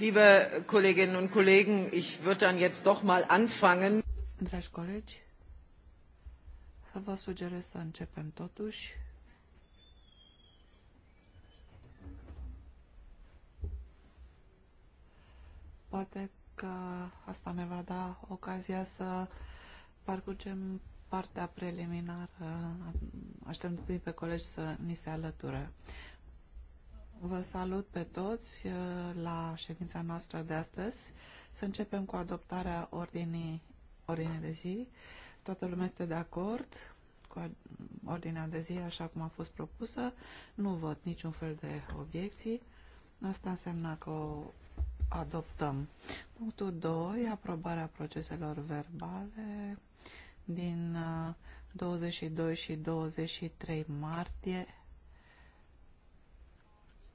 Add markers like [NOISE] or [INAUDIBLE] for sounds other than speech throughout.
Liebe Kolleginnen und Kollegen, ich würde dann jetzt doch mal anfangen. Dragi colegi, vă sugerez să începem totuși. Poate că asta ne va da ocazia să parcurgem partea preliminară, așteptându-i pe colegi să ni se alăture. Vă salut pe toți uh, la ședința noastră de astăzi. Să începem cu adoptarea ordinii, ordinii de zi. Toată lumea este de acord cu ordinea de zi așa cum a fost propusă. Nu văd niciun fel de obiecții. Asta înseamnă că o adoptăm. Punctul 2. Aprobarea proceselor verbale din 22 uh, și 23 martie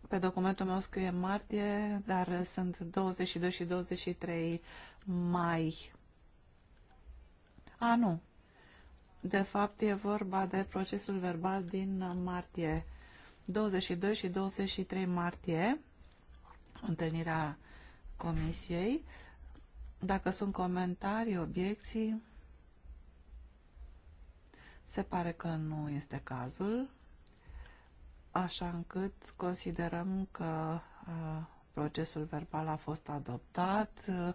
pe documentul meu scrie martie, dar sunt 22 și 23 mai. A, nu. De fapt, e vorba de procesul verbal din martie. 22 și 23 martie, întâlnirea comisiei. Dacă sunt comentarii, obiecții, se pare că nu este cazul așa încât considerăm că uh, procesul verbal a fost adoptat, uh,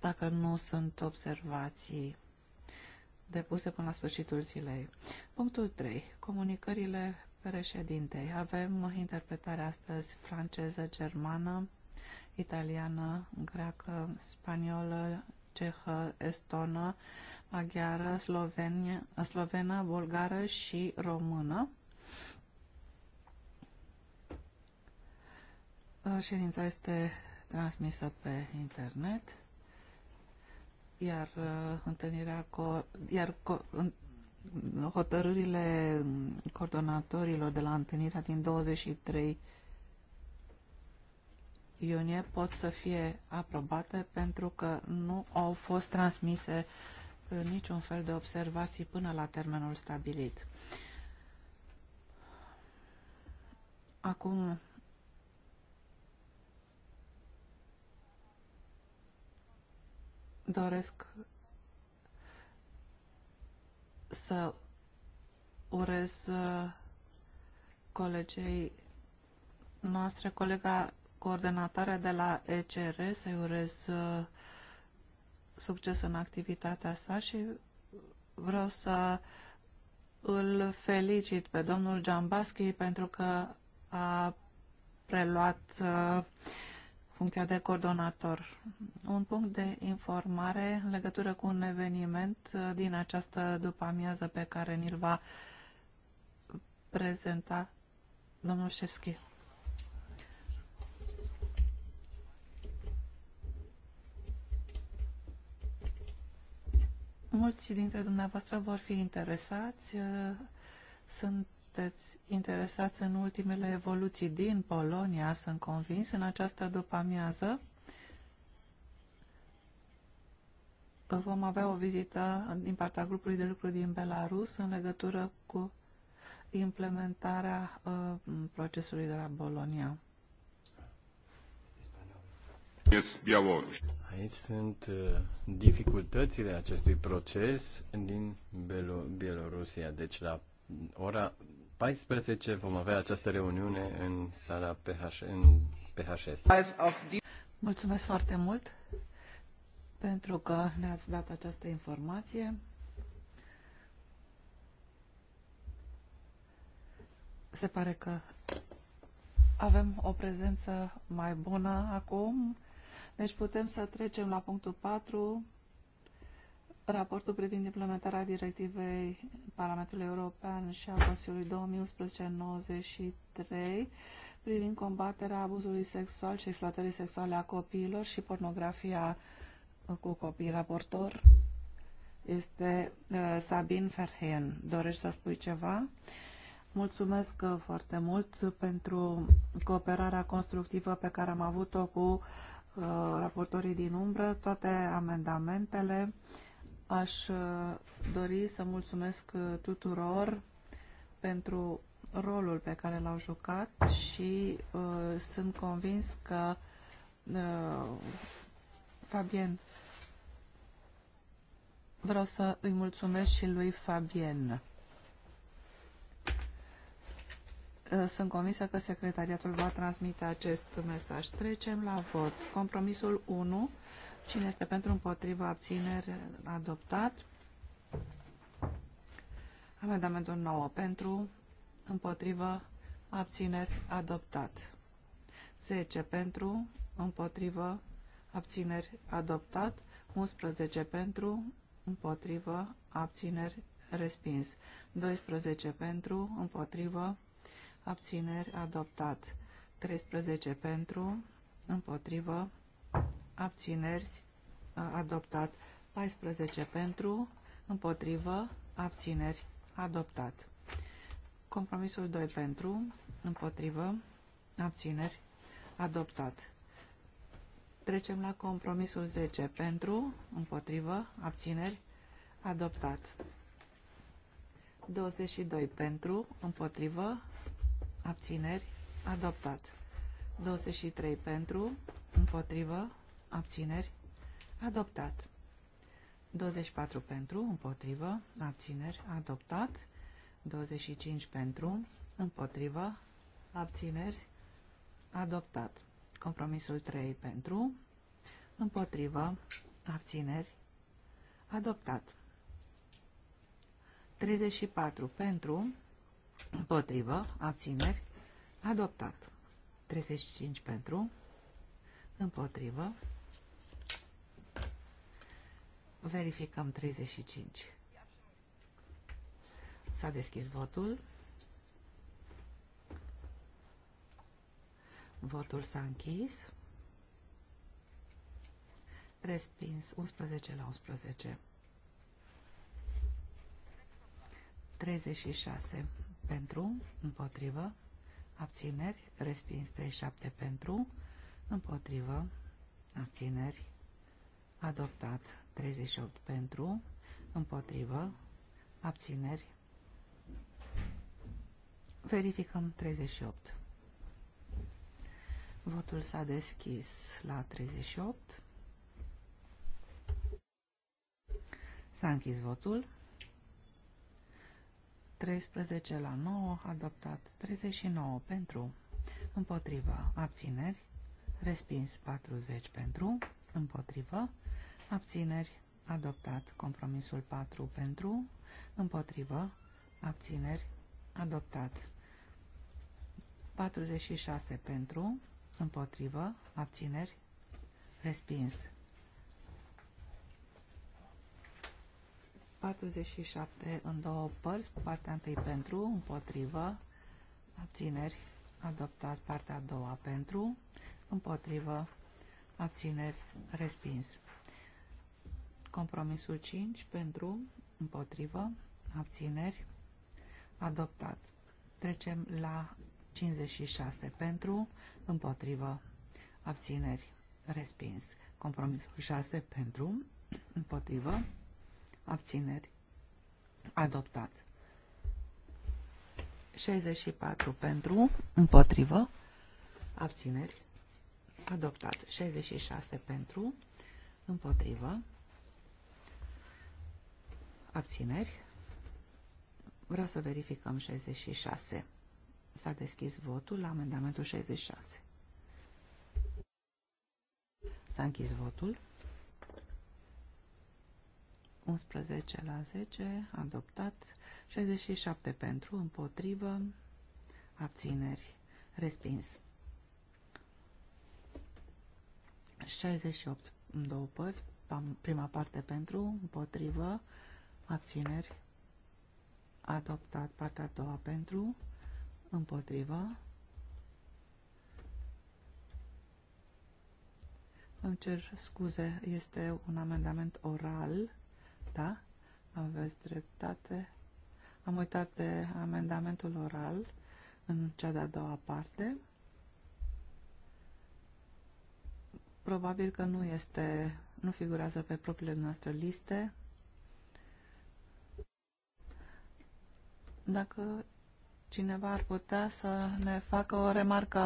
dacă nu sunt observații depuse până la sfârșitul zilei. Punctul 3. Comunicările președintei. Avem interpretarea astăzi franceză, germană, italiană, greacă, spaniolă, cehă, estonă, maghiară, slovenie, slovenă, bulgară și română. Ședința este transmisă pe internet, iar întâlnirea co iar co hotărârile coordonatorilor de la întâlnirea din 23 iunie pot să fie aprobate pentru că nu au fost transmise niciun fel de observații până la termenul stabilit. Acum doresc să urez uh, colegei noastre, colega coordonatoare de la ECR, să-i urez uh, succes în activitatea sa și vreau să îl felicit pe domnul Giambaschi pentru că a preluat uh, funcția de coordonator. Un punct de informare în legătură cu un eveniment uh, din această după-amiază pe care ni-l va prezenta domnul Șefschi. Mulți dintre dumneavoastră vor fi interesați. Uh, sunt sunteți interesați în ultimele evoluții din Polonia, sunt convins, în această după-amiază. Vom avea o vizită din partea grupului de lucru din Belarus în legătură cu implementarea uh, procesului de la Bolonia. Aici sunt uh, dificultățile acestui proces din Bielorusia. Deci la ora 14 vom avea această reuniune în sala PH, în PHS. Mulțumesc foarte mult pentru că ne-ați dat această informație. Se pare că avem o prezență mai bună acum, deci putem să trecem la punctul 4, Raportul privind implementarea directivei Parlamentului European și a Consiliului 2011-93 privind combaterea abuzului sexual și exploatării sexuale a copiilor și pornografia cu copii. Raportor este uh, Sabin Ferhen. Dorești să spui ceva? Mulțumesc uh, foarte mult pentru cooperarea constructivă pe care am avut-o cu uh, raportorii din umbră. Toate amendamentele uh, Aș uh, dori să mulțumesc uh, tuturor pentru rolul pe care l-au jucat și uh, sunt convins că uh, Fabien vreau să îi mulțumesc și lui Fabien. Uh, sunt convinsă că secretariatul va transmite acest mesaj. Trecem la vot. Compromisul 1 Cine este pentru împotriva abțineri adoptat? Amendamentul 9 pentru împotriva abțineri adoptat. 10 pentru împotriva abțineri adoptat. 11 pentru împotriva abțineri respins. 12 pentru împotriva abțineri adoptat. 13 pentru împotriva abțineri, adoptat. 14 pentru, împotrivă, abțineri, adoptat. Compromisul 2 pentru, împotrivă, abțineri, adoptat. Trecem la compromisul 10 pentru, împotrivă, abțineri, adoptat. 22 pentru, împotrivă, abțineri, adoptat. 23 pentru, împotrivă, abțineri, adoptat. 24 pentru, împotrivă, abțineri, adoptat. 25 pentru, împotrivă, abțineri, adoptat. Compromisul 3 pentru, împotrivă, abțineri, adoptat. 34 pentru, împotrivă, abțineri, adoptat. 35 pentru, împotrivă, Verificăm 35. S-a deschis votul. Votul s-a închis. Respins 11 la 11. 36 pentru, împotrivă, abțineri, respins 37 pentru, împotrivă, abțineri, adoptat 38 pentru, împotrivă, abțineri. Verificăm 38. Votul s-a deschis la 38. S-a închis votul. 13 la 9, adoptat 39 pentru, împotrivă, abțineri, respins 40 pentru, împotrivă, Abțineri. Adoptat. Compromisul 4 pentru. Împotrivă. Abțineri. Adoptat. 46 pentru. Împotrivă. Abțineri. Respins. 47 în două părți, partea întâi pentru, împotrivă, abțineri, adoptat partea a doua pentru, împotrivă, abțineri, respins. Compromisul 5 pentru, împotrivă, abțineri, adoptat. Trecem la 56 pentru, împotrivă, abțineri, respins. Compromisul 6 pentru, împotrivă, abțineri, adoptat. 64 pentru, împotrivă, abțineri, adoptat. 66 pentru, împotrivă, Abțineri. Vreau să verificăm 66. S-a deschis votul la amendamentul 66. S-a închis votul. 11 la 10, adoptat, 67 pentru, împotrivă, abțineri, respins. 68 în două părți, prima parte pentru, împotrivă, abțineri, adoptat partea a doua pentru, împotriva, îmi cer scuze, este un amendament oral, da, aveți dreptate, am uitat de amendamentul oral în cea de-a doua parte, probabil că nu este, nu figurează pe propriile noastre liste, Dacă cineva ar putea să ne facă o remarcă,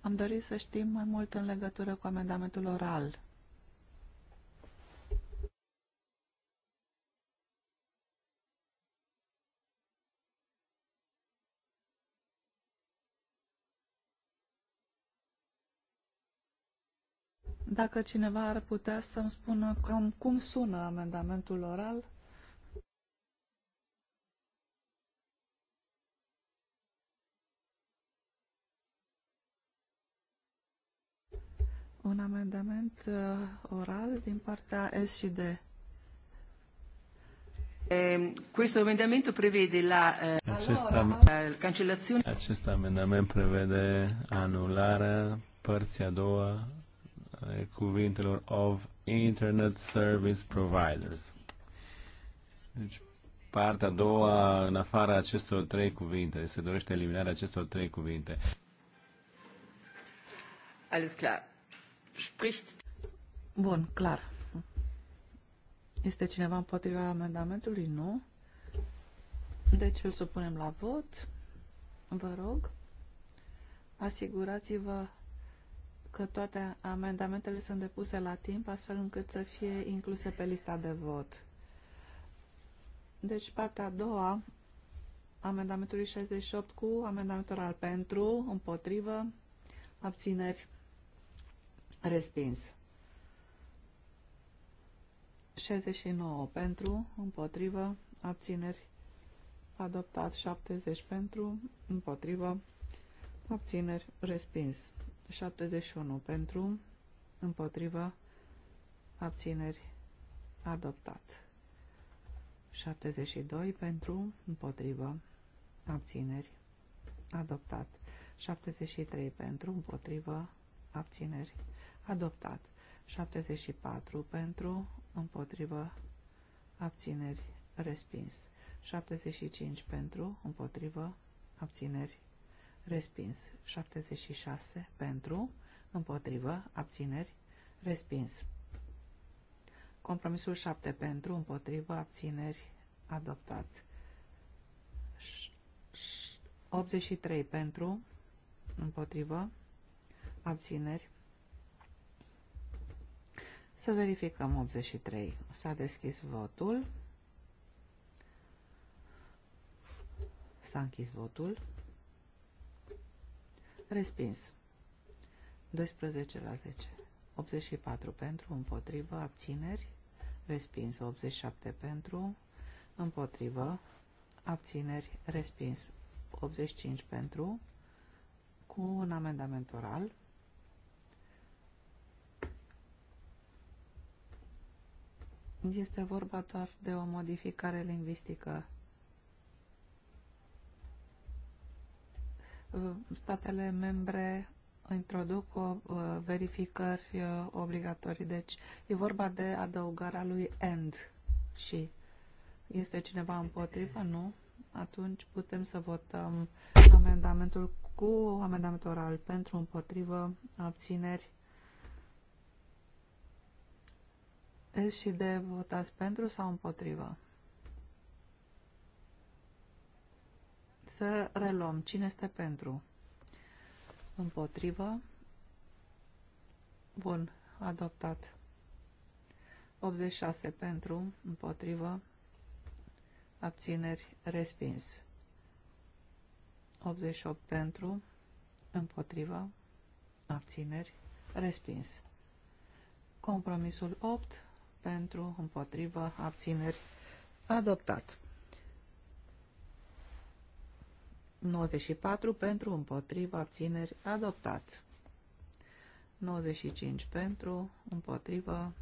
am dorit să știm mai mult în legătură cu amendamentul oral. Dacă cineva ar putea să-mi spună cam cum sună amendamentul oral, un amendament uh, oral din partea S și D. Ehm, questo prevede la eh, acest, cancellazione. amendament prevede anularea părții a doua eh, cuvintelor of Internet Service Providers. Deci, partea a doua, în afara acestor trei cuvinte, se dorește eliminarea acestor trei cuvinte. Alles clar spricht... Bun, clar. Este cineva împotriva amendamentului? Nu. Deci îl supunem la vot. Vă rog, asigurați-vă că toate amendamentele sunt depuse la timp, astfel încât să fie incluse pe lista de vot. Deci partea a doua, amendamentului 68 cu amendamentul al pentru, împotrivă, abțineri Respins. 69 pentru, împotrivă, abțineri. Adoptat 70 pentru, împotrivă, abțineri, respins. 71 pentru, împotrivă, abțineri, adoptat. 72 pentru, împotrivă, abțineri, adoptat. 73 pentru, împotrivă, abțineri, adoptat. 74 pentru, împotrivă, abțineri, respins. 75 pentru, împotrivă, abțineri, respins. 76 pentru, împotrivă, abțineri, respins. Compromisul 7 pentru, împotrivă, abțineri, adoptat. 83 pentru, împotrivă, abțineri. Să verificăm 83. S-a deschis votul. S-a închis votul. Respins. 12 la 10. 84 pentru, împotrivă, abțineri. Respins. 87 pentru, împotrivă, abțineri. Respins. 85 pentru, cu un amendament oral. Este vorba doar de o modificare lingvistică. Statele membre introduc o uh, verificări uh, obligatorii. Deci e vorba de adăugarea lui and și este cineva împotrivă? Nu? Atunci putem să votăm amendamentul cu amendament oral pentru împotrivă abțineri și D votați pentru sau împotrivă. Să reluăm. Cine este pentru? Împotrivă. Bun. Adoptat. 86 pentru, împotrivă, abțineri, respins. 88 pentru, împotrivă, abțineri, respins. Compromisul 8 pentru, împotrivă, abțineri, adoptat. 94 pentru, împotrivă, abțineri, adoptat. 95 pentru, împotrivă,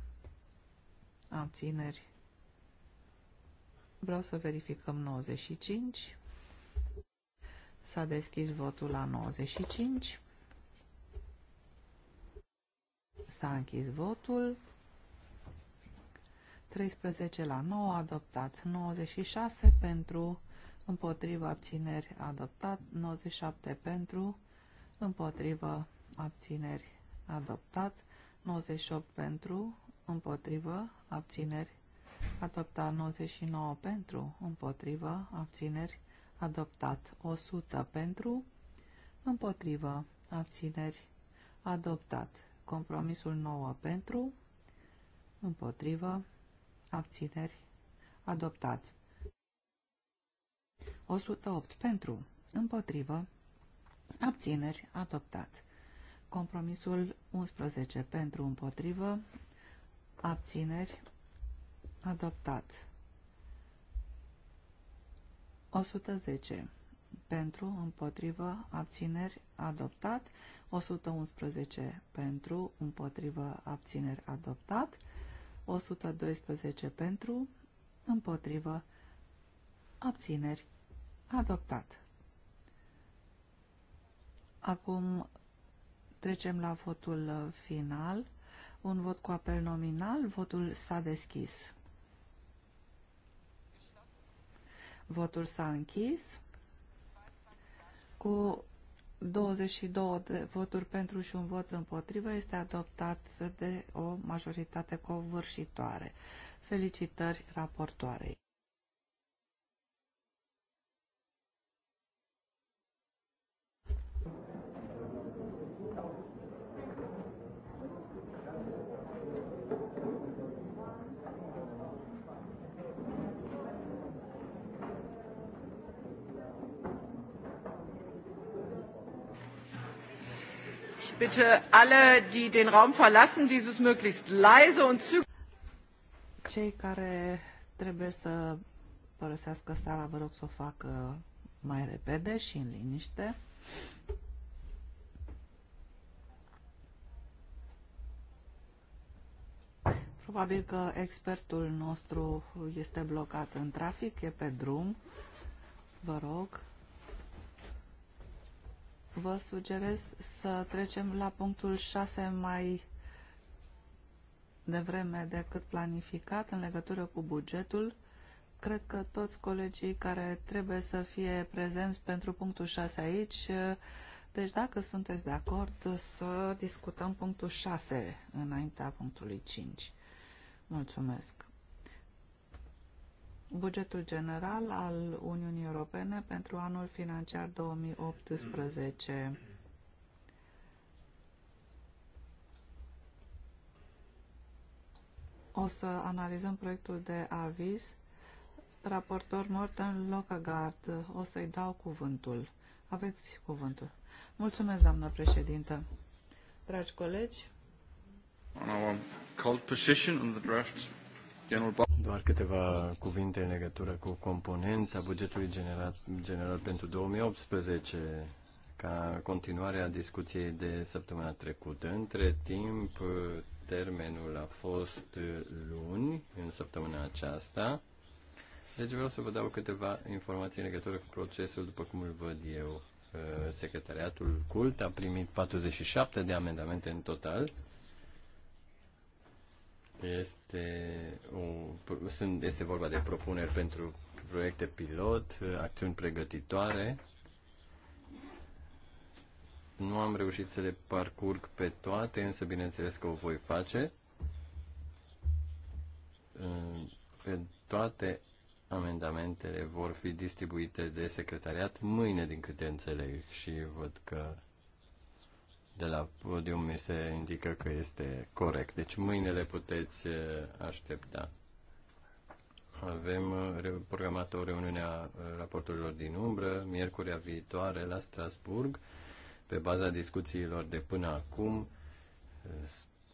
abțineri. Vreau să verificăm 95. S-a deschis votul la 95. S-a închis votul. 13 la 9 adoptat, 96 pentru, împotrivă abțineri adoptat, 97 pentru, împotrivă abțineri adoptat, 98 pentru, împotrivă abțineri adoptat, 99 pentru, împotrivă abțineri adoptat, 100 pentru, împotrivă abțineri adoptat, compromisul 9 pentru, împotrivă abțineri, adoptat. 108 pentru, împotrivă, abțineri, adoptat. Compromisul 11 pentru, împotrivă, abțineri, adoptat. 110 pentru, împotrivă, abțineri, adoptat, 111 pentru, împotrivă, abțineri, adoptat, 112 pentru, împotrivă, abțineri, adoptat. Acum trecem la votul final. Un vot cu apel nominal, votul s-a deschis. Votul s-a închis cu 22 de voturi pentru și un vot împotrivă este adoptat de o majoritate covârșitoare. Felicitări raportoarei. bitte alle, die den Raum verlassen, dieses möglichst leise und zügig. Cei care trebuie să părăsească sala, vă rog să o facă mai repede și în liniște. Probabil că expertul nostru este blocat în trafic, e pe drum. Vă rog vă sugerez să trecem la punctul 6 mai devreme decât planificat în legătură cu bugetul. Cred că toți colegii care trebuie să fie prezenți pentru punctul 6 aici, deci dacă sunteți de acord să discutăm punctul 6 înaintea punctului 5. Mulțumesc bugetul general al Uniunii Europene pentru anul financiar 2018. O să analizăm proiectul de aviz. Raportor Morten Lockegaard, o să-i dau cuvântul. Aveți cuvântul. Mulțumesc, doamnă președintă. Dragi colegi, on our cold position on the draft general doar câteva cuvinte în legătură cu componența bugetului generat general pentru 2018, ca continuare a discuției de săptămâna trecută. Între timp, termenul a fost luni, în săptămâna aceasta. Deci vreau să vă dau câteva informații în legătură cu procesul, după cum îl văd eu. Uh, secretariatul CULT a primit 47 de amendamente în total, este, o, sunt, este vorba de propuneri pentru proiecte pilot, acțiuni pregătitoare. Nu am reușit să le parcurg pe toate, însă bineînțeles că o voi face. Pe Toate amendamentele vor fi distribuite de secretariat mâine, din câte înțeleg, și văd că de la podium mi se indică că este corect. Deci mâine le puteți uh, aștepta. Avem uh, programat o reuniune a uh, raporturilor din umbră, miercurea viitoare la Strasburg, pe baza discuțiilor de până acum.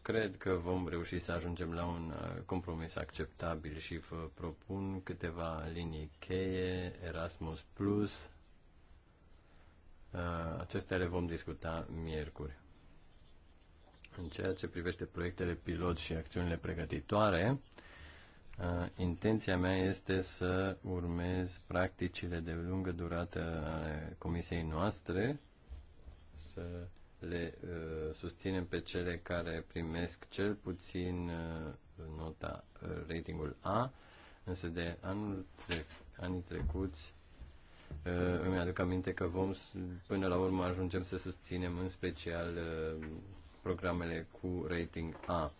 Cred că vom reuși să ajungem la un compromis acceptabil și vă propun câteva linii cheie, Erasmus Plus, Uh, acestea le vom discuta miercuri. În ceea ce privește proiectele pilot și acțiunile pregătitoare, uh, intenția mea este să urmez practicile de lungă durată ale comisiei noastre, să le uh, susținem pe cele care primesc cel puțin nota ratingul A, însă de anul tre- anii trecuți Uh, îmi aduc aminte că vom, până la urmă, ajungem să susținem în special uh, programele cu rating A.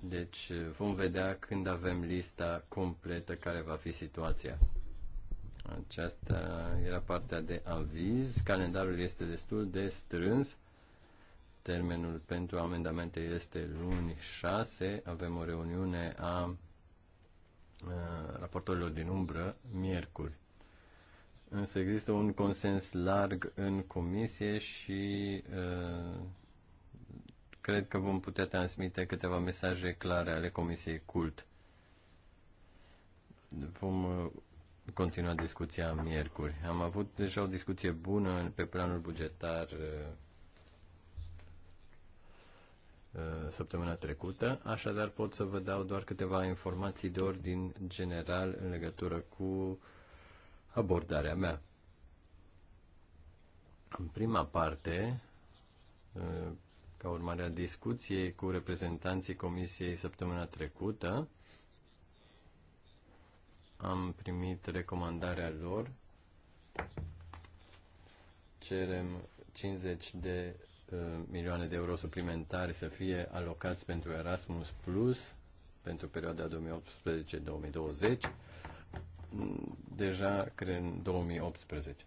Deci uh, vom vedea când avem lista completă care va fi situația. Aceasta era partea de aviz. Calendarul este destul de strâns. Termenul pentru amendamente este luni 6. Avem o reuniune a Uh, raportorilor din umbră miercuri. Însă există un consens larg în comisie și uh, cred că vom putea transmite câteva mesaje clare ale Comisiei Cult. Vom uh, continua discuția miercuri. Am avut deja o discuție bună pe planul bugetar uh, Uh, săptămâna trecută, așadar pot să vă dau doar câteva informații de ordin general în legătură cu abordarea mea. În prima parte, uh, ca urmare a discuției cu reprezentanții Comisiei săptămâna trecută, am primit recomandarea lor. Cerem 50 de milioane de euro suplimentari să fie alocați pentru Erasmus Plus pentru perioada 2018-2020, deja cred în 2018.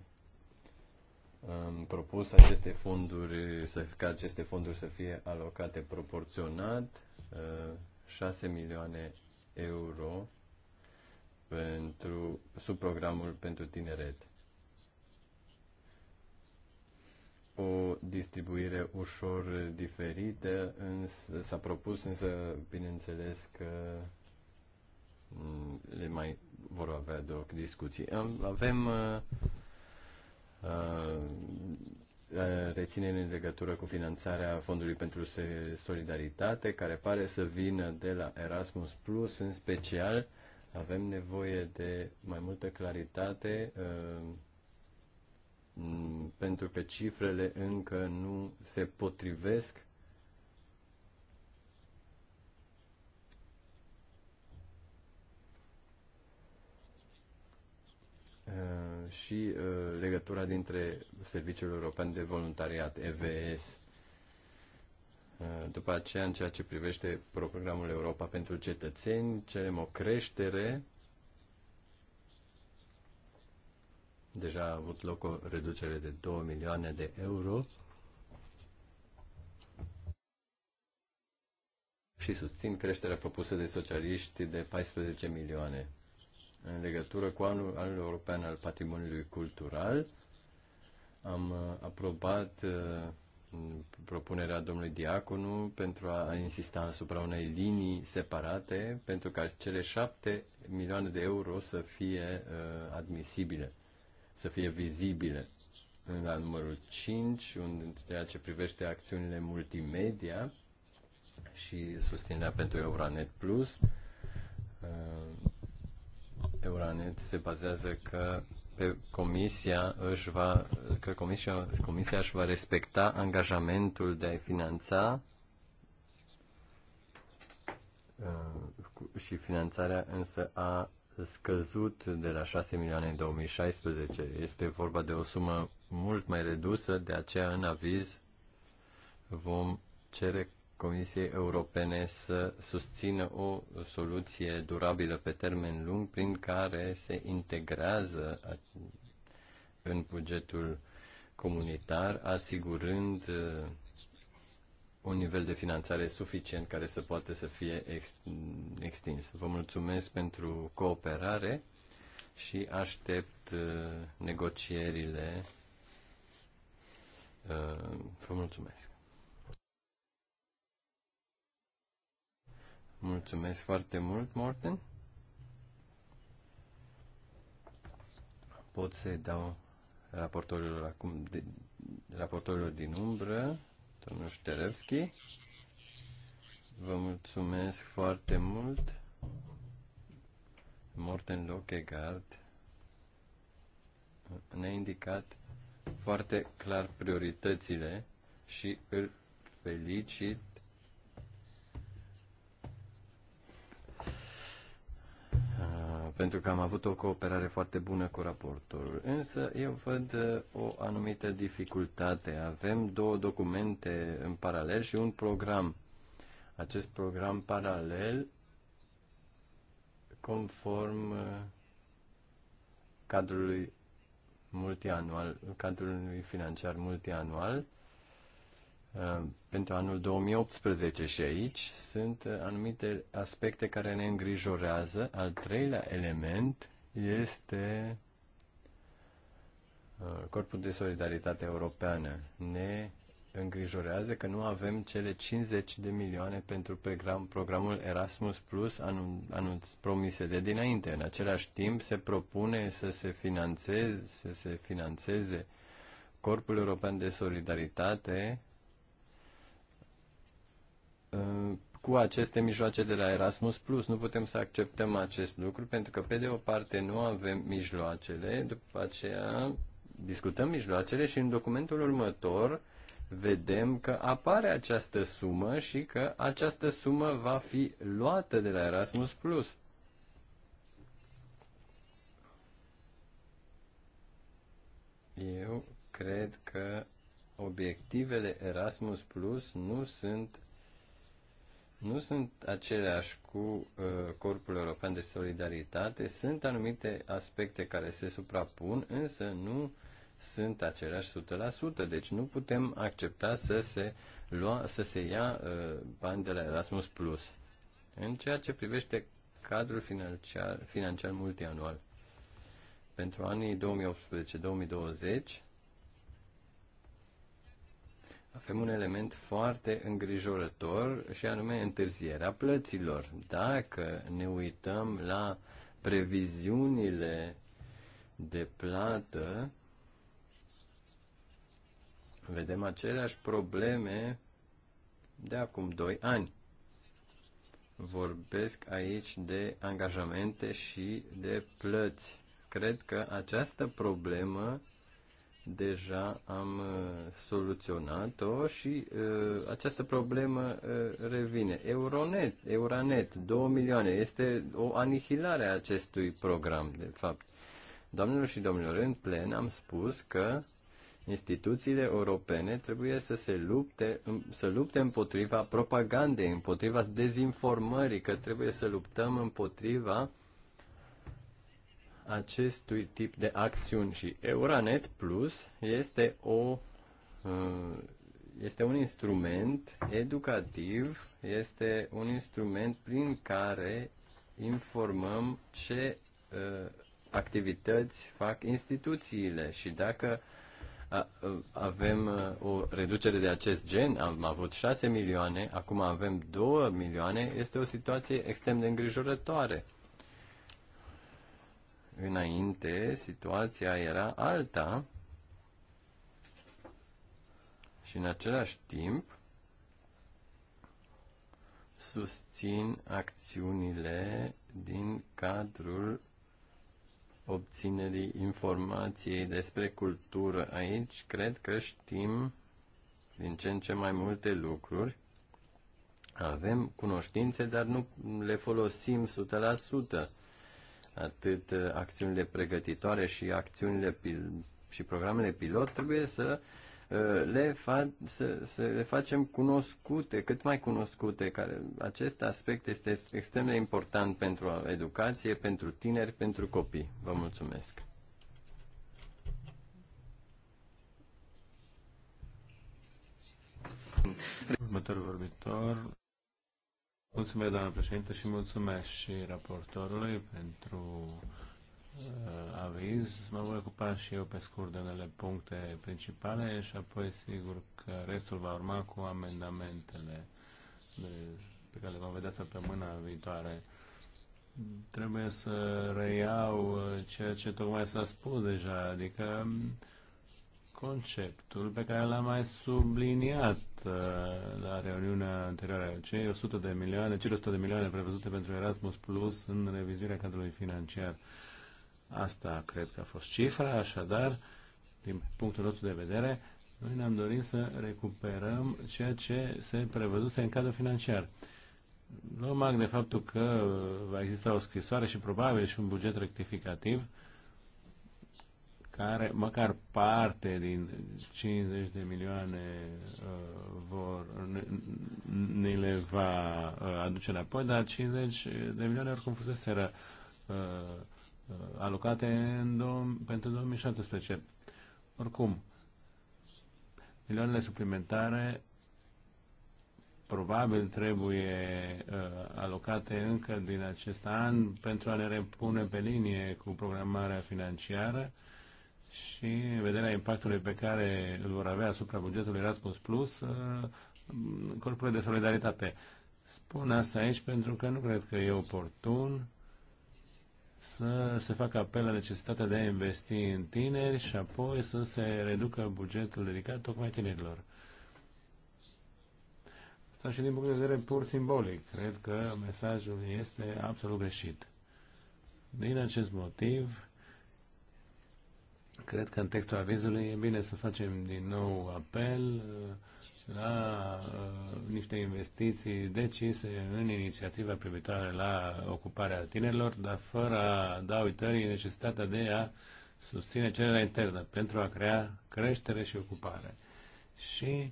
Am propus aceste fonduri, să, ca aceste fonduri să fie alocate proporționat, 6 uh, milioane euro pentru subprogramul pentru tineret o distribuire ușor diferită, însă s-a propus, însă bineînțeles că mm, le mai vor avea de loc discuții. Avem uh, uh, reținere în legătură cu finanțarea Fondului pentru Solidaritate, care pare să vină de la Erasmus Plus în special. Avem nevoie de mai multă claritate uh, Mm, pentru că cifrele încă nu se potrivesc. Uh, și uh, legătura dintre Serviciul European de Voluntariat, EVS, uh, după aceea, în ceea ce privește programul Europa pentru cetățeni, cerem o creștere Deja a avut loc o reducere de 2 milioane de euro și susțin creșterea propusă de socialiști de 14 milioane în legătură cu anul, anul european al patrimoniului cultural. Am uh, aprobat uh, propunerea domnului Diaconu pentru a insista asupra unei linii separate pentru ca cele șapte milioane de euro să fie uh, admisibile să fie vizibile. La numărul 5, în ceea ce privește acțiunile multimedia și susținerea pentru Euronet Plus, uh, Euronet se bazează că pe comisia își va, că comisia, comisia își va respecta angajamentul de a finanța uh, și finanțarea însă a scăzut de la 6 milioane în 2016. Este vorba de o sumă mult mai redusă, de aceea în aviz vom cere Comisiei Europene să susțină o soluție durabilă pe termen lung prin care se integrează în bugetul comunitar, asigurând uh, un nivel de finanțare suficient care să poată să fie extins. Vă mulțumesc pentru cooperare și aștept uh, negocierile. Uh, vă mulțumesc. Mulțumesc foarte mult, Morten. Pot să-i dau raportorilor acum, de, raportorilor din umbră domnul Șterevski. Vă mulțumesc foarte mult. Morten Lockegaard ne-a indicat foarte clar prioritățile și îl felicit pentru că am avut o cooperare foarte bună cu raportorul. Însă eu văd uh, o anumită dificultate. Avem două documente în paralel și un program. Acest program paralel, conform uh, cadrului multianual, cadrului financiar multianual, Uh, pentru anul 2018 și aici sunt uh, anumite aspecte care ne îngrijorează. Al treilea element este uh, Corpul de Solidaritate Europeană. Ne îngrijorează că nu avem cele 50 de milioane pentru program, programul Erasmus Plus anunț, promise de dinainte. În același timp se propune să se financeze, să se financeze Corpul European de Solidaritate Uh, cu aceste mijloace de la Erasmus Plus. Nu putem să acceptăm acest lucru pentru că, pe de o parte, nu avem mijloacele, după aceea discutăm mijloacele și în documentul următor vedem că apare această sumă și că această sumă va fi luată de la Erasmus Plus. Eu cred că obiectivele Erasmus Plus nu sunt nu sunt aceleași cu uh, Corpul European de Solidaritate. Sunt anumite aspecte care se suprapun, însă nu sunt aceleași 100%. Deci nu putem accepta să se, lua, să se ia uh, bani de la Erasmus+. Plus. În ceea ce privește cadrul financiar, financiar multianual pentru anii 2018-2020, avem un element foarte îngrijorător și anume întârzierea plăților. Dacă ne uităm la previziunile de plată, vedem aceleași probleme de acum 2 ani. Vorbesc aici de angajamente și de plăți. Cred că această problemă deja am uh, soluționat-o și uh, această problemă uh, revine. Euronet, Euronet, 2 milioane, este o anihilare a acestui program, de fapt. Doamnelor și domnilor, în plen am spus că instituțiile europene trebuie să se lupte, să lupte împotriva propagandei, împotriva dezinformării, că trebuie să luptăm împotriva uh, acestui tip de acțiuni și Euronet Plus este o uh, este un instrument educativ, este un instrument prin care informăm ce uh, activități fac instituțiile și dacă uh, avem o reducere de acest gen, am avut 6 milioane, acum avem 2 milioane, este o situație extrem de îngrijorătoare. Înainte, situația era alta și în același timp susțin acțiunile din cadrul obținerii informației despre cultură. Aici cred că știm din ce în ce mai multe lucruri. Avem cunoștințe, dar nu le folosim 100% atât uh, acțiunile pregătitoare și acțiunile pil- și programele pilot trebuie să uh, le, fa- să, să le facem cunoscute, cât mai cunoscute. Care, acest aspect este extrem de important pentru educație, pentru tineri, pentru copii. Vă mulțumesc! Următorul vorbitor, Mulțumesc, doamnă președinte, și mulțumesc și raportorului pentru uh, aviz. Mă voi ocupa și eu pe scurt de unele puncte principale și apoi sigur că restul va urma cu amendamentele de, pe care le vom vedea săptămâna viitoare. Trebuie să reiau uh, ceea ce tocmai s-a spus deja, adică uh, conceptul pe care l-am mai subliniat uh, la reuniunea anterioară, cei 100 de milioane, cele 100 de milioane prevăzute pentru Erasmus Plus în revizuirea cadrului financiar. Asta cred că a fost cifra, așadar, din punctul nostru de vedere, noi ne-am dorit să recuperăm ceea ce se prevăzuse în cadrul financiar. Luăm act de faptul că va exista o scrisoare și probabil și un buget rectificativ, care măcar parte din 50 de milioane uh, vor, ne, ne le va uh, aduce înapoi, dar 50 de milioane oricum fusese uh, uh, alocate în dou- pentru 2017. Oricum, milioanele suplimentare probabil trebuie uh, alocate încă din acest an pentru a ne repune pe linie cu programarea financiară uh, și în vederea impactului pe care îl vor avea asupra bugetului Erasmus Plus uh, corpurile de solidaritate. Spun asta aici pentru că nu cred că e oportun să se facă apel la necesitatea de a investi în tineri și apoi să se reducă bugetul dedicat tocmai tinerilor. Asta și din punct de vedere pur simbolic. Cred că mesajul este absolut greșit. Din acest motiv, Cred că în textul avizului e bine să facem din nou apel uh, la uh, niște investiții decise în inițiativa privitoare la ocuparea tinerilor, dar fără a da uitării necesitatea de a susține cererea internă pentru a crea creștere și ocupare. Și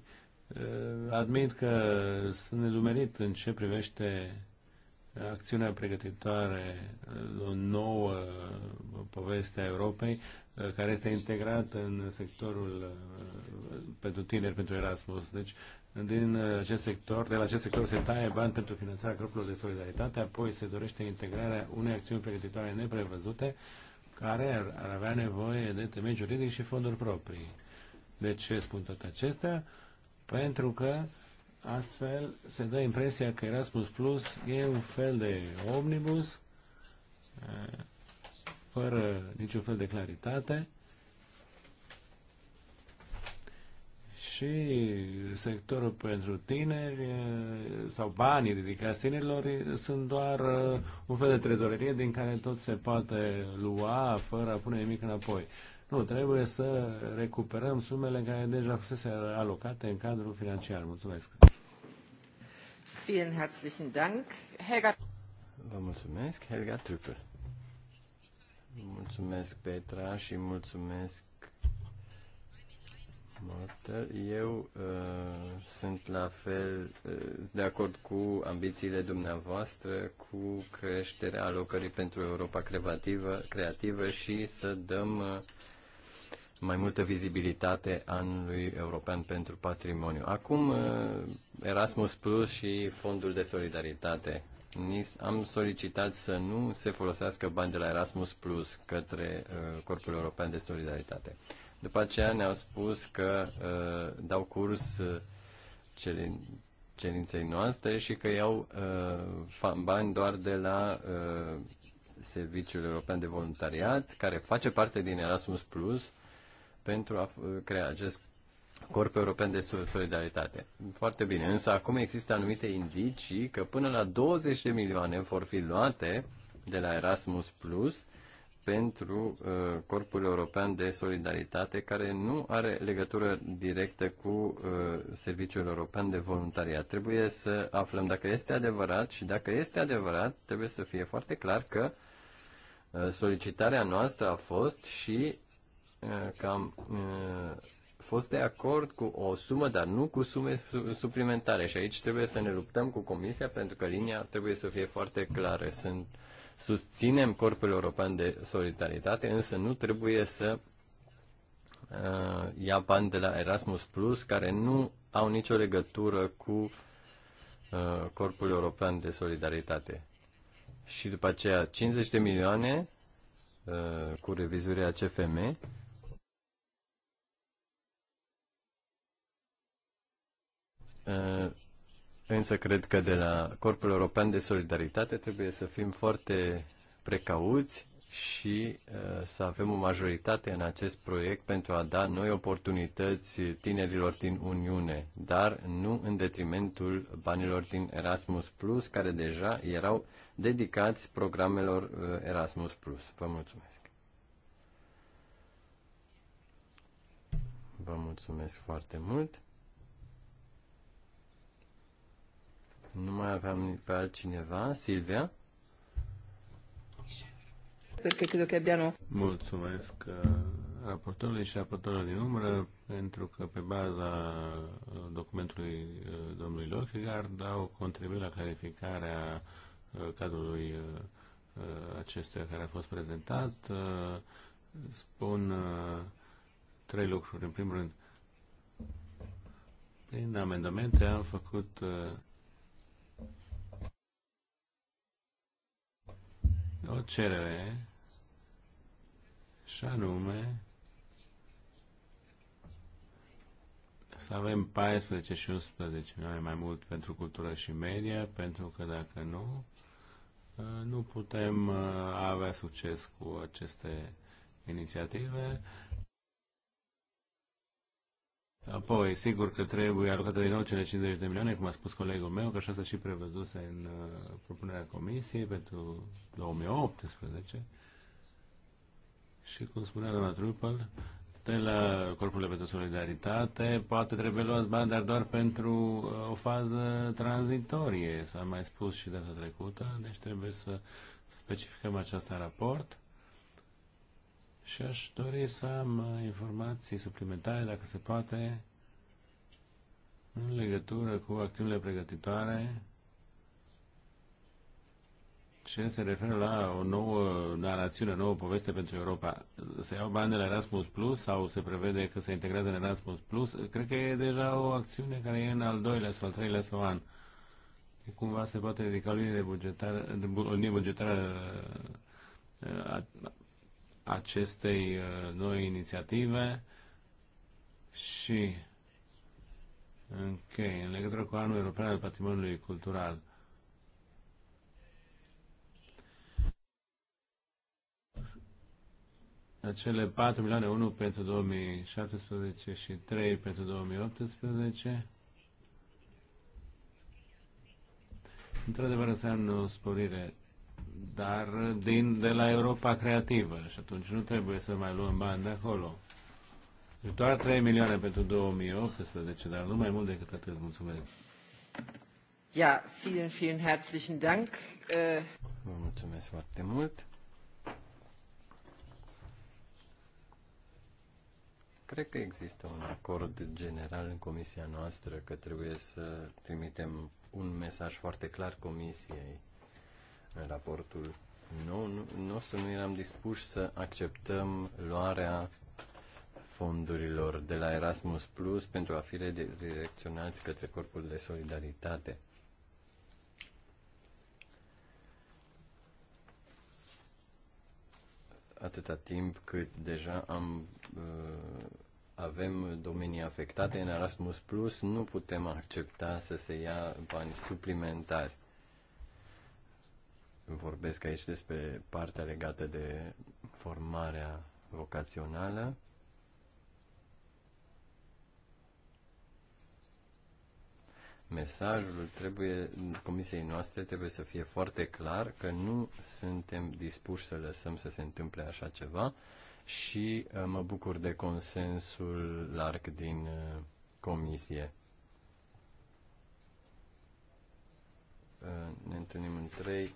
uh, admit că sunt nedumerit în ce privește acțiunea pregătitoare o nouă poveste a Europei. Uh, care este integrat în sectorul uh, pentru tineri, pentru Erasmus. Deci, din uh, acest sector, de la acest sector se taie bani pentru finanțarea grupurilor de solidaritate, apoi se dorește integrarea unei acțiuni pregătitoare neprevăzute, care ar avea nevoie de temei juridic și fonduri proprii. De ce spun toate acestea? Pentru că astfel se dă impresia că Erasmus Plus e un fel de omnibus fără niciun fel de claritate și sectorul pentru tineri eh, sau banii dedicați tinerilor eh, sunt doar eh, un fel de trezorerie din care tot se poate lua fără a pune nimic înapoi. Nu, trebuie să recuperăm sumele care deja fusese alocate în cadrul financiar. Mulțumesc! Vielen herzlichen Dank, Helga. Vă mulțumesc, Helga Trüppel. Mulțumesc, Petra, și mulțumesc, Mortar. Eu uh, sunt la fel uh, de acord cu ambițiile dumneavoastră, cu creșterea alocării pentru Europa creativă, creativă și să dăm uh, mai multă vizibilitate anului european pentru patrimoniu. Acum, uh, Erasmus Plus și Fondul de Solidaritate am solicitat să nu se folosească bani de la Erasmus Plus către uh, Corpul European de Solidaritate. După aceea ne-au spus că uh, dau curs uh, cerin, cerinței noastre și că iau uh, bani doar de la uh, Serviciul European de Voluntariat, care face parte din Erasmus Plus, pentru a crea acest Corpul European de Solidaritate. Foarte bine, însă acum există anumite indicii că până la 20 de milioane vor fi luate de la Erasmus Plus pentru uh, Corpul European de Solidaritate, care nu are legătură directă cu uh, Serviciul European de Voluntariat. Trebuie să aflăm dacă este adevărat și dacă este adevărat, trebuie să fie foarte clar că uh, solicitarea noastră a fost și uh, cam. uh, fost de acord cu o sumă, dar nu cu sume suplimentare. Și aici trebuie să ne luptăm cu Comisia, pentru că linia trebuie să fie foarte clară. Sunt, susținem Corpul European de Solidaritate, însă nu trebuie să uh, ia bani de la Erasmus Plus, care nu au nicio legătură cu uh, Corpul European de Solidaritate. Și după aceea 50 de milioane uh, cu revizuirea CFM Eh, însă cred că de la Corpul European de Solidaritate trebuie să fim foarte precauți și eh, să avem o majoritate în acest proiect pentru a da noi oportunități tinerilor din Uniune, dar nu în detrimentul banilor din Erasmus Plus, care deja erau dedicați programelor eh, Erasmus Plus. Vă mulțumesc! Vă mulțumesc foarte mult! Nu mai aveam pe altcineva. Silvia? Perché credo che abbiano... Mulțumesc uh, raportorului și raportorului din umbră, pentru că pe baza uh, documentului uh, domnului Lochigard au contribuit la clarificarea cadrului acestuia care a fost prezentat. Spun trei lucruri. În primul rând, prin amendamente am făcut o cerere și anume să avem 14 și 11 milioane mai mult pentru cultură și media, pentru că dacă nu, nu putem uh, avea succes cu aceste inițiative. Apoi, sigur că trebuie alocată din nou cele 50 de milioane, cum a spus colegul meu, că așa s-a și prevăzut în uh, propunerea comisiei pentru 2018. Și cum spunea doamna Trupăl, de la Corpurile pentru Solidaritate, poate trebuie luați bani, dar doar pentru uh, o fază tranzitorie, s-a mai spus și data trecută, deci trebuie să specificăm acest raport și aș dori să am uh, informații suplimentare, dacă se poate, în legătură cu acțiunile pregătitoare ce se referă la o nouă narațiune, o nouă poveste pentru Europa. Se iau bani de la Erasmus Plus sau se prevede că se integrează în Erasmus Plus? Cred că e deja o acțiune care e în al doilea sau al treilea sau an. Cumva se poate ridica o bugetare? bugetară, o linie bugetară uh, acestei uh, noi inițiative și închei okay, în legătură cu anul european al patrimoniului cultural. Acele 4 milioane 1 pentru 2017 și 3 pentru 2018 într-adevăr înseamnă o sporire dar din, de la Europa Creativă și atunci nu trebuie să mai luăm bani de acolo. Deci doar 3 milioane pentru 2018, dar nu mai mult decât atât. Mulțumesc. Ja, vielen, vielen herzlichen Dank. Äh, Vă mulțumesc foarte mult. Cred că există un acord general în comisia noastră că trebuie să trimitem un mesaj foarte clar comisiei în raportul nu, nostru nu eram dispuși să acceptăm luarea fondurilor de la Erasmus Plus pentru a fi redirecționați către corpul de solidaritate. Atâta timp cât deja am, uh, avem domenii afectate în Erasmus Plus, nu putem accepta să se ia bani suplimentari vorbesc aici despre partea legată de formarea vocațională. Mesajul trebuie, comisiei noastre trebuie să fie foarte clar că nu suntem dispuși să lăsăm să se întâmple așa ceva și uh, mă bucur de consensul larg din uh, comisie. Uh, ne întâlnim în 3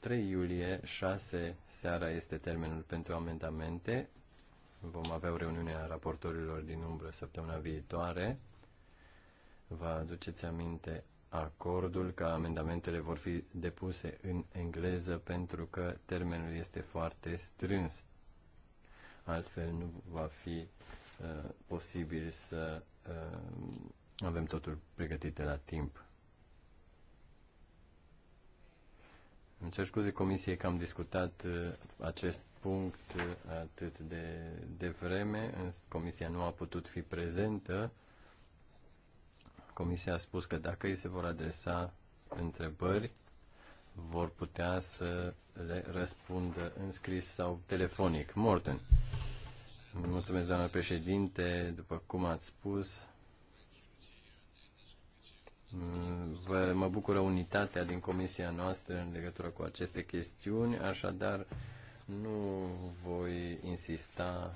3 iulie, 6 seara este termenul pentru amendamente. Vom avea o reuniune a raportorilor din umbră săptămâna viitoare. Vă aduceți aminte acordul că amendamentele vor fi depuse în engleză pentru că termenul este foarte strâns. Altfel nu va fi uh, posibil să uh, avem totul pregătit de la timp. Îmi cer scuze comisie, că am discutat uh, acest punct uh, atât de, de vreme. Comisia nu a putut fi prezentă. Comisia a spus că dacă îi se vor adresa întrebări, vor putea să le răspundă în scris sau telefonic. Morten. Mulțumesc, doamnă președinte. După cum ați spus, Vă, mă bucură unitatea din comisia noastră în legătură cu aceste chestiuni, așadar nu voi insista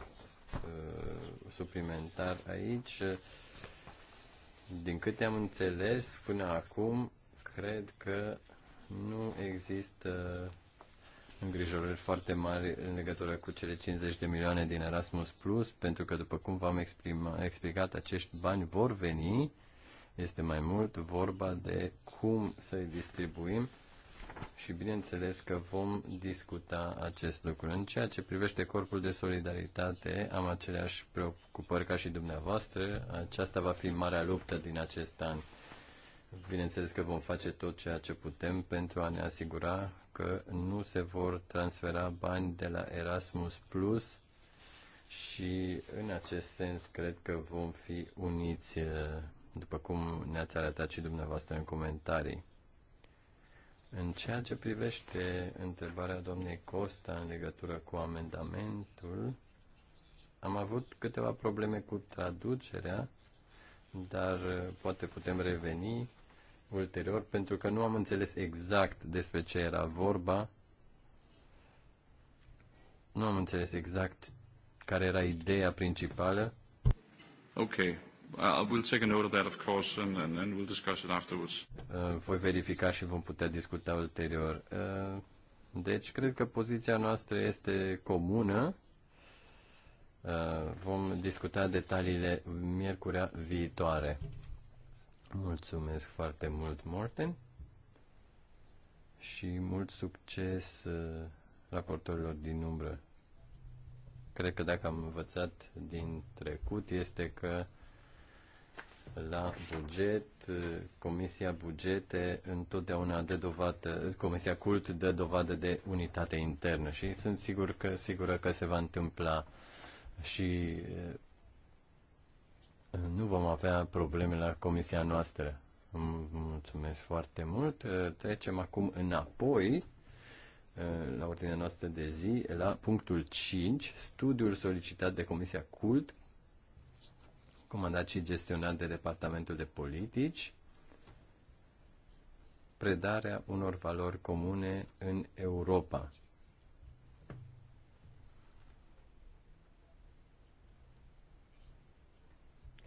uh, suplimentar aici. Din câte am înțeles până acum, cred că nu există îngrijorări foarte mari în legătură cu cele 50 de milioane din Erasmus Plus, pentru că, după cum v-am explicat, acești bani vor veni este mai mult vorba de cum să-i distribuim și bineînțeles că vom discuta acest lucru. În ceea ce privește corpul de solidaritate, am aceleași preocupări ca și dumneavoastră. Aceasta va fi marea luptă din acest an. Bineînțeles că vom face tot ceea ce putem pentru a ne asigura că nu se vor transfera bani de la Erasmus Plus și în acest sens cred că vom fi uniți după cum ne-ați arătat și dumneavoastră în comentarii. În ceea ce privește întrebarea doamnei Costa în legătură cu amendamentul, am avut câteva probleme cu traducerea, dar uh, poate putem reveni ulterior, pentru că nu am înțeles exact despre ce era vorba. Nu am înțeles exact care era ideea principală. Ok, Uh, we'll take a note of that, of course, and, and, and we'll discuss it afterwards. Uh, voi verifica și vom putea discuta ulterior. Uh, deci, cred că poziția noastră este comună. Uh, vom discuta detaliile miercurea viitoare. Mulțumesc foarte mult, Morten. Și mult succes uh, raportorilor din umbră. Cred că dacă am învățat din trecut este că la buget, Comisia Bugete întotdeauna dă dovadă, Comisia Cult dă dovadă de unitate internă și sunt sigur că, sigură că se va întâmpla și eh, nu vom avea probleme la comisia noastră. Mulțumesc foarte mult. Trecem acum înapoi eh, la ordinea noastră de zi, la punctul 5, studiul solicitat de Comisia Cult comandat și gestionat de Departamentul de Politici, predarea unor valori comune în Europa.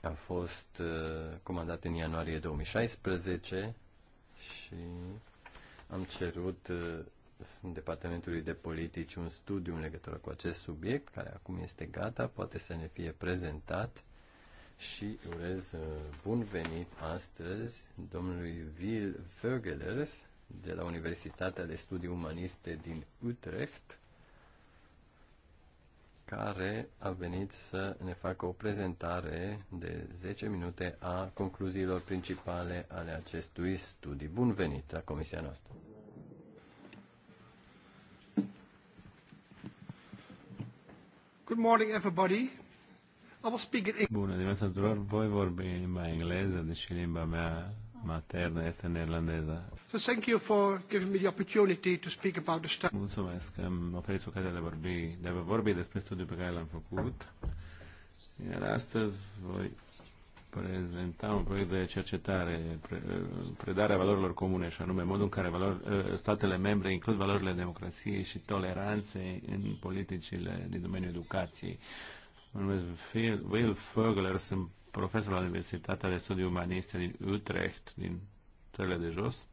A fost uh, comandat în ianuarie 2016 și am cerut uh, Departamentului de Politici un studiu în legătură cu acest subiect, care acum este gata, poate să ne fie prezentat și urez uh, bun venit astăzi domnului Will Vögelers de la Universitatea de Studii Umaniste din Utrecht, care a venit să ne facă o prezentare de 10 minute a concluziilor principale ale acestui studiu. Bun venit la comisia noastră! Good morning, everybody. Bună dimineața tuturor, voi vorbi în limba engleză, deși limba mea maternă este neerlandeză. So thank you for giving me the opportunity to speak about the study. Mulțumesc că îmi oferiți ocazia de a vorbi, de a vorbi despre studiul pe care l-am făcut. Iar astăzi voi prezenta un proiect de cercetare, pre, predarea valorilor comune, și anume modul în care valor, ă, statele membre includ valorile democrației și toleranței în politicile din domeniul educației. Mă numesc Will Fogler, sunt profesor la Universitatea de Studii Umaniste din Utrecht, din țările de jos.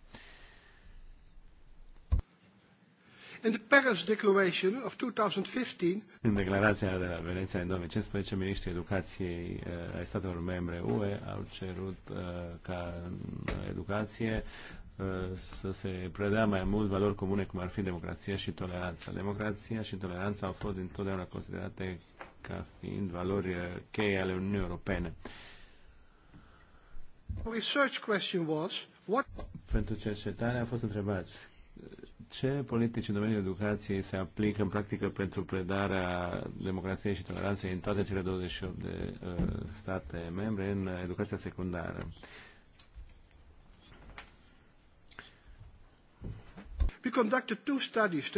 In the Paris Declaration of 2015, în declarația de la Veneția în 2015, ministrii educației uh, ai statelor membre UE au cerut uh, ca educație uh, să se predea mai mult valori comune, cum ar fi democrația și toleranța. Democrația și toleranța au fost întotdeauna considerate ca fiind valori cheie ale Uniunii Europene. Research question was, what... Pentru cercetare a fost întrebați ce politici în domeniul educației se aplică în practică pentru predarea democrației și toleranței în toate cele 28 de uh, state membre în educația secundară? Uh,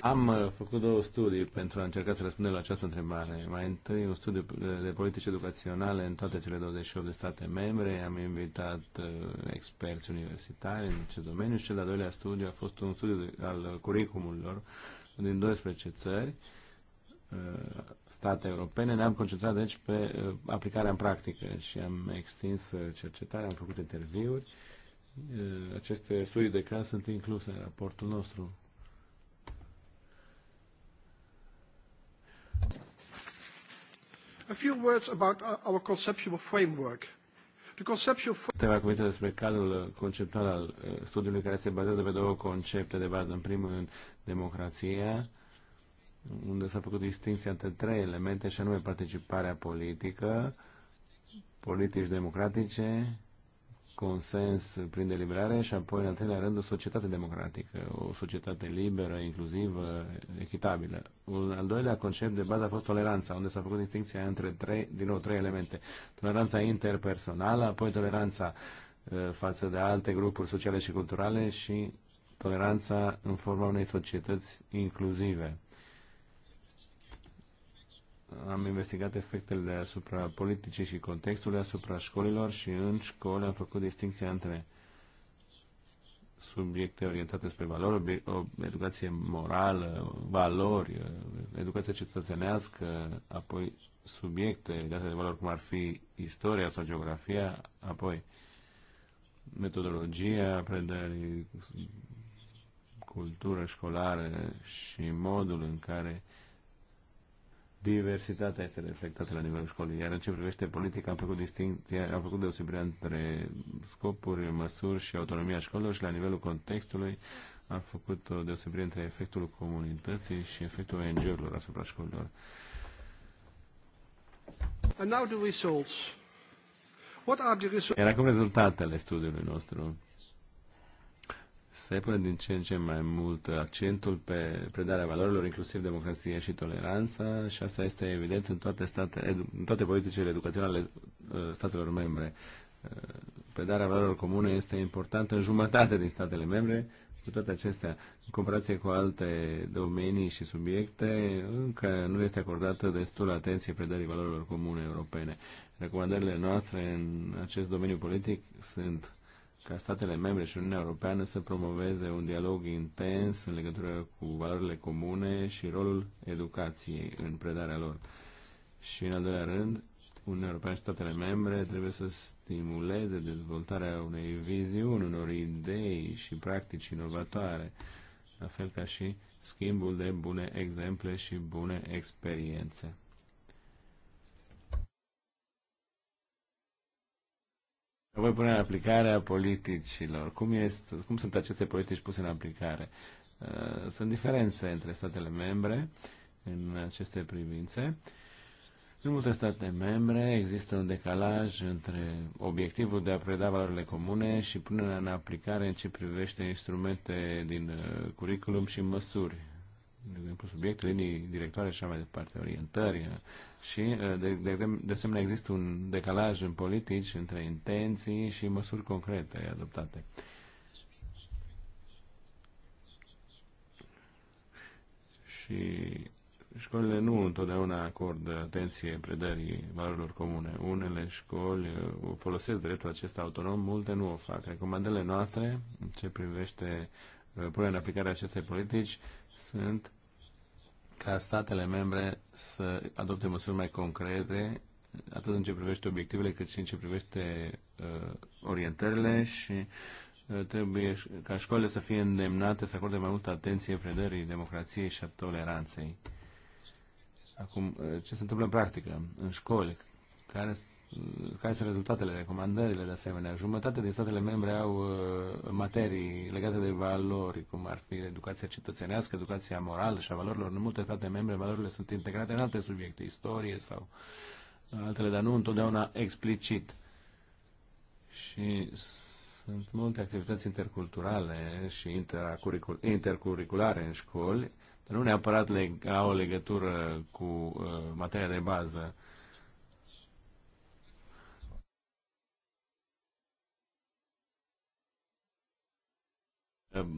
Am uh, făcut două studii pentru a încerca să răspundem la această întrebare. Mai întâi un studiu de politici educaționale în toate cele 28 de state membre. Am invitat uh, experți universitari în acest domeniu și cel de-al doilea studiu a fost un studiu al curricumurilor din 12 țări uh, state europene. Ne-am concentrat deci pe aplicarea în practică și am extins cercetarea, am făcut interviuri aceste studii de caz sunt incluse în raportul nostru. A few words about our conceptual framework. The conceptual Câteva cuvinte despre cadrul conceptual al studiului care se bazează pe două concepte de bază. În primul rând, democrația, unde s-a făcut distinția între trei elemente, și anume participarea politică, politici democratice consens prin deliberare și apoi, în al treilea rând, o societate democratică, o societate liberă, inclusivă, echitabilă. Un al doilea concept de bază a fost toleranța, unde s-a făcut distinția între trei, din nou, trei elemente. Toleranța interpersonală, apoi toleranța uh, față de alte grupuri sociale și culturale și toleranța în forma unei societăți inclusive am investigat efectele asupra politicii și contextului asupra școlilor și în școli am făcut distinția între subiecte orientate spre valori, o educație morală, valori, educație cetățenească, apoi subiecte legate de valori cum ar fi istoria sau geografia, apoi metodologia predării, cultură școlară și modul în care diversitatea este reflectată la nivelul școlii. Iar în ce privește politica, am făcut distinție, am făcut deosebire între scopuri, măsuri și autonomia școlilor și la nivelul contextului am făcut o deosebire între efectul comunității și efectul ONG-urilor asupra școlilor. Iar acum rezultatele studiului nostru se pune din ce în ce mai mult accentul pe predarea valorilor, inclusiv democrație și toleranță, și asta este evident în toate, state, în toate politicile educaționale uh, statelor membre. Uh, predarea valorilor comune este importantă în jumătate din statele membre, cu toate acestea, în comparație cu alte domenii și subiecte, încă nu este acordată destul atenție predării valorilor comune europene. Recomandările noastre în acest domeniu politic sunt ca statele membre și Uniunea Europeană să promoveze un dialog intens în legătură cu valorile comune și rolul educației în predarea lor. Și, în al doilea rând, Uniunea Europeană și statele membre trebuie să stimuleze dezvoltarea unei viziuni, unor idei și practici inovatoare, la fel ca și schimbul de bune exemple și bune experiențe. Apoi punerea în aplicare a politicilor. Cum, este, cum sunt aceste politici puse în aplicare? Uh, sunt diferențe între statele membre în aceste privințe. În multe state membre există un decalaj între obiectivul de a preda valorile comune și punerea în aplicare în ce privește instrumente din uh, curriculum și măsuri. De exemplu, subiectul linii directoare și așa mai departe, orientări, și, uh, de, de, de asemenea, există un decalaj în politici între intenții și măsuri concrete adoptate. Și școlile nu întotdeauna acordă atenție predării valorilor comune. Unele școli uh, folosesc dreptul acesta autonom, multe nu o fac. Recomandele noastre în ce privește uh, punerea în aplicare acestei politici sunt ca statele membre să adopte măsuri mai concrete, atât în ce privește obiectivele, cât și în ce privește uh, orientările și uh, trebuie ca școlile să fie îndemnate să acorde mai multă atenție predării democrației și a toleranței. Acum, uh, ce se întâmplă în practică? În școli, care care sunt rezultatele, recomandările de asemenea. Jumătate din statele membre au uh, materii legate de valori, cum ar fi educația cetățenească, educația morală și a valorilor. În multe state membre valorile sunt integrate în alte subiecte, istorie sau altele, dar nu întotdeauna explicit. Și sunt multe activități interculturale și intercurriculare în școli, dar nu neapărat le au legătură cu uh, materia de bază. Uh,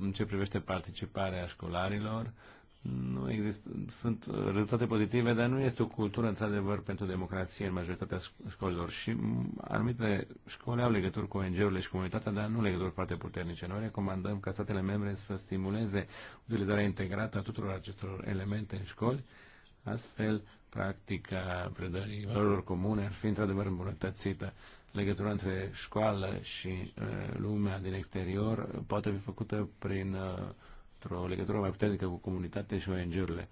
În ce privește participarea școlarilor, nu există, sunt rezultate pozitive, dar nu este o cultură într-adevăr pentru democrație în majoritatea școlilor și anumite școli au legături cu ONG-urile și comunitatea, dar nu legături foarte puternice. Noi recomandăm ca statele membre să stimuleze utilizarea integrată a tuturor acestor elemente în școli, astfel practica predării valorilor comune ar fi într-adevăr îmbunătățită legătura între școală și uh, lumea din exterior poate fi făcută prin uh, o legătură mai puternică cu comunitatea și ONG-urile.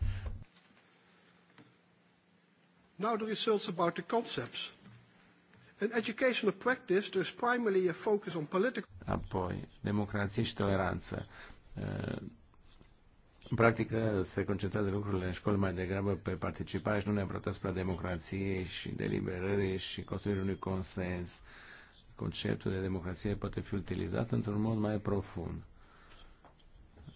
Now the results about the concepts. In educational practice, there's primarily a focus on political... Apoi, democrație și toleranță. Uh, în practică se concentrează lucrurile în școli mai degrabă pe participare și nu neapărat asupra democrației și deliberării și construirea unui consens. Conceptul de democrație poate fi utilizat într-un mod mai profund.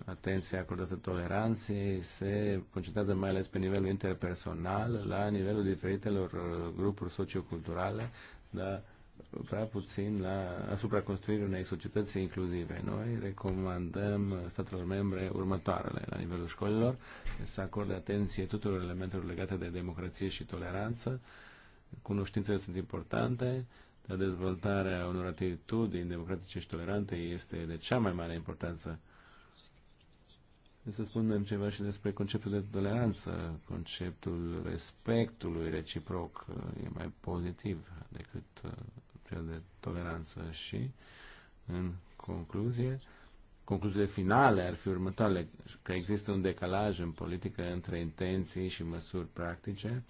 Atenția acordată toleranței se concentrează mai ales pe nivelul interpersonal, la nivelul diferitelor uh, grupuri socioculturale, dar prea puțin la, asupra construirii unei societăți inclusive. Noi recomandăm statelor membre următoarele la nivelul școlilor, să acorde atenție tuturor elementelor legate de democrație și toleranță. Cunoștințele sunt importante, dar dezvoltarea unor atitudini democratice și tolerante este de cea mai mare importanță. Să spunem ceva și despre conceptul de toleranță, conceptul respectului reciproc uh, e mai pozitiv decât uh, cel de toleranță și, în concluzie, concluziile finale ar fi următoarele, că există un decalaj în politică între intenții și măsuri practice,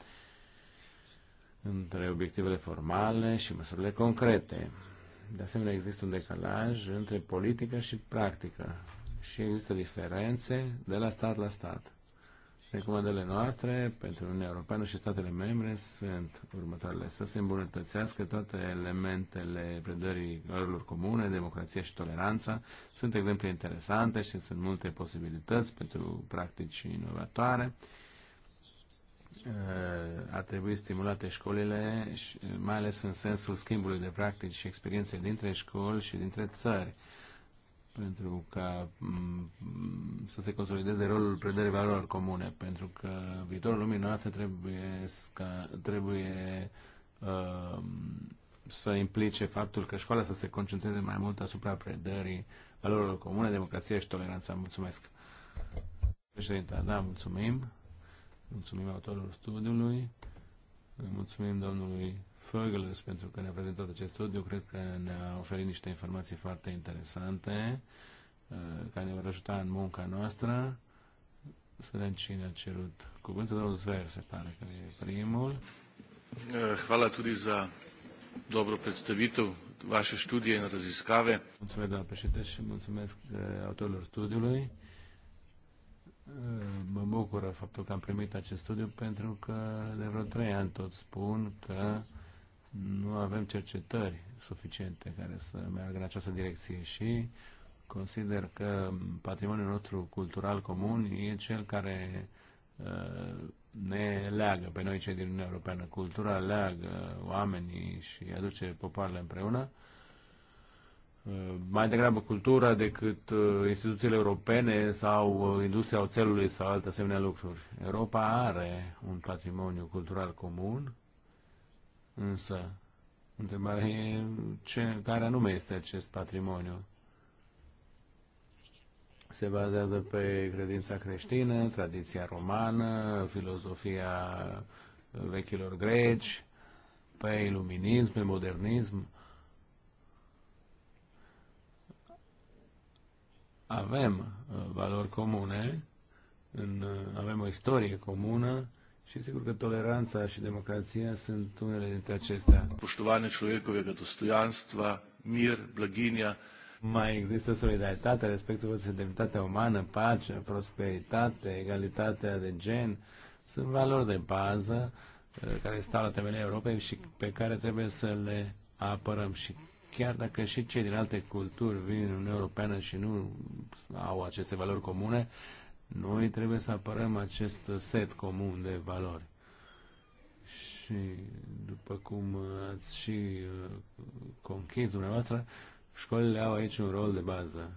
între obiectivele formale și măsurile concrete. De asemenea, există un decalaj între politică și practică și există diferențe de la stat la stat. Recomandările noastre pentru Uniunea Europeană și statele membre sunt următoarele. Să se îmbunătățească toate elementele predării valorilor comune, democrația și toleranța. Sunt exemple interesante și sunt multe posibilități pentru practici inovatoare. Eh, ar trebui stimulate școlile, mai ales în sensul schimbului de practici și experiențe dintre școli și dintre țări pentru ca să se consolideze rolul prederii valorilor comune, pentru că viitorul lumii noastre trebuie, ca, trebuie uh, să implice faptul că școala să se concentreze mai mult asupra predării valorilor comune, democrație și toleranța. Mulțumesc! Președinte, da, mulțumim! Mulțumim autorul studiului, mulțumim domnului Fergalus pentru că ne-a prezentat acest studiu. Cred că ne-a oferit niște informații foarte interesante uh, care ne vor ajuta în munca noastră. Să vedem cine a cerut cuvântul. Domnul Zver se pare că e primul. Uh, hvala tudi za dobro predstavitev vaše študije in raziskave. Mulțumesc, doamna președinte, și mulțumesc uh, autorilor studiului. Mă bucură faptul că am primit acest studiu pentru că de vreo trei ani tot spun că nu avem cercetări suficiente care să meargă în această direcție și consider că patrimoniul nostru cultural comun e cel care uh, ne leagă pe noi cei din Uniunea Europeană. Cultura leagă oamenii și aduce popoarele împreună. Uh, mai degrabă cultura decât uh, instituțiile europene sau industria oțelului sau alte asemenea lucruri. Europa are un patrimoniu cultural comun Însă, întrebarea e ce, care anume este acest patrimoniu. Se bazează pe credința creștină, tradiția romană, filozofia vechilor greci, pe iluminism, pe modernism. Avem uh, valori comune, în, uh, avem o istorie comună, și sigur că toleranța și democrația sunt unele dintre acestea. Poștovane človekove dostojanstva, mir, blăginia. Mai există solidaritate, respectul față de demnitatea umană, pace, prosperitate, egalitatea de gen. Sunt valori de bază eh, care stau la temelia Europei și pe care trebuie să le apărăm și chiar dacă și cei din alte culturi vin în Uniunea Europeană și nu au aceste valori comune, noi trebuie să apărăm acest set comun de valori. Și după cum ați și uh, conchis dumneavoastră, școlile au aici un rol de bază.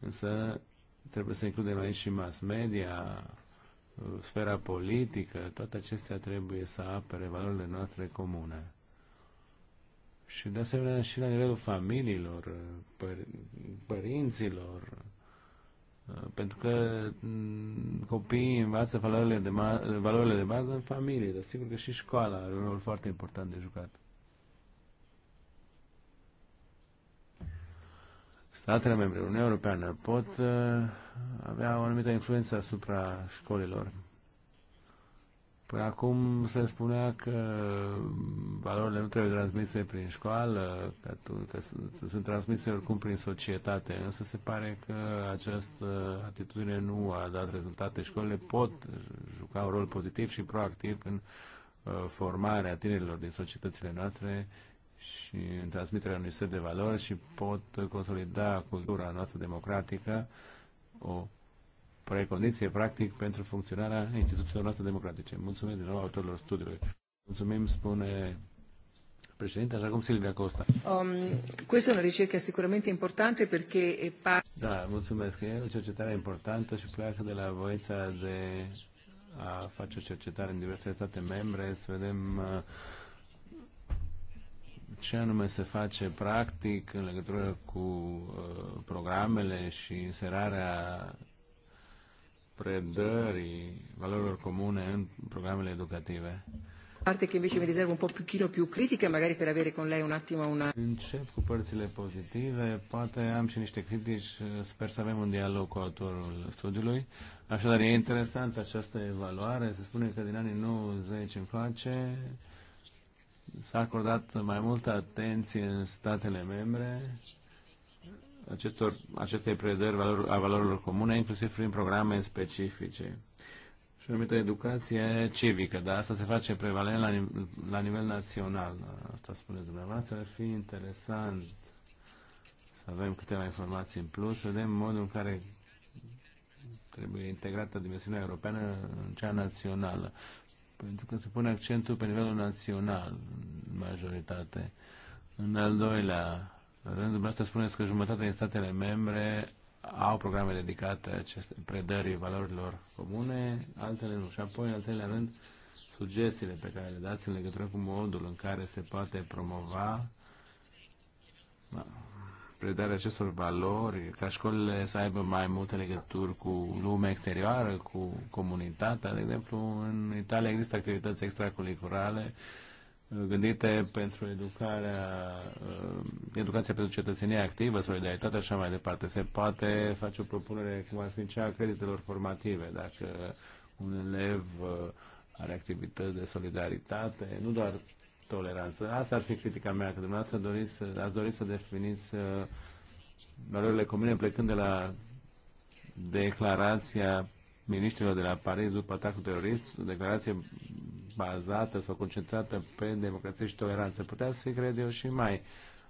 Însă trebuie să includem aici și mass media, uh, sfera politică, toate acestea trebuie să apere valorile noastre comune. Și de asemenea și la nivelul familiilor, uh, păr- părinților, Uh, pentru că mm, copiii învață valorile de, ma- valorile de bază în familie, dar sigur că și școala are un rol foarte important de jucat. Statele membre, Uniunea Europeană, pot uh, avea o anumită influență asupra școlilor. Până acum se spunea că valorile nu trebuie transmise prin școală, că, că sunt transmise oricum prin societate, însă se pare că această atitudine nu a dat rezultate. Școlile pot juca un rol pozitiv și proactiv în uh, formarea tinerilor din societățile noastre și în transmiterea unui set de valori și pot consolida cultura noastră democratică, o precondiție, practic, pentru funcționarea instituțiilor noastre democratice. Mulțumim din nou autorilor studiului. Mulțumim, spune Președinte, așa cum Silvia Costa. Um, questa è una ricerca sicuramente importante perché è parte... Da, mulțumesc. E o cercetare importantă și pleacă de la voința de a face cercetare în diverse state membre, să vedem uh, ce anume se face practic în legătură cu uh, programele și inserarea predării valorilor comune în programele educative. Parte che invece mi riservo un po' più, chino più critiche, magari per avere con lei un attimo una... Încep cu părțile pozitive, poate am și niște critici, sper să avem un dialog cu autorul studiului. Așadar, e interesant această evaluare, se spune că din anii 90 încoace s-a acordat mai multă atenție în statele membre acestor, acestei predări valor, a valorilor comune, inclusiv prin programe specifice. Și numită educație civică, dar asta se face prevalent la, la nivel național. Asta spune dumneavoastră. Ar fi interesant să avem câteva informații în plus, să vedem modul în care trebuie integrată dimensiunea europeană în cea națională. Pentru că se pune accentul pe nivelul național, în majoritate. În al doilea în rândul dumneavoastră spuneți că jumătate din statele membre au programe dedicate aceste predării valorilor comune, altele nu. Și apoi, în al treilea rând, sugestiile pe care le dați în legătură cu modul în care se poate promova da, predarea acestor valori, ca școlile să aibă mai multe legături cu lumea exterioară, cu comunitatea. De exemplu, în Italia există activități extracurriculare gândite pentru educarea, uh, educația pentru cetățenia activă, solidaritate, așa mai departe. Se poate face o propunere cum ar fi cea a creditelor formative, dacă un elev uh, are activități de solidaritate, nu doar toleranță. Asta ar fi critica mea, că dumneavoastră doriți, ați dorit să definiți uh, valorile comune plecând de la declarația ministrilor de la Paris după atacul terorist, declarație bazată sau concentrată pe democrație și toleranță. Putea să fie, cred eu, și mai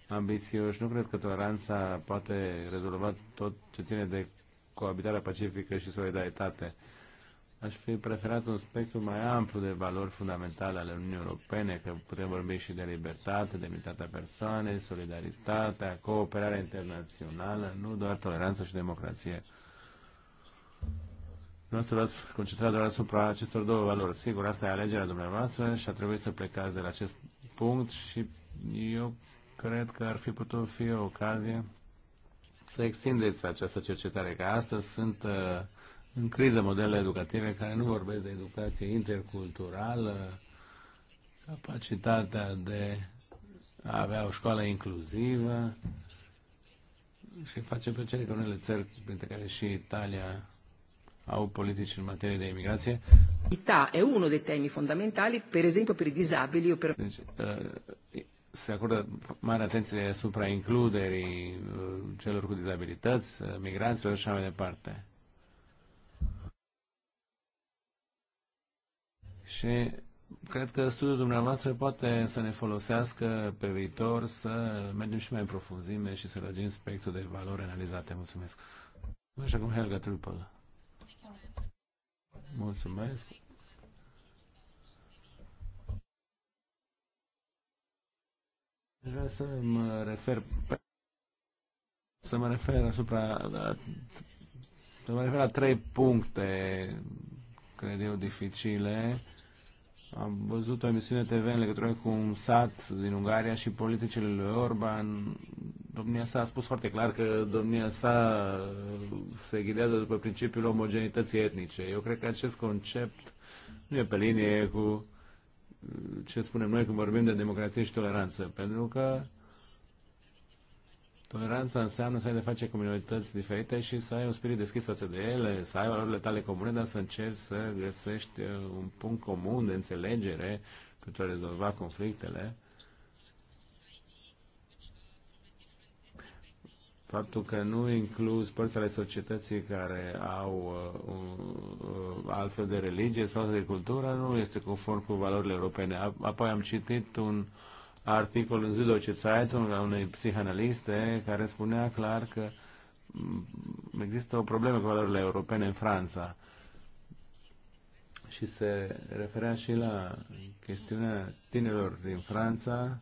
ambițioși. Nu cred că toleranța poate rezolva tot ce ține de coabitarea pacifică și solidaritate. Aș fi preferat un spectru mai amplu de valori fundamentale ale Uniunii Europene, că putem vorbi și de libertate, demnitatea persoanei, solidaritatea, cooperarea internațională, nu doar toleranță și democrație dumneavoastră v-ați concentrat doar asupra acestor două valori. Sigur, asta e alegerea dumneavoastră și a trebuit să plecați de la acest punct și eu cred că ar fi putut fi o ocazie să extindeți această cercetare, că astăzi sunt uh, în criză modele educative care nu vorbesc de educație interculturală, capacitatea de a avea o școală inclusivă și face plăcere că unele țări, printre care și Italia, au politici în materie de imigrație. Ita e unul dei temi fondamentali, per esempio per i disabili o per... Deci, uh, se acordă mare atenție asupra includerii uh, celor cu dizabilități, uh, migranților și așa mai departe. Și cred că studiul dumneavoastră poate să ne folosească pe viitor să mergem și mai în profunzime și să lăgim spectrul de valori analizate. Mulțumesc. Așa cum Helga Trupel. Mulțumesc. Vreau să mă refer pe, să mă refer asupra la, da, să mă refer la trei puncte cred eu dificile. Am văzut o emisiune TV în legătură cu un sat din Ungaria și politicile lui Orban Domnia sa a spus foarte clar că domnia sa se ghidează după principiul omogenității etnice. Eu cred că acest concept nu e pe linie cu ce spunem noi când vorbim de democrație și toleranță, pentru că toleranța înseamnă să ai de face comunități diferite și să ai un spirit deschis față de ele, să ai valorile tale comune, dar să încerci să găsești un punct comun de înțelegere pentru a rezolva conflictele faptul că nu inclus părți ale societății care au uh, uh, altfel de religie sau de cultură nu este conform cu valorile europene. Apoi am citit un articol în Zidu Zeitung a unei psihanaliste care spunea clar că mm, există o problemă cu valorile europene în Franța și se referea și la chestiunea tinerilor din Franța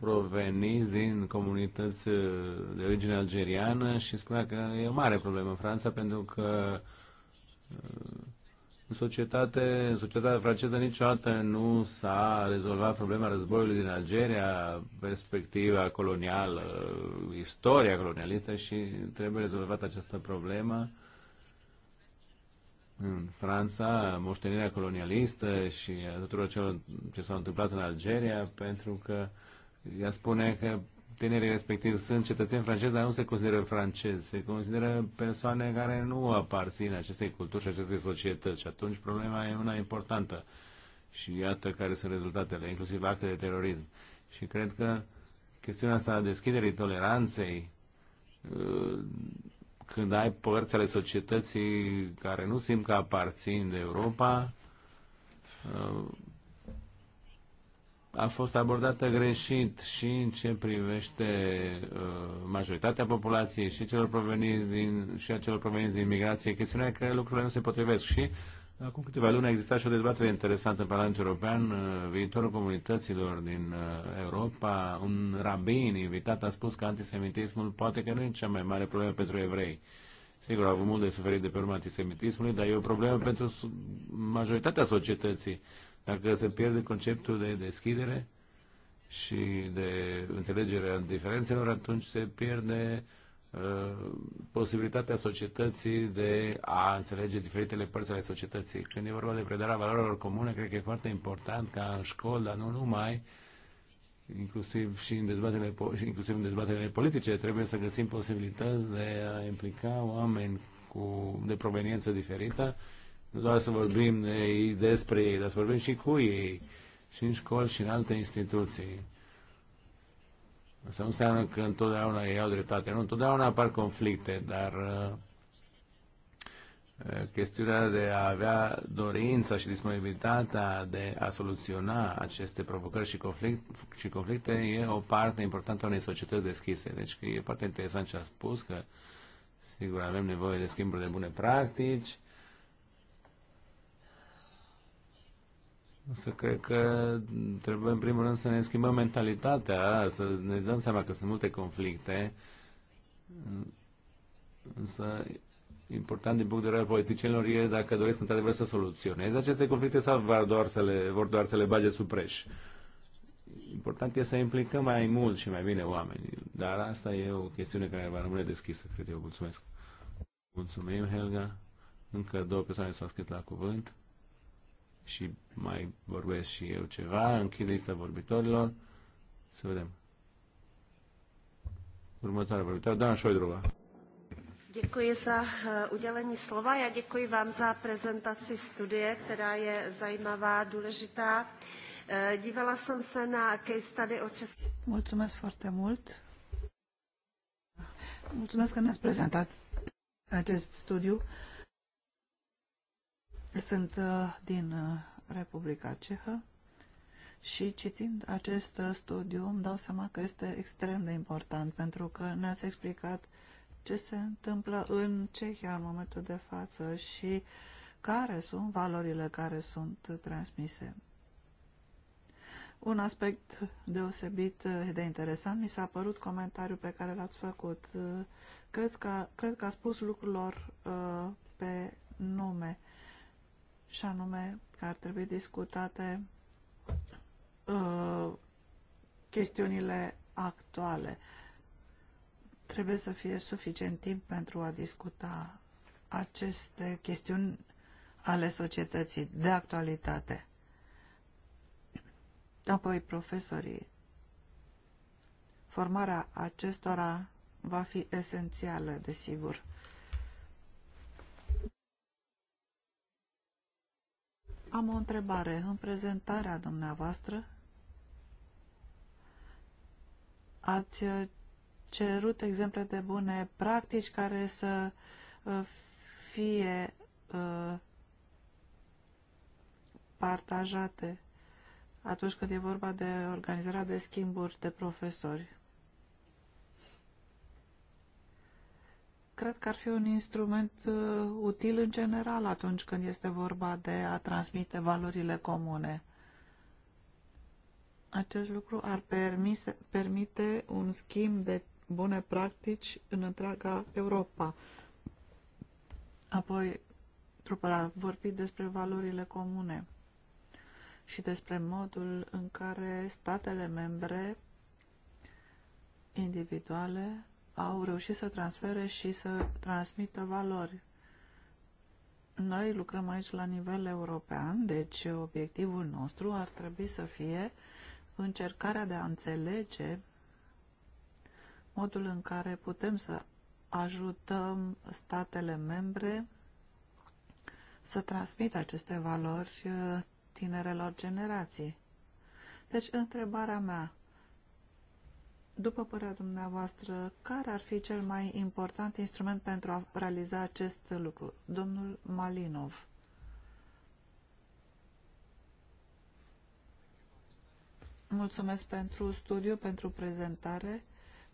proveniți din comunități uh, de origine algeriană și spunea că e o mare problemă în Franța pentru că uh, în societate, în societatea franceză niciodată nu s-a rezolvat problema războiului din Algeria, perspectiva colonială, istoria colonialistă și trebuie rezolvată această problemă. În Franța, moștenirea colonialistă și tuturor celor ce s-au întâmplat în Algeria, pentru că uh, ea spune că tinerii respectiv sunt cetățeni francezi, dar nu se consideră francezi. Se consideră persoane care nu aparțin acestei culturi și acestei societăți. Și atunci problema e una importantă. Și iată care sunt rezultatele, inclusiv acte de terorism. Și cred că chestiunea asta a deschiderii toleranței, uh, când ai părți ale societății care nu simt că aparțin de Europa, uh, a fost abordată greșit și în ce privește uh, majoritatea populației și celor proveniți din, și a celor proveniți din migrație. Chestiunea că lucrurile nu se potrivesc și Acum câteva luni a existat și o dezbatere interesantă în Parlamentul European, uh, viitorul comunităților din uh, Europa. Un rabin invitat a spus că antisemitismul poate că nu e cea mai mare problemă pentru evrei. Sigur, au avut mult de suferit de pe urma antisemitismului, dar e o problemă pentru majoritatea societății dacă se pierde conceptul de deschidere și de înțelegere a diferențelor, atunci se pierde uh, posibilitatea societății de a înțelege diferitele părți ale societății. Când e vorba de predarea valorilor comune, cred că e foarte important ca în școli, dar nu numai, inclusiv și în dezbaterile, inclusiv în dezbaterele politice, trebuie să găsim posibilități de a implica oameni cu, de proveniență diferită nu doar să vorbim despre ei, dar să vorbim și cu ei, și în școli și în alte instituții. Asta nu înseamnă că întotdeauna ei au dreptate. Nu, întotdeauna apar conflicte, dar uh, uh, chestiunea de a avea dorința și disponibilitatea de a soluționa aceste provocări și, conflict, și conflicte e o parte importantă a unei societăți deschise. Deci e foarte interesant ce a spus, că sigur avem nevoie de schimburi de bune practici, Să cred că trebuie în primul rând să ne schimbăm mentalitatea, să ne dăm seama că sunt multe conflicte, însă important din punct de vedere al politicienilor e dacă doresc într-adevăr să soluționeze aceste conflicte sau vor doar să le, vor doar să le bage sub preș. Important e să implicăm mai mult și mai bine oamenii, dar asta e o chestiune care va rămâne deschisă, cred eu. Mulțumesc. Mulțumim, Helga. Încă două persoane s-au scris la cuvânt și mai vorbesc și eu ceva, închid lista vorbitorilor. Să vedem. Următoarea vorbitoare, Dan Șoidrova. Děkuji za eh, udělení slova. Já děkuji vám za prezentaci studie, která je zajímavá, důležitá. Eh, dívala jsem se na case study o České... Mulțumesc foarte mult. Mulțumesc că ne-ați prezentat acest studiu. Uh, sunt uh, din uh, Republica Cehă și citind acest uh, studiu îmi dau seama că este extrem de important pentru că ne-ați explicat ce se întâmplă în Cehia în momentul de față și care sunt valorile care sunt transmise. Un aspect deosebit de interesant mi s-a părut comentariul pe care l-ați făcut. Cred că, cred că a spus lucrurilor pe nume și anume că ar trebui discutate uh, chestiunile actuale. Trebuie să fie suficient timp pentru a discuta aceste chestiuni ale societății de actualitate. Apoi, profesorii, formarea acestora va fi esențială, desigur. Am o întrebare. În prezentarea dumneavoastră ați uh, cerut exemple de bune practici care să uh, fie uh, partajate atunci când e vorba de organizarea de schimburi de profesori. cred că ar fi un instrument uh, util în general atunci când este vorba de a transmite valorile comune. Acest lucru ar permise, permite un schimb de bune practici în întreaga Europa. Apoi, trupă a vorbit despre valorile comune și despre modul în care statele membre individuale au reușit să transfere și să transmită valori. Noi lucrăm aici la nivel european, deci obiectivul nostru ar trebui să fie încercarea de a înțelege modul în care putem să ajutăm statele membre să transmită aceste valori uh, tinerelor generații. Deci, întrebarea mea, după părerea dumneavoastră, care ar fi cel mai important instrument pentru a realiza acest lucru? Domnul Malinov. Mulțumesc pentru studiu, pentru prezentare.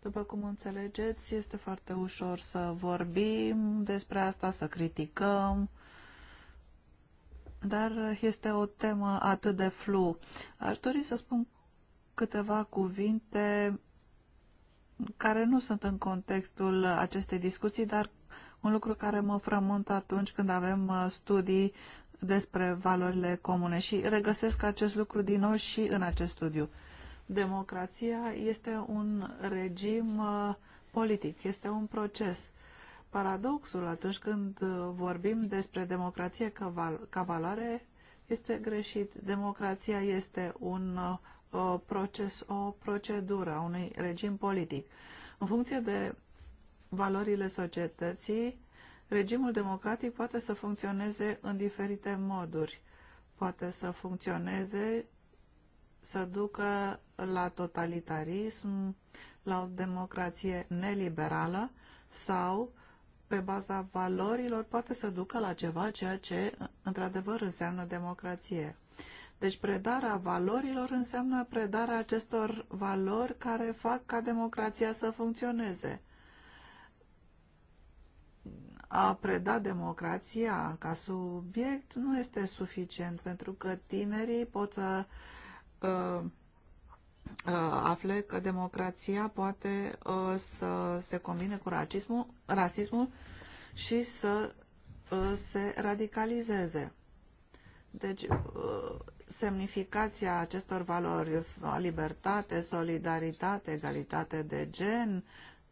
După cum înțelegeți, este foarte ușor să vorbim despre asta, să criticăm, dar este o temă atât de flu. Aș dori să spun câteva cuvinte care nu sunt în contextul acestei discuții, dar un lucru care mă frământă atunci când avem uh, studii despre valorile comune și regăsesc acest lucru din nou și în acest studiu. Democrația este un regim uh, politic, este un proces. Paradoxul atunci când uh, vorbim despre democrație ca, ca valoare este greșit. Democrația este un o, uh, proces, o procedură, a unui regim politic. În funcție de valorile societății, regimul democratic poate să funcționeze în diferite moduri. Poate să funcționeze, să ducă la totalitarism, la o democrație neliberală sau, pe baza valorilor, poate să ducă la ceva ceea ce, într-adevăr, înseamnă democrație. Deci predarea valorilor înseamnă predarea acestor valori care fac ca democrația să funcționeze. A preda democrația ca subiect nu este suficient pentru că tinerii pot să uh, uh afle că democrația poate uh, să se combine cu racismul, rasismul și să uh, se radicalizeze. Deci, uh, semnificația acestor valori, libertate, solidaritate, egalitate de gen,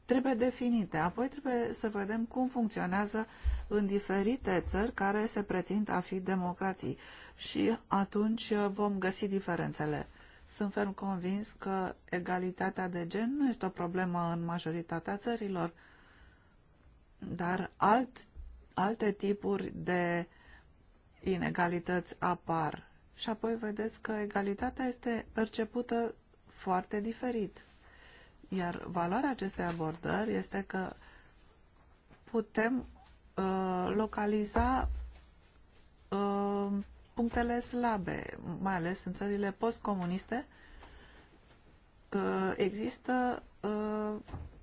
trebuie definite. Apoi trebuie să vedem cum funcționează în diferite țări care se pretind a fi democrații. Și atunci vom găsi diferențele. Sunt ferm convins că egalitatea de gen nu este o problemă în majoritatea țărilor, dar alt, alte tipuri de inegalități apar și apoi vedeți că egalitatea este percepută foarte diferit. Iar valoarea acestei abordări este că putem uh, localiza uh, punctele slabe, mai ales în țările postcomuniste, uh, există uh,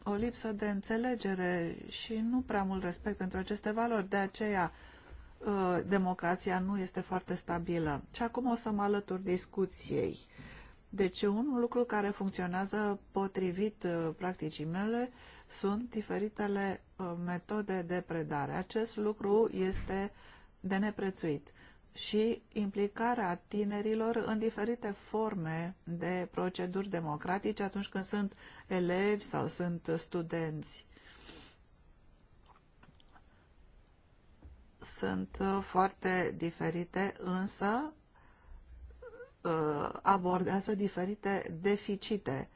o lipsă de înțelegere și nu prea mult respect pentru aceste valori. De aceea, uh, Uh, democrația nu este foarte stabilă. Și acum o să mă alătur discuției. Deci un lucru care funcționează potrivit uh, practicii mele sunt diferitele uh, metode de predare. Acest lucru este de neprețuit și implicarea tinerilor în diferite forme de proceduri democratice atunci când sunt elevi sau sunt studenți. sunt uh, foarte diferite, însă uh, abordează diferite deficite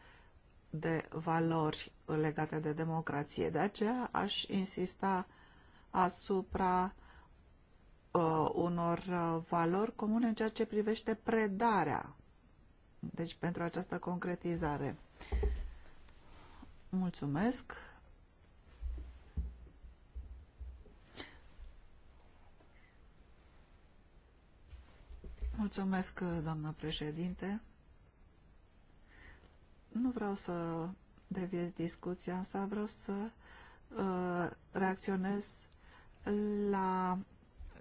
de valori legate de democrație. De aceea aș insista asupra uh, unor uh, valori comune în ceea ce privește predarea. Deci pentru această concretizare. Mulțumesc. Mulțumesc, doamnă președinte. Nu vreau să deviez discuția, însă vreau să uh, reacționez la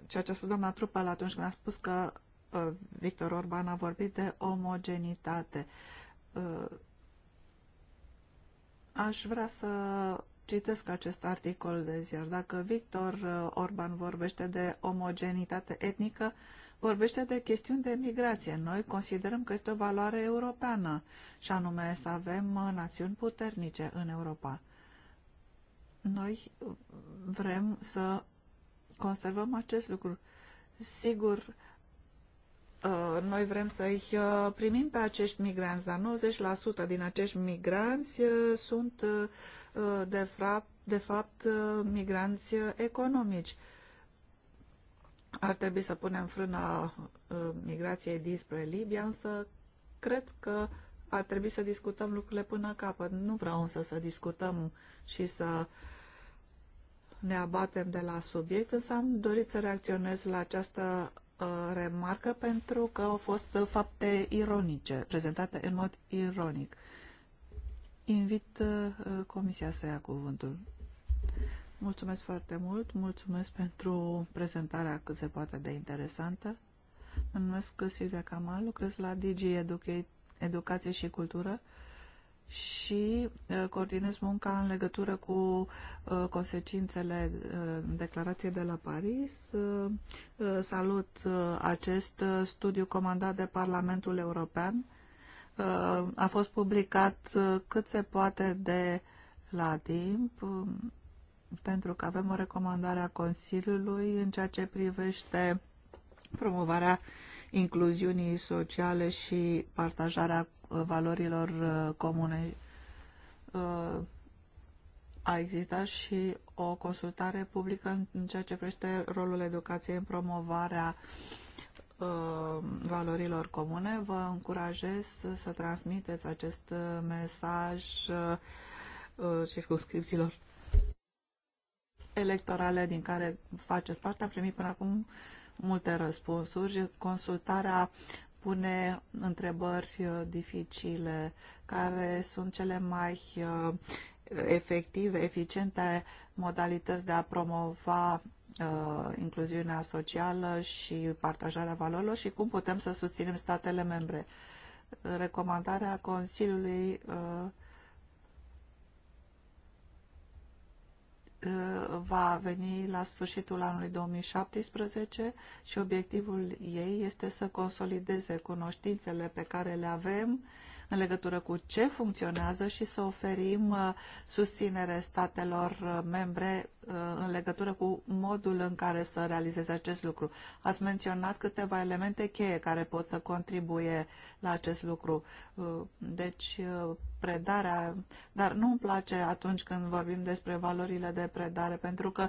ceea ce a spus doamna Trupel atunci când a spus că uh, Victor Orban a vorbit de omogenitate. Uh, aș vrea să citesc acest articol de ziar. Dacă Victor uh, Orban vorbește de omogenitate etnică, uh, vorbește de chestiuni de migrație. Noi considerăm că este o valoare europeană și anume să avem uh, națiuni puternice în Europa. Noi uh, vrem să conservăm acest lucru. Sigur, uh, noi vrem să-i primim pe acești migranți, dar 90% din acești migranți sunt de fapt, de fapt migranți economici ar trebui să punem frâna uh, migrației dinspre Libia, însă cred că ar trebui să discutăm lucrurile până capăt. Nu vreau însă să discutăm și să ne abatem de la subiect, însă am dorit să reacționez la această uh, remarcă pentru că au fost fapte ironice, prezentate în mod ironic. Invit uh, Comisia să ia cuvântul. Mulțumesc foarte mult, mulțumesc pentru prezentarea cât se poate de interesantă. Mă numesc Silvia Camal, lucrez la Digi Educație și Cultură și uh, coordonez munca în legătură cu uh, consecințele uh, declarației de la Paris. Salut acest studiu comandat de Parlamentul European. A fost publicat cât se poate de la timp pentru că avem o recomandare a Consiliului în ceea ce privește promovarea incluziunii sociale și partajarea uh, valorilor uh, comune. Uh, a existat și o consultare publică în ceea ce privește rolul educației în promovarea valorilor comune. Vă încurajez să transmiteți acest mesaj circunscripțiilor electorale din care faceți parte. Am primit până acum multe răspunsuri. Consultarea pune întrebări uh, dificile, care sunt cele mai uh, efective, eficiente modalități de a promova uh, incluziunea socială și partajarea valorilor și cum putem să susținem statele membre. Recomandarea Consiliului uh, Uh, va veni la sfârșitul anului 2017 și obiectivul ei este să consolideze cunoștințele pe care le avem în legătură cu ce funcționează și să oferim uh, susținere statelor uh, membre uh, în legătură cu modul în care să realizeze acest lucru. Ați menționat câteva elemente cheie care pot să contribuie la acest lucru. Deci, predarea, dar nu îmi place atunci când vorbim despre valorile de predare, pentru că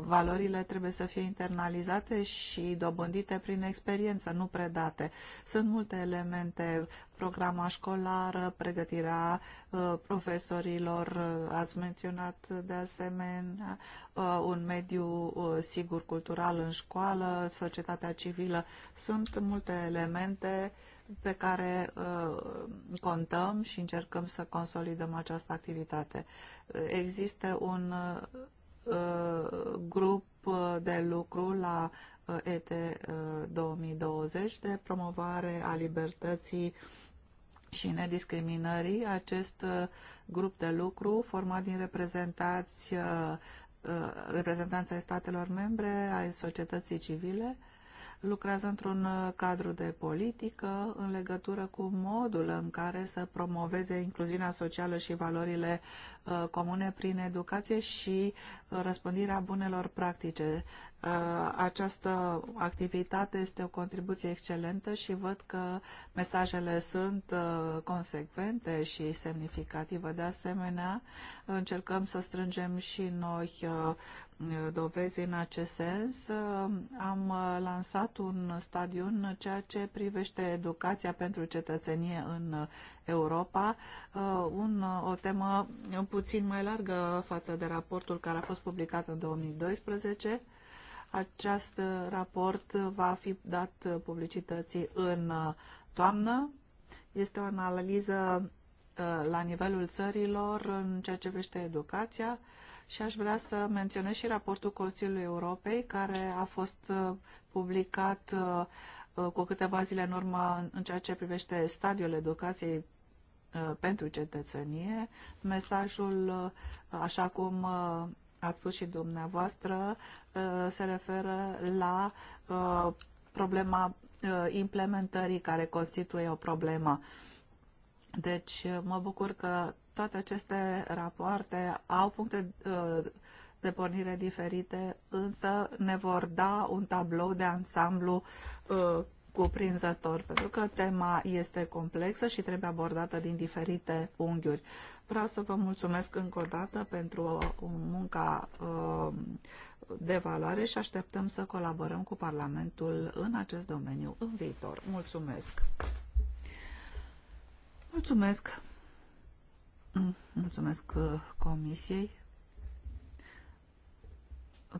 Valorile trebuie să fie internalizate și dobândite prin experiență, nu predate. Sunt multe elemente, programa școlară, pregătirea uh, profesorilor, uh, ați menționat de asemenea uh, un mediu sigur cultural în școală, societatea civilă. Sunt multe elemente pe care contăm și încercăm să consolidăm această activitate. Există un Uh, grup uh, de lucru la uh, ET 2020 de promovare a libertății și nediscriminării. Acest grup de lucru format din reprezentați reprezentanța statelor membre, ai societății civile, lucrează într-un uh, cadru de politică în legătură cu modul în care să promoveze incluziunea socială și valorile uh, comune prin educație și uh, răspândirea bunelor practice. această activitate este o contribuție excelentă și văd că mesajele sunt consecvente și semnificative. De asemenea, încercăm să strângem și noi dovezi în acest sens. Am lansat un studiu în ceea ce privește educația pentru cetățenie în Europa, uh, un, o temă puțin mai largă față de raportul care a fost publicat în 2012. Acest raport va fi dat publicității în toamnă. Este o analiză uh, la nivelul țărilor în ceea ce privește educația și aș vrea să menționez și raportul Consiliului Europei, care a fost uh, publicat uh, uh, cu câteva zile în urmă în ceea ce privește stadiul educației pentru cetățenie. Mesajul, așa cum a spus și dumneavoastră, se referă la problema implementării care constituie o problemă. Uh, deci mă bucur că toate aceste rapoarte au puncte uh, de pornire diferite, însă ne vor da un tablou de ansamblu uh, cuprinzător, pentru că tema este complexă și trebuie abordată din diferite unghiuri. Vreau să vă mulțumesc încă o dată pentru uh, munca de valoare și așteptăm să colaborăm cu Parlamentul în acest domeniu în viitor. Mulțumesc! Mulțumesc. Mm, mulțumesc uh, Comisiei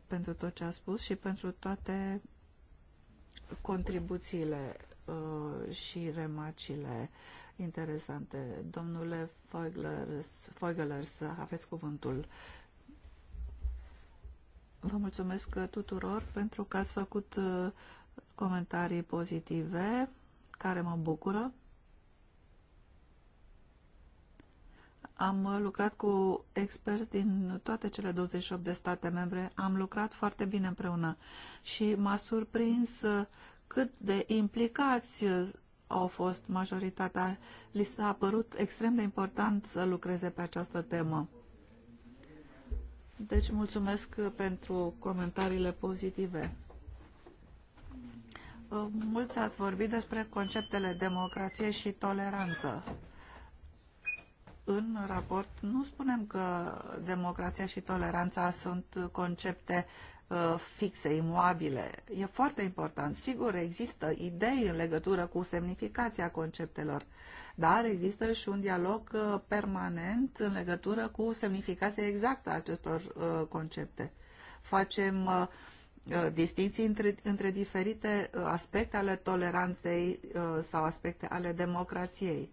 pentru tot ce a spus și pentru toate contribuțiile uh, și remarcile interesante. Domnule să aveți cuvântul. Vă mulțumesc uh, tuturor pentru că ați făcut comentarii pozitive care mă bucură. Am uh, lucrat cu experți din toate cele 28 de state membre, am lucrat foarte bine împreună și m-a surprins uh, cât de implicați uh, au fost majoritatea. Li s-a părut extrem de important să lucreze pe această temă. Deci mulțumesc pentru comentariile pozitive. Mulți ați vorbit despre conceptele democrație și toleranță în raport nu spunem că democrația și toleranța sunt concepte uh, fixe, imoabile. E foarte important. Sigur, există idei în legătură cu semnificația conceptelor, dar există și un dialog uh, permanent în legătură cu semnificația exactă a acestor uh, concepte. Facem distinții între, între diferite aspecte ale toleranței sau aspecte ale democrației.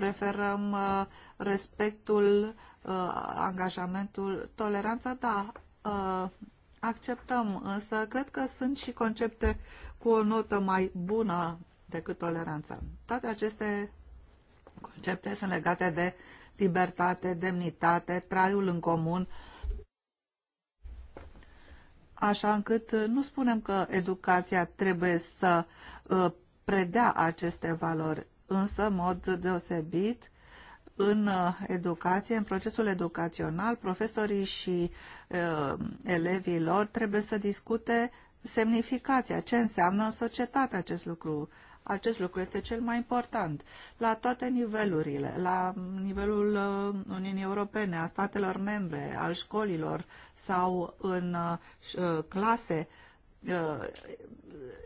preferăm uh, respectul, uh, angajamentul, toleranța, da, uh, acceptăm, însă cred că sunt și concepte cu o notă mai bună decât toleranța. Toate aceste concepte sunt legate de libertate, demnitate, traiul în comun, așa încât nu spunem că educația trebuie să predea aceste valori însă, în mod deosebit, în uh, educație, în procesul educațional, profesorii și uh, elevii lor trebuie să discute semnificația, ce înseamnă în societate acest lucru. Acest lucru este cel mai important la toate nivelurile, la nivelul uh, Uniunii Europene, a statelor membre, al școlilor sau în uh, uh clase uh, Uh,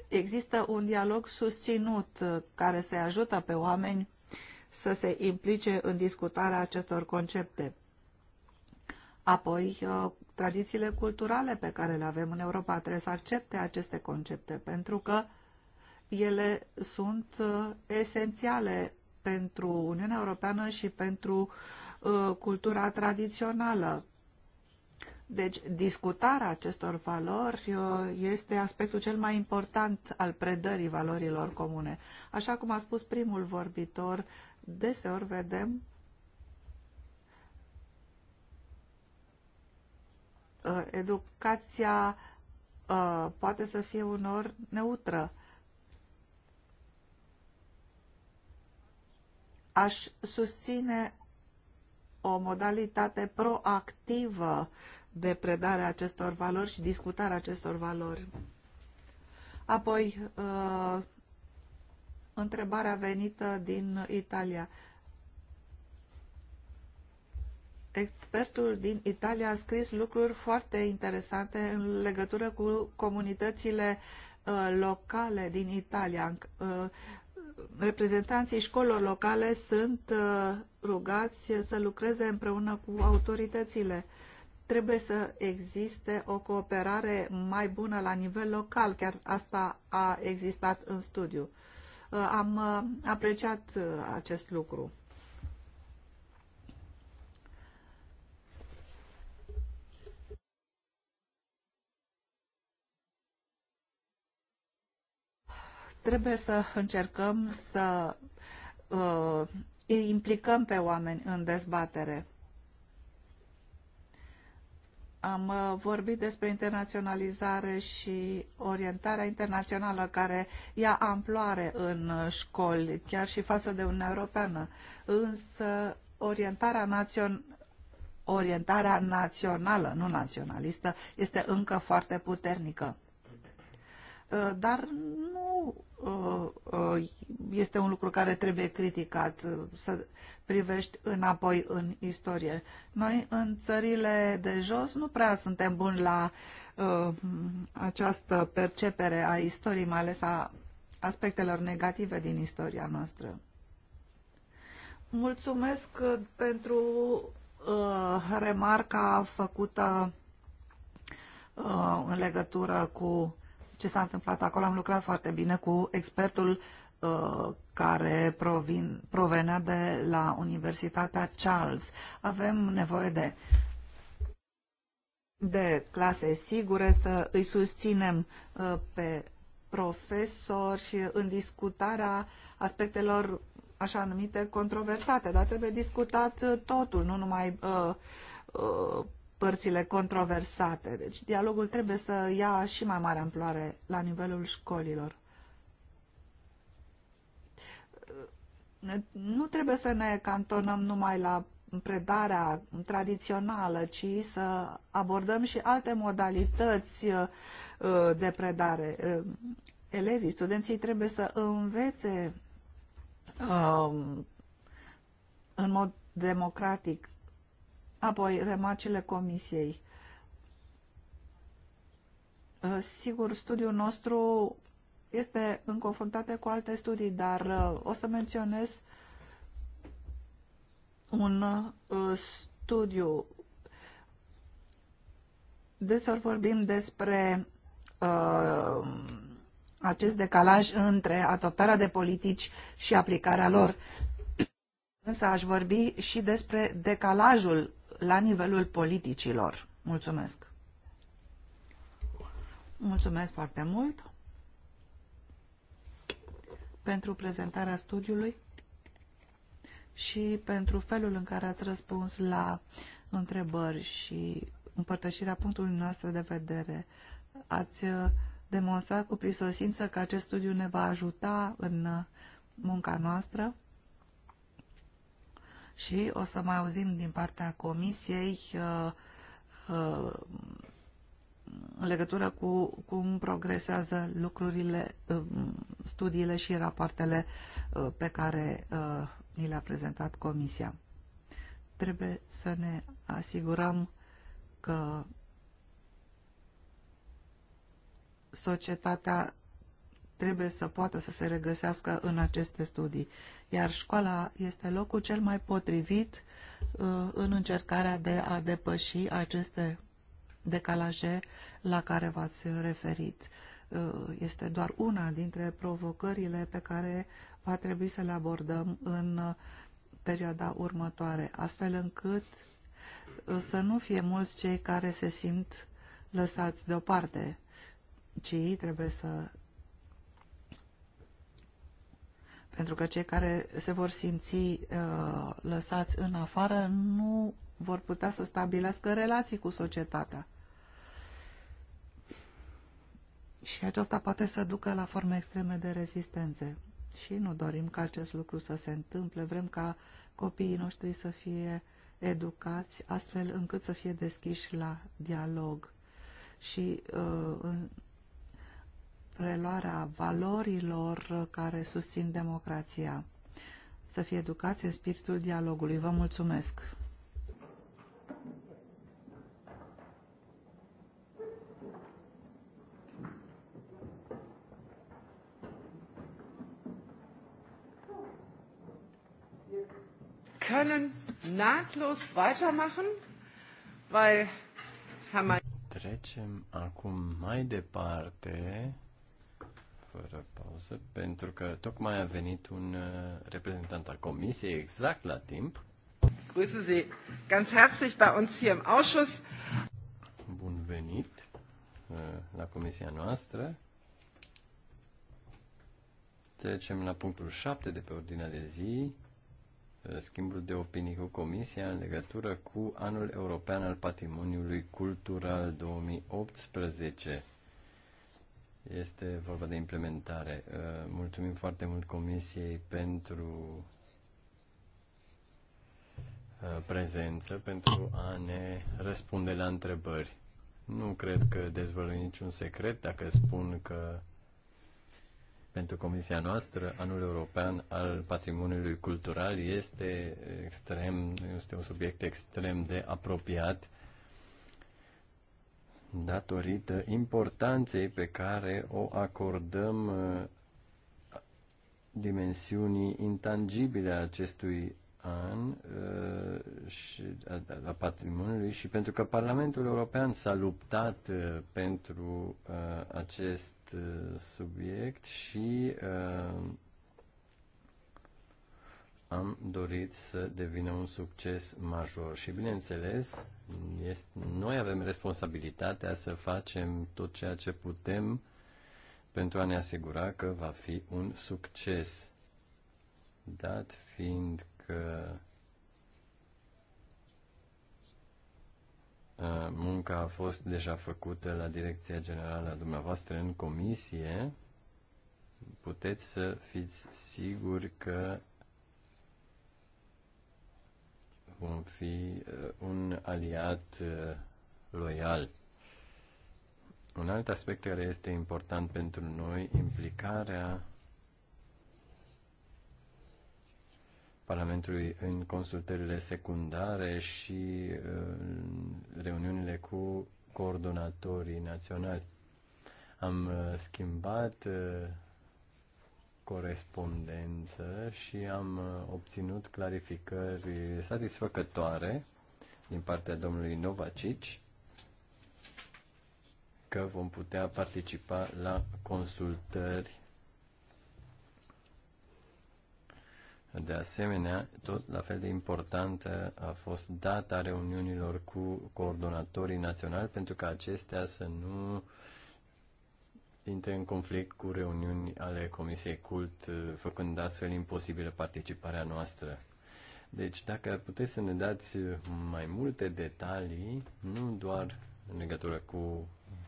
există un dialog susținut uh, care să ajută pe oameni să se implice în discutarea acestor concepte. Apoi, uh, tradițiile culturale pe care le avem în Europa trebuie să accepte aceste concepte, pentru că ele sunt esențiale pentru Uniunea Europeană și pentru cultura tradițională. Deci, discutarea acestor valori uh, este aspectul cel mai important al predării valorilor comune. Așa cum a spus primul vorbitor, deseori vedem uh, educația uh, poate să fie unor neutră. Aș susține o modalitate proactivă uh, de predare a acestor valori și discutarea acestor valori. Apoi, uh, întrebarea venită din Italia. Expertul din Italia a scris lucruri foarte interesante în legătură cu comunitățile uh, locale din Italia. Uh, reprezentanții școlilor locale sunt rugați să lucreze împreună cu autoritățile trebuie să existe o cooperare mai bună la nivel local, chiar asta a existat în studiu. Uh, am uh, apreciat uh, acest lucru. Trebuie să încercăm să uh, implicăm pe oameni în dezbatere am uh, vorbit despre internaționalizare și orientarea internațională care ia amploare în uh, școli, chiar și față de Uniunea Europeană. Însă orientarea națion orientarea națională, nu naționalistă, este încă foarte puternică. Uh, dar nu este un lucru care trebuie criticat. Să privești înapoi în istorie. Noi în țările de jos nu prea suntem buni la uh, această percepere a istoriei, mai ales a aspectelor negative din istoria noastră. Mulțumesc pentru uh, remarca făcută uh, în legătură cu ce s-a întâmplat acolo. Am lucrat foarte bine cu expertul Uh, care provin, provenea de la Universitatea Charles. Avem nevoie de de clase sigure, să îi susținem uh, pe profesori în discutarea aspectelor așa numite controversate, dar trebuie discutat uh, totul, nu numai uh, uh, părțile controversate. Deci dialogul trebuie să ia și mai mare amploare la nivelul școlilor. nu trebuie să ne cantonăm numai la predarea tradițională, ci să abordăm și alte modalități uh, de predare. Uh, elevii, studenții trebuie să învețe um, în mod democratic. Apoi, remarcile comisiei. Uh, sigur, studiul nostru este în confruntate cu alte studii, dar uh, o să menționez un uh, studiu. Desor vorbim despre uh, acest decalaj între adoptarea de politici și aplicarea lor. Însă aș vorbi și despre decalajul la nivelul politicilor. Mulțumesc! Mulțumesc foarte mult! pentru prezentarea studiului și pentru felul în care ați răspuns la întrebări și împărtășirea punctului nostru de vedere. Ați uh, demonstrat cu prisosință că acest studiu ne va ajuta în uh, munca noastră și o să mai auzim din partea Comisiei uh, uh, în legătură cu cum progresează lucrurile, uh, studiile și rapoartele uh, pe care uh, ni le-a prezentat Comisia. Trebuie să ne asigurăm că societatea trebuie să poată să se regăsească în aceste studii. Iar școala este locul cel mai potrivit în încercarea de a depăși aceste decalaje la care v-ați referit. Uh, este doar una dintre provocările pe care va trebui să le abordăm în perioada următoare, astfel încât uh, să nu fie mulți cei care se simt lăsați deoparte, ci trebuie să... Pentru că cei care se vor simți uh, lăsați în afară nu vor putea să stabilească relații cu societatea. Și aceasta poate să ducă la forme extreme de rezistențe. Și nu dorim ca acest lucru să se întâmple. Vrem ca copiii noștri să fie educați astfel încât să fie deschiși la dialog. Și uh, în preluarea valorilor care susțin democrația. Să fie educați în spiritul dialogului. Vă mulțumesc! können nahtlos weitermachen, weil Herr Mai Trecem acum mai departe, fără pauză, pentru că tocmai a venit un uh, reprezentant al Comisiei exact la timp. Grüße Sie ganz herzlich bei uns hier im Ausschuss. Bun venit uh, la comisia noastră. Trecem la punctul 7 de pe ordinea de zi, schimbul de opinii cu Comisia în legătură cu Anul European al Patrimoniului Cultural 2018. Este vorba de implementare. Uh, mulțumim foarte mult Comisiei pentru uh, prezență, pentru a ne răspunde la întrebări. Nu cred că dezvălui niciun secret dacă spun că pentru Comisia noastră, anul european al patrimoniului cultural este extrem, este un subiect extrem de apropiat datorită importanței pe care o acordăm uh, dimensiunii intangibile a acestui an uh, și a patrimoniului și pentru că Parlamentul European s-a luptat uh, pentru uh, acest subiect și am dorit să devină un succes major. Și bineînțeles, este, noi avem responsabilitatea să facem tot ceea ce putem pentru a ne asigura că va fi un succes. Dat fiind că munca a fost deja făcută la Direcția Generală a dumneavoastră în comisie, puteți să fiți siguri că vom fi un aliat loial. Un alt aspect care este important pentru noi, implicarea Parlamentului în consultările secundare și uh, reuniunile cu coordonatorii naționali. Am uh, schimbat uh, corespondență și am obținut clarificări satisfăcătoare din partea domnului Novacici că vom putea participa la consultări De asemenea, tot la fel de importantă a fost data reuniunilor cu coordonatorii naționali pentru ca acestea să nu intre în conflict cu reuniuni ale Comisiei Cult, uh, făcând astfel imposibilă participarea noastră. Deci, dacă puteți să ne dați uh, mai multe detalii, nu doar în legătură cu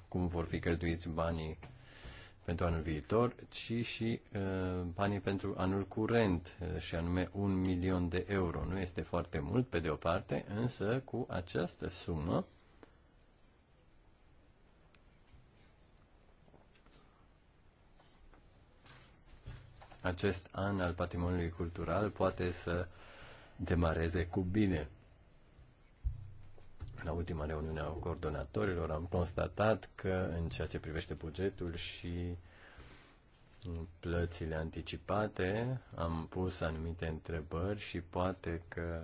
cum vor fi cheltuiți banii pentru anul viitor, ci și uh, banii pentru anul curent, uh, și anume un milion de euro. Nu este foarte mult, pe de o parte, însă cu această sumă acest an al patrimoniului cultural poate să demareze cu bine. La ultima reuniune a coordonatorilor am constatat că în ceea ce privește bugetul și plățile anticipate am pus anumite întrebări și poate că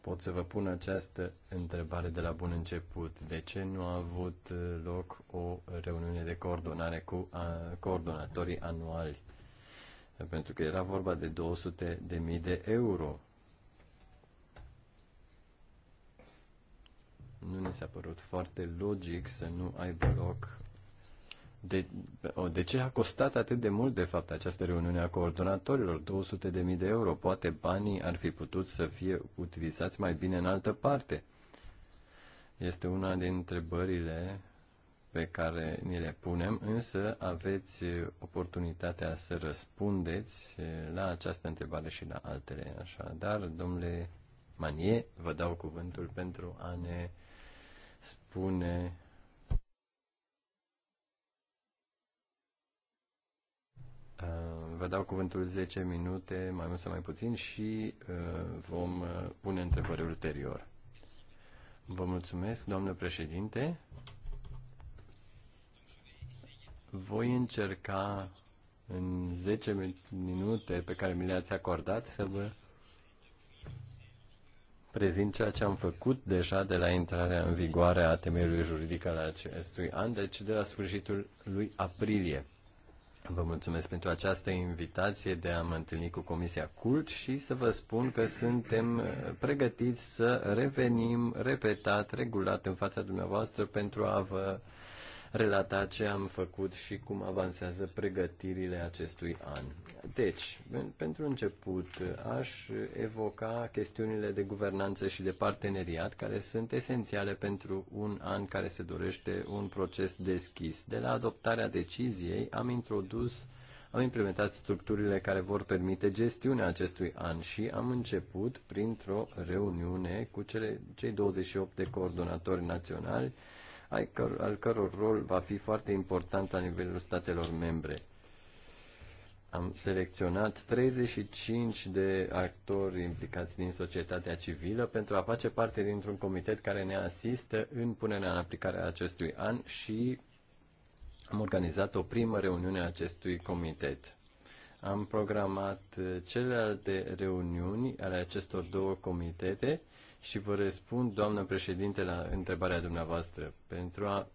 pot să vă pun această întrebare de la bun început. De ce nu a avut loc o reuniune de coordonare cu a, coordonatorii anuali? Pentru că era vorba de 200 de mii de euro nu ne s-a părut foarte logic să nu aibă loc. De, de ce a costat atât de mult, de fapt, această reuniune a coordonatorilor? 200.000 de euro. Poate banii ar fi putut să fie utilizați mai bine în altă parte. Este una din întrebările pe care ni le punem, însă aveți oportunitatea să răspundeți la această întrebare și la altele. Așadar, domnule Manie, vă dau cuvântul pentru a ne spune uh, Vă dau cuvântul 10 minute, mai mult sau mai puțin, și uh, vom uh, pune întrebări ulterior. Vă mulțumesc, doamnă președinte. Voi încerca în 10 minute pe care mi le-ați acordat să vă prezint ceea ce am făcut deja de la intrarea în vigoare a temeiului juridic al acestui an, deci de la sfârșitul lui aprilie. Vă mulțumesc pentru această invitație de a mă întâlni cu Comisia CULT și să vă spun că suntem uh, pregătiți să revenim repetat, regulat în fața dumneavoastră pentru a vă relata ce am făcut și cum avansează pregătirile acestui an. Deci, pentru început, aș evoca chestiunile de guvernanță și de parteneriat care sunt esențiale pentru un an care se dorește un proces deschis. De la adoptarea deciziei am introdus am implementat structurile care vor permite gestiunea acestui an și am început printr-o reuniune cu cele, cei 28 de coordonatori naționali al căror rol va fi foarte important la nivelul statelor membre. Am selecționat 35 de actori implicați din societatea civilă pentru a face parte dintr-un comitet care ne asistă în punerea în aplicare a acestui an și am organizat o primă reuniune a acestui comitet. Am programat eh, celelalte reuniuni ale acestor două comitete și vă răspund, doamnă președinte, la întrebarea dumneavoastră. Pentru a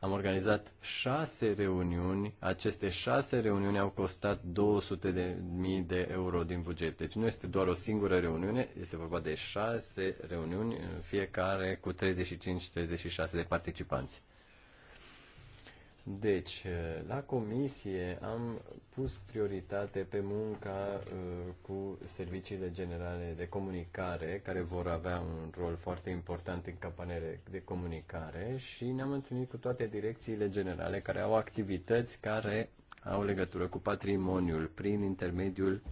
am organizat șase reuniuni. Aceste șase reuniuni au costat 200 de mii de euro din buget. Deci nu este doar o singură reuniune, este vorba de șase reuniuni, fiecare cu 35-36 de participanți. Deci, eh, la comisie am pus prioritate pe munca eh, cu serviciile generale de comunicare, care vor avea un rol foarte important în campanere de comunicare și ne-am întâlnit cu toate direcțiile generale care au activități care au legătură cu patrimoniul prin intermediul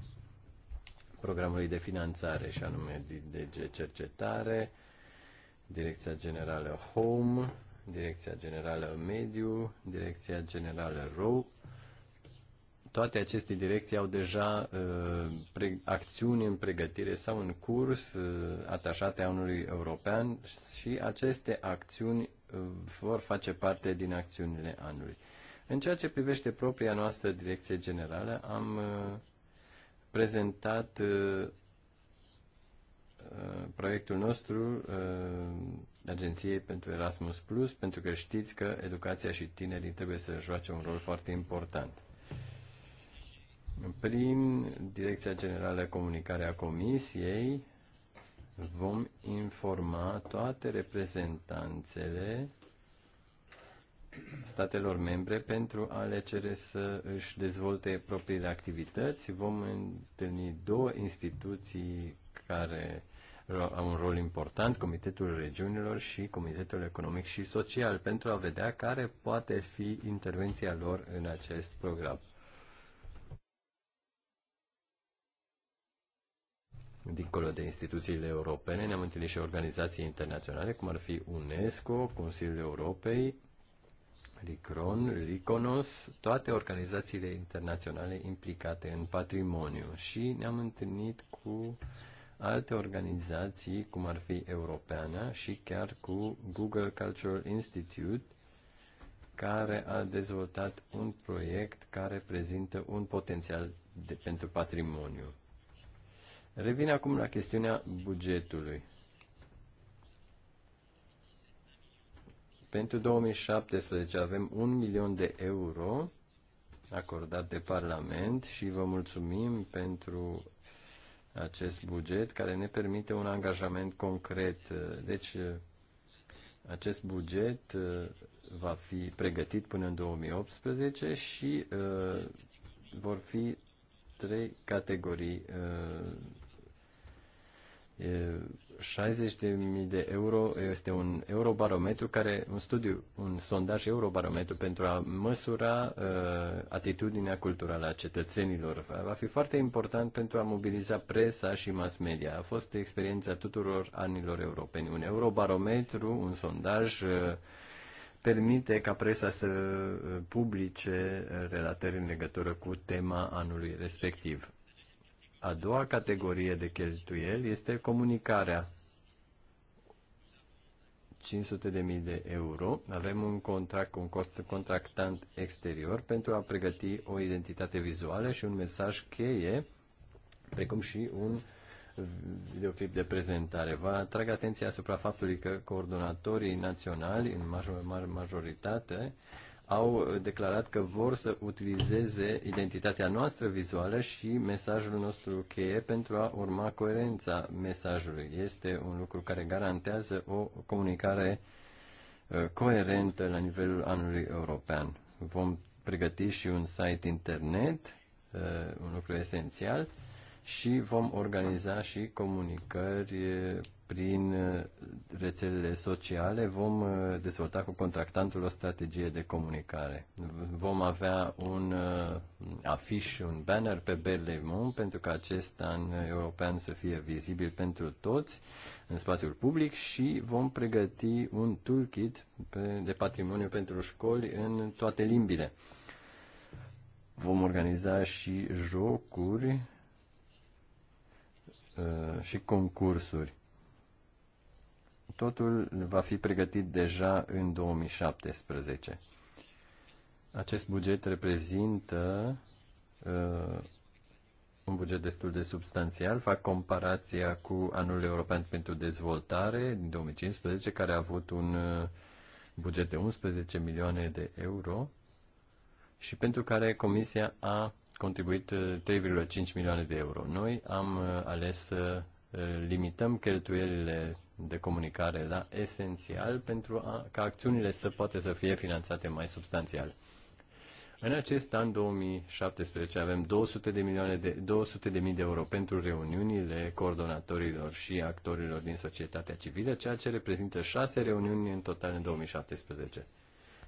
programului de finanțare, și anume DG Cercetare, Direcția Generală Home, Direcția Generală Mediu, Direcția Generală ROW. Toate aceste direcții au deja uh, acțiuni în pregătire sau în curs uh, atașate a unui european și aceste acțiuni uh, vor face parte din acțiunile anului. În ceea ce privește propria noastră direcție generală, am uh, prezentat uh, Uh, proiectul nostru uh, Agenției pentru Erasmus Plus, pentru că știți că educația și tinerii trebuie să joace un rol foarte important. Prin Direcția Generală Comunicare a Comisiei vom informa toate reprezentanțele statelor membre pentru a le cere să își dezvolte propriile activități. Vom întâlni două instituții care au un rol important, Comitetul Regiunilor și Comitetul Economic și Social, pentru a vedea care poate fi intervenția lor în acest program. Dincolo de instituțiile europene, ne-am întâlnit și organizații internaționale, cum ar fi UNESCO, Consiliul Europei, RICRON, RICONOS, toate organizațiile internaționale implicate în patrimoniu și ne-am întâlnit cu uh, alte organizații, cum ar fi Europeana și chiar cu Google Cultural Institute, care a dezvoltat un proiect care prezintă un potențial de, pentru patrimoniu. Revin acum la chestiunea bugetului. Pentru 2017 avem un milion de euro acordat de Parlament și vă mulțumim pentru acest buget care ne permite un angajament concret. Deci, acest buget uh, va fi pregătit până în 2018 și uh, vor fi trei categorii uh, 60.000 de euro este un eurobarometru care, un studiu, un sondaj eurobarometru pentru a măsura uh, atitudinea culturală a cetățenilor. Va fi foarte important pentru a mobiliza presa și mass media. A fost experiența tuturor anilor europeni. Un eurobarometru, un sondaj uh, permite ca presa să uh, publice uh, relatări în legătură cu tema anului respectiv a doua categorie de cheltuieli este comunicarea. 500.000 de euro. Avem un contract cu un contractant exterior pentru a pregăti o identitate vizuală și un mesaj cheie, precum și un videoclip de prezentare. Vă atrag atenția asupra faptului că coordonatorii naționali, în majoritate, au declarat că vor să utilizeze identitatea noastră vizuală și mesajul nostru cheie pentru a urma coerența mesajului. Este un lucru care garantează o comunicare uh, coerentă la nivelul anului european. Vom pregăti și un site internet, uh, un lucru esențial, și vom organiza și comunicări uh, prin uh, rețelele sociale vom uh, dezvolta cu contractantul o strategie de comunicare. Vom avea un uh, afiș, un banner pe Berlaymont pentru ca acest an european să fie vizibil pentru toți în spațiul public și vom pregăti un toolkit de patrimoniu pentru școli în toate limbile. Vom organiza și jocuri și concursuri Totul va fi pregătit deja în 2017. Acest buget reprezintă uh, un buget destul de substanțial. Fac comparația cu anul european pentru dezvoltare din 2015, care a avut un uh, buget de 11 milioane de euro și pentru care Comisia a contribuit 3,5 uh, milioane de euro. Noi am uh, ales să limităm cheltuielile de comunicare la esențial pentru a, ca acțiunile să poată să fie finanțate mai substanțial. În acest an 2017 avem 200 de milioane de 200 de mii de euro pentru reuniunile coordonatorilor și actorilor din societatea civilă, ceea ce reprezintă șase reuniuni în total în 2017.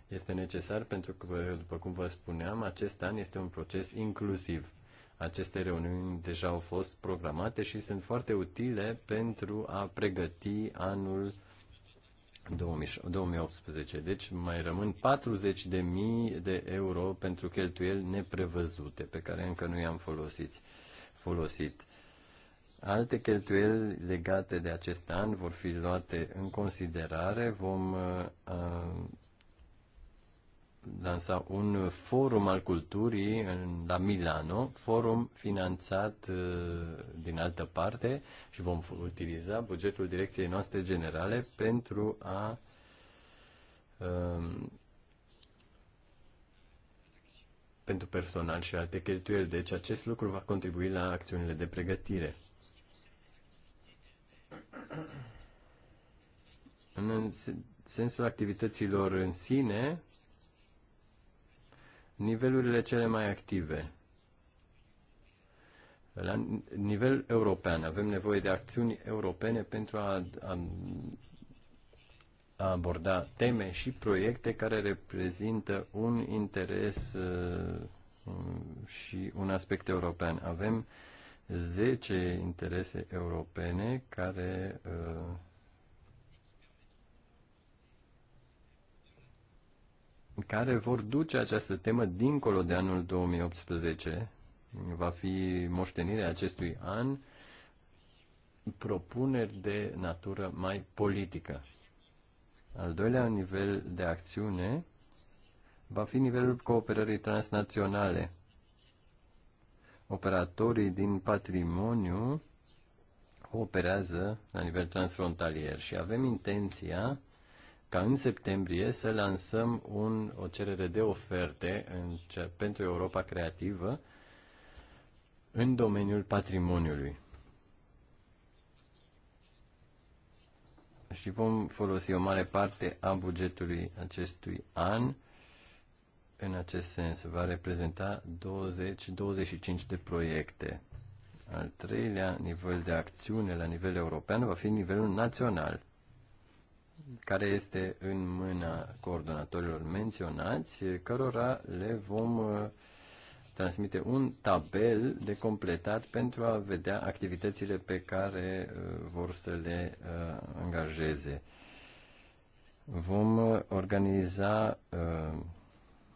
Este necesar pentru că, după cum vă spuneam, acest an este un proces inclusiv aceste reuniuni deja au fost programate și sunt foarte utile pentru a pregăti anul 2018. Deci mai rămân 40.000 de euro pentru cheltuieli neprevăzute, pe care încă nu i-am folosit. folosit. Alte cheltuieli legate de acest an vor fi luate în considerare. Vom uh, lansa un forum al culturii în, la Milano, forum finanțat uh, din altă parte și vom utiliza bugetul direcției noastre generale pentru a um, pentru personal și alte cheltuieli. Deci acest lucru va contribui la acțiunile de pregătire. În sensul activităților în sine, nivelurile cele mai active. La nivel european avem nevoie de acțiuni europene pentru a, a, a aborda teme și proiecte care reprezintă un interes uh, um, și un aspect european. Avem 10 interese europene care uh, care vor duce această temă dincolo de anul 2018. Va fi moștenirea acestui an propuneri de natură mai politică. Al doilea nivel de acțiune va fi nivelul cooperării transnaționale. Operatorii din patrimoniu cooperează la nivel transfrontalier și avem intenția ca în septembrie să lansăm un, o cerere de oferte în, ce, pentru Europa Creativă în domeniul patrimoniului. Și vom folosi o mare parte a bugetului acestui an în acest sens. Va reprezenta 20-25 de proiecte. Al treilea nivel de acțiune la nivel european va fi nivelul național care este în mâna coordonatorilor menționați, cărora le vom uh, transmite un tabel de completat pentru a vedea activitățile pe care uh, vor să le uh, angajeze. Vom organiza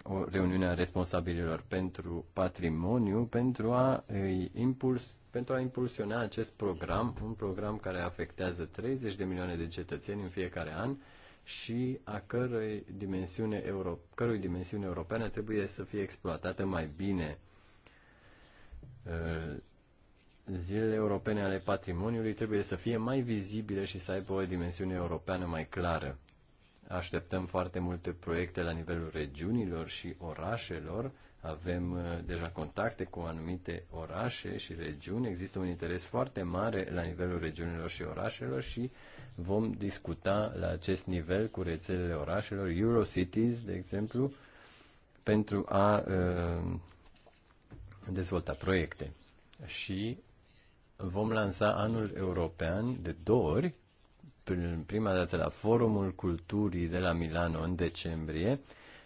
o reuniune a responsabililor pentru patrimoniu pentru a îi impulsa pentru a impulsiona acest program, un program care afectează 30 de milioane de cetățeni în fiecare an și a cărui dimensiune, euro, cărui dimensiune europeană trebuie să fie exploatată mai bine. Uh, zilele europene ale patrimoniului trebuie să fie mai vizibile și să aibă o dimensiune europeană mai clară. Așteptăm foarte multe proiecte la nivelul regiunilor și orașelor, avem uh, deja contacte cu anumite orașe și regiuni, există un interes foarte mare la nivelul regiunilor și orașelor și vom discuta la acest nivel cu rețelele orașelor, Eurocities, de exemplu, pentru a uh, dezvolta proiecte. Și vom lansa anul european de două ori, prima dată la Forumul Culturii de la Milano în decembrie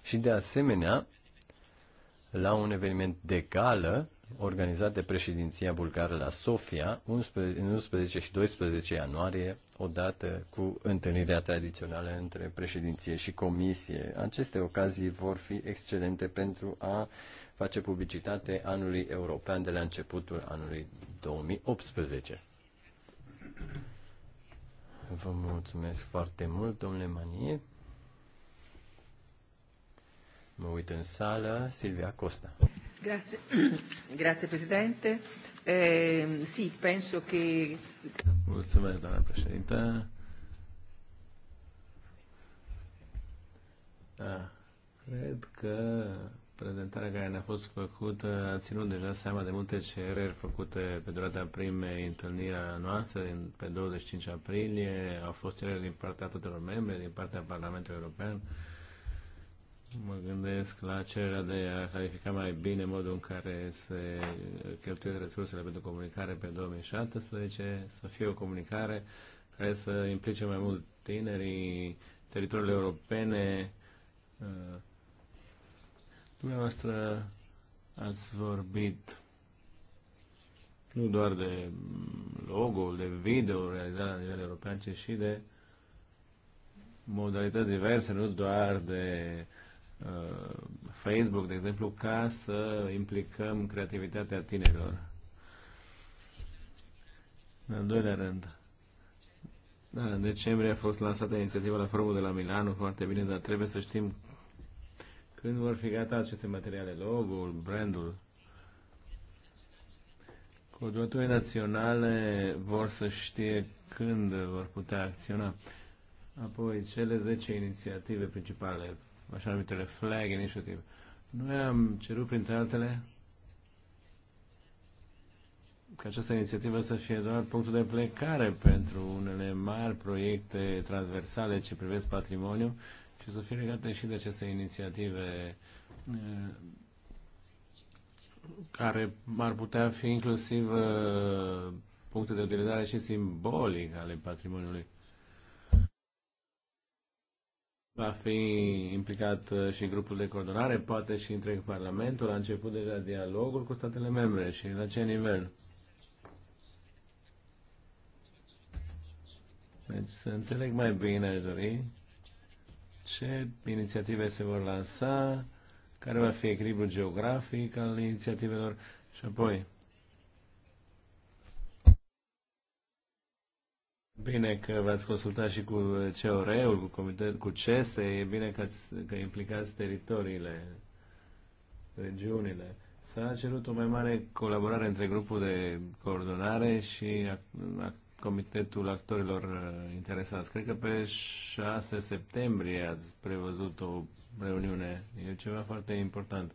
și de asemenea la un eveniment de gală organizat de președinția bulgară la Sofia, 11, în 11 și 12 ianuarie, odată cu întâlnirea tradițională între președinție și comisie. Aceste ocazii vor fi excelente pentru a face publicitate anului european de la începutul anului 2018. Vă mulțumesc foarte mult, domnule Manie. Mă uit în sală, Silvia Costa. Grazie, [CLEARS THROAT] Grazie Presidente. Eh, sì, penso che... Mulțumesc, doamna președinte. Da, cred că prezentarea care ne-a fost făcută a ținut deja seama de multe cereri făcute pe durata primei întâlniri a noastră, din, pe 25 aprilie. Au fost cereri din partea tuturor membre, din partea Parlamentului European Mă gândesc la cererea de a clarifica mai bine modul în care se cheltuie resursele pentru comunicare pe 2017, să fie o comunicare care să implice mai mult tinerii, teritoriile europene. Uh, dumneavoastră ați vorbit nu doar de logo, de video realizat la nivel european, ci și de modalități diverse, nu doar de Uh, Facebook, de exemplu, ca să implicăm creativitatea tinerilor. În al doilea rând, da, în decembrie a fost lansată inițiativa la Forumul de la Milano, foarte bine, dar trebuie să știm când vor fi gata aceste materiale, logo-ul, brandul. Conducătorii naționale vor să știe când vor putea acționa. Apoi, cele 10 inițiative principale așa numitele flag initiative. Noi am cerut, printre altele, ca această inițiativă să fie doar punctul de plecare pentru unele mari proiecte transversale ce privesc patrimoniu și să fie legate și de aceste inițiative eh, care ar putea fi inclusiv eh, puncte de utilizare și simbolic ale patrimoniului. Va fi implicat uh, și grupul de coordonare, poate și întreg Parlamentul. A început deja dialogul cu statele membre și la ce nivel. Deci să înțeleg mai bine, aș dori, ce inițiative se vor lansa, care va fi echilibrul geografic al inițiativelor și apoi Bine că v-ați consultat și cu COR-ul, cu, comitet, cu CESE, e bine că, ați, că implicați teritoriile, regiunile. S-a cerut o mai mare colaborare între grupul de coordonare și Comitetul Actorilor uh, Interesați. Cred că pe 6 septembrie ați prevăzut o reuniune. E ceva foarte important.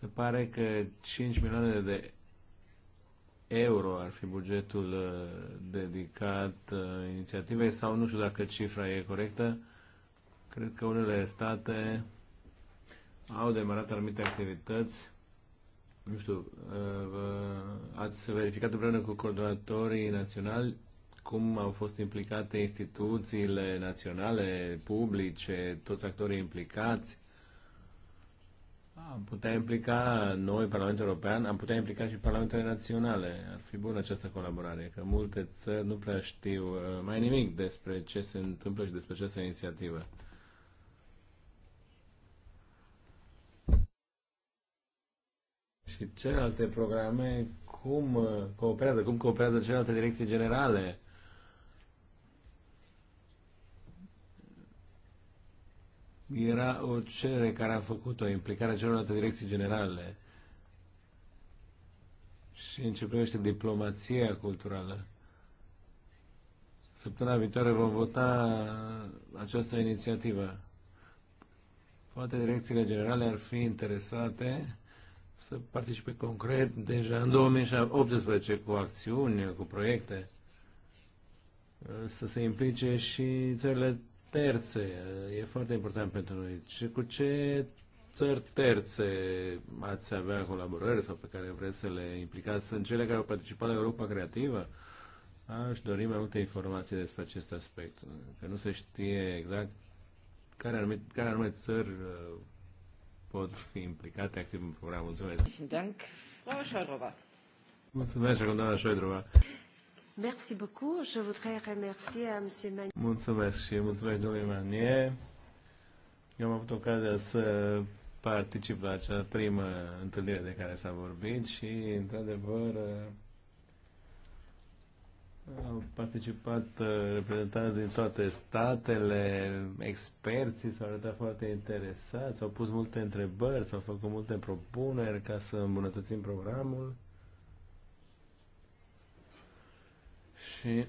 Se pare că 5 milioane de euro ar fi bugetul uh, dedicat uh, inițiativei sau nu știu dacă cifra e corectă. Cred că unele state au demarat anumite activități. Nu știu, uh, ați verificat împreună cu coordonatorii naționali cum au fost implicate instituțiile naționale, publice, toți actorii implicați am putea implica noi, Parlamentul European, am putea implica și Parlamentele Naționale. Ar fi bună această colaborare, că multe țări nu prea știu uh, mai nimic despre ce se întâmplă și despre această inițiativă. Și celelalte programe, cum uh, cooperează, cum cooperează celelalte direcții generale? era o cerere care a făcut-o, implicarea celorlalte direcții generale. Și în ce privește diplomația culturală, săptămâna viitoare vom vota această inițiativă. Poate direcțiile generale ar fi interesate să participe concret deja în 2018 cu acțiuni, cu proiecte, să se implice și țările terțe e foarte important pentru noi. Și cu ce țări terțe ați avea colaborări sau pe care vreți să le implicați? Sunt cele care au participat la Europa Creativă? Aș dori mai multe informații despre acest aspect, că nu se știe exact care anume, care anume țări uh, pot fi implicate activ în program. Mulțumesc! Mulțumesc, doamna Șoidrova! Merci beaucoup. Je voudrais remercier M. Manier. Mulțumesc și mulțumesc domnului Manier. Eu am avut ocazia să particip la acea primă întâlnire de care s-a vorbit și, într-adevăr, eh, au participat eh, reprezentanți din toate statele, experții s-au arătat foarte interesați, au pus multe întrebări, s-au făcut multe propuneri ca să îmbunătățim programul. și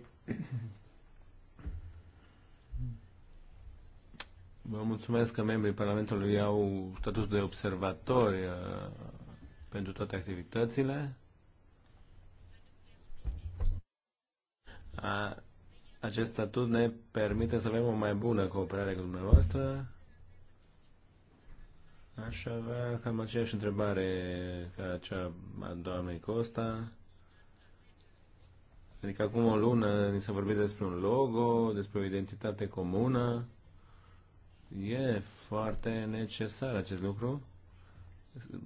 [CLEARS THROAT] vă mulțumesc că membrii Parlamentului au status de observatori uh, pentru toate activitățile. A, acest statut ne permite să avem o mai bună cooperare cu dumneavoastră. Aș avea cam aceeași întrebare ca cea a doamnei Costa. Adică acum o lună ni s-a vorbit despre un logo, despre o identitate comună. E foarte necesar acest lucru.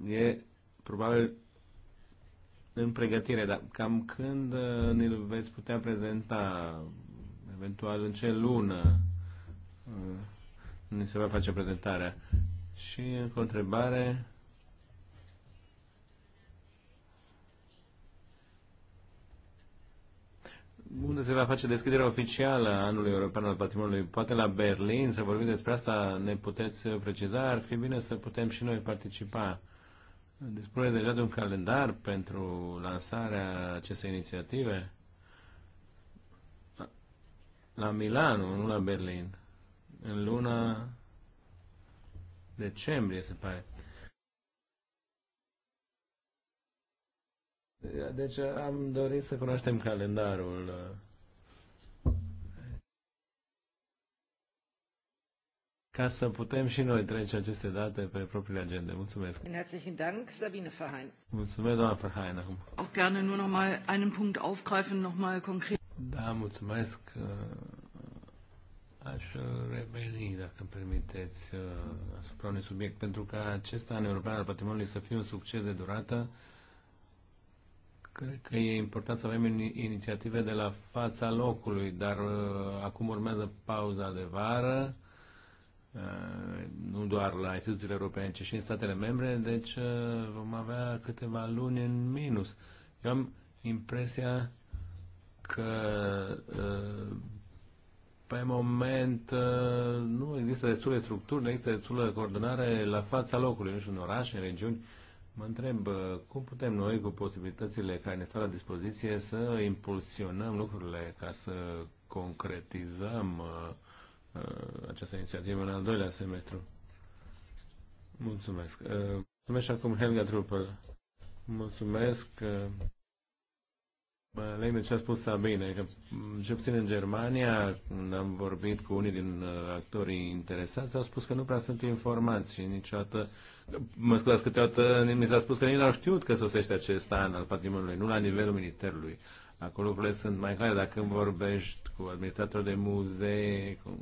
E probabil în pregătire, dar cam când uh, ne veți putea prezenta, eventual în ce lună uh, ni se va face prezentarea? Și încă o întrebare unde se va face deschiderea oficială a anului european al patrimoniului? Poate la Berlin să vorbim despre asta, ne puteți uh, preciza? Ar fi bine să putem și noi participa. Dispune deja de un calendar pentru lansarea acestei inițiative? La Milano, nu la Berlin. În luna decembrie, se pare. Deci uh, am dorit să cunoaștem calendarul. Uh. ca să putem și noi trece aceste date pe propriile agende. Mulțumesc. Herzlichen Dank, Sabine Verheyen. Mulțumesc, doamna Verheyen. Acum. Auch gerne nur noch mal einen Punkt aufgreifen, noch mal konkret. Da, mulțumesc. Aș reveni, dacă îmi permiteți, uh, asupra unui subiect, pentru ca acest an european al patrimoniului să fie un succes de durată, Cred că e important să avem inițiative de la fața locului, dar uh, acum urmează pauza de vară, uh, nu doar la instituțiile europene, ci și în statele membre, deci uh, vom avea câteva luni în minus. Eu am impresia că pe moment nu există destule structuri, nu există destulă coordonare la fața locului, nu știu, în orașe, în regiuni, Mă întreb uh, cum putem noi, cu posibilitățile care ne stau la dispoziție, să impulsionăm lucrurile ca să concretizăm uh, uh această inițiativă în al doilea semestru. Mulțumesc. Uh, mulțumesc acum Helga Trupă. Mulțumesc. Uh, Mă mi ce a spus Sabine, că cel puțin în Germania, când am vorbit cu unii din uh, actorii interesați, au spus că nu prea sunt informați și niciodată, mă scuzați, câteodată mi s-a spus că nici nu au știut că sosește acest an al patrimoniului, nu la nivelul ministerului. Acolo lucrurile sunt mai clare. Dacă vorbești cu administratori de muzee, cu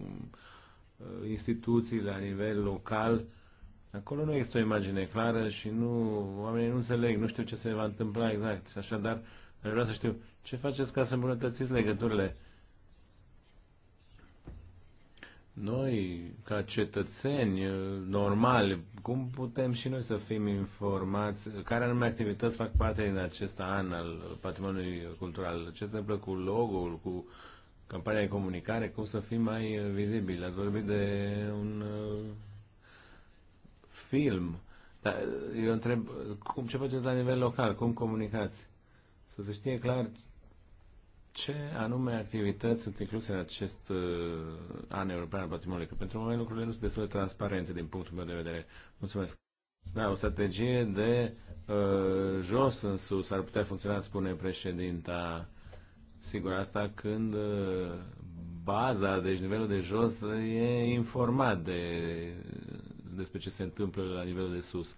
uh, instituții la nivel local, acolo nu există o imagine clară și nu, oamenii nu înțeleg, nu știu ce se va întâmpla exact. Așadar, Aș vrea să știu ce faceți ca să îmbunătățiți legăturile. Noi, ca cetățeni eh, normali, cum putem și noi să fim informați? Care anume activități fac parte din acest an al patrimoniului cultural? Ce se întâmplă cu logo-ul, cu campania de comunicare? Cum să fim mai eh, vizibili? Ați vorbit de un eh, film. Dar eu întreb, cum, ce faceți la nivel local? Cum comunicați? să se știe clar ce anume activități sunt incluse în acest uh, an european al patrimoniului, că pentru moment lucrurile nu sunt destul de transparente din punctul meu de vedere. Mulțumesc. Da, o strategie de uh, jos în sus ar putea funcționa, spune președinta. Sigur, asta când uh, baza, deci nivelul de jos, e informat de, despre ce se întâmplă la nivelul de sus.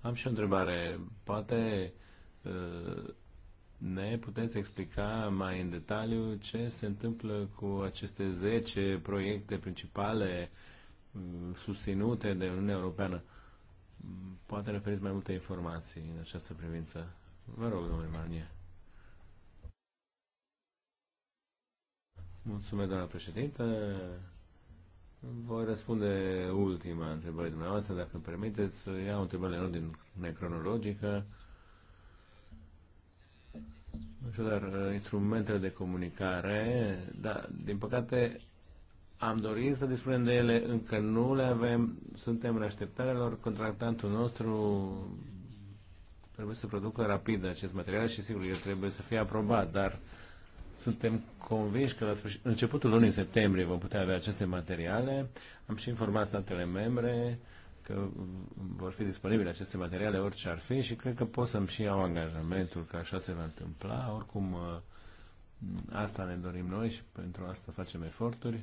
Am și o întrebare. Poate uh, ne puteți explica mai în detaliu ce se întâmplă cu aceste 10 proiecte principale mm, susținute de Uniunea Europeană? Poate referiți mai multe informații în această privință. Vă rog, domnule Marnie. Mulțumesc, doamna președintă. Voi răspunde ultima întrebare dumneavoastră, dacă îmi permiteți, să iau întrebările în ordine necronologică dar uh, instrumentele de comunicare, dar din păcate am dorit să dispunem de ele, încă nu le avem, suntem în așteptarea lor, contractantul nostru trebuie să producă rapid acest material și sigur el trebuie să fie aprobat, dar suntem convinși că la sfârșit, începutul lunii septembrie vom putea avea aceste materiale. Am și informat statele membre că vor fi disponibile aceste materiale orice ar fi și cred că pot să-mi și iau angajamentul că așa se va întâmpla. Oricum, ă, asta ne dorim noi și pentru asta facem eforturi.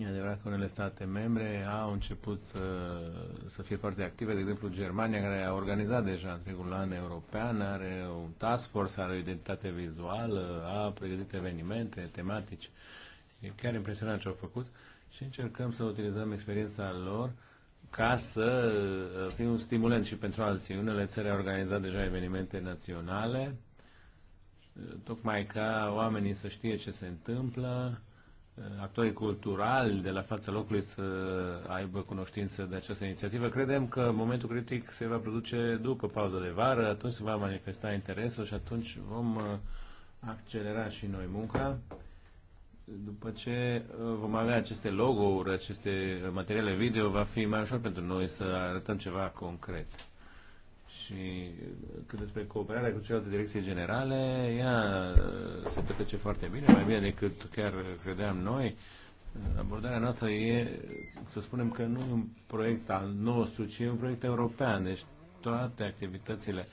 E adevărat că unele state membre au început uh, să fie foarte active, de exemplu Germania, care a organizat deja întregul an european, are un task force, are o identitate vizuală, a pregătit evenimente tematici. E chiar impresionant ce au făcut. Uh, și încercăm să utilizăm experiența lor ca să uh, fie un stimulant și pentru alții. Unele țări au organizat deja evenimente naționale, uh, tocmai ca oamenii să știe ce se întâmplă, uh, actorii culturali de la fața locului să aibă cunoștință de această inițiativă. Credem că momentul critic se va produce după pauza de vară, atunci se va manifesta interesul și atunci vom accelera și noi munca după ce uh, vom avea aceste logo-uri, aceste materiale video, va fi mai ușor pentru noi să arătăm ceva concret. Și uh, cât despre cooperarea cu celelalte direcții generale, ea uh, se petrece foarte bine, mai bine decât chiar credeam noi. Abordarea noastră e, să spunem că nu e un proiect al nostru, ci e un proiect european, deci toate activitățile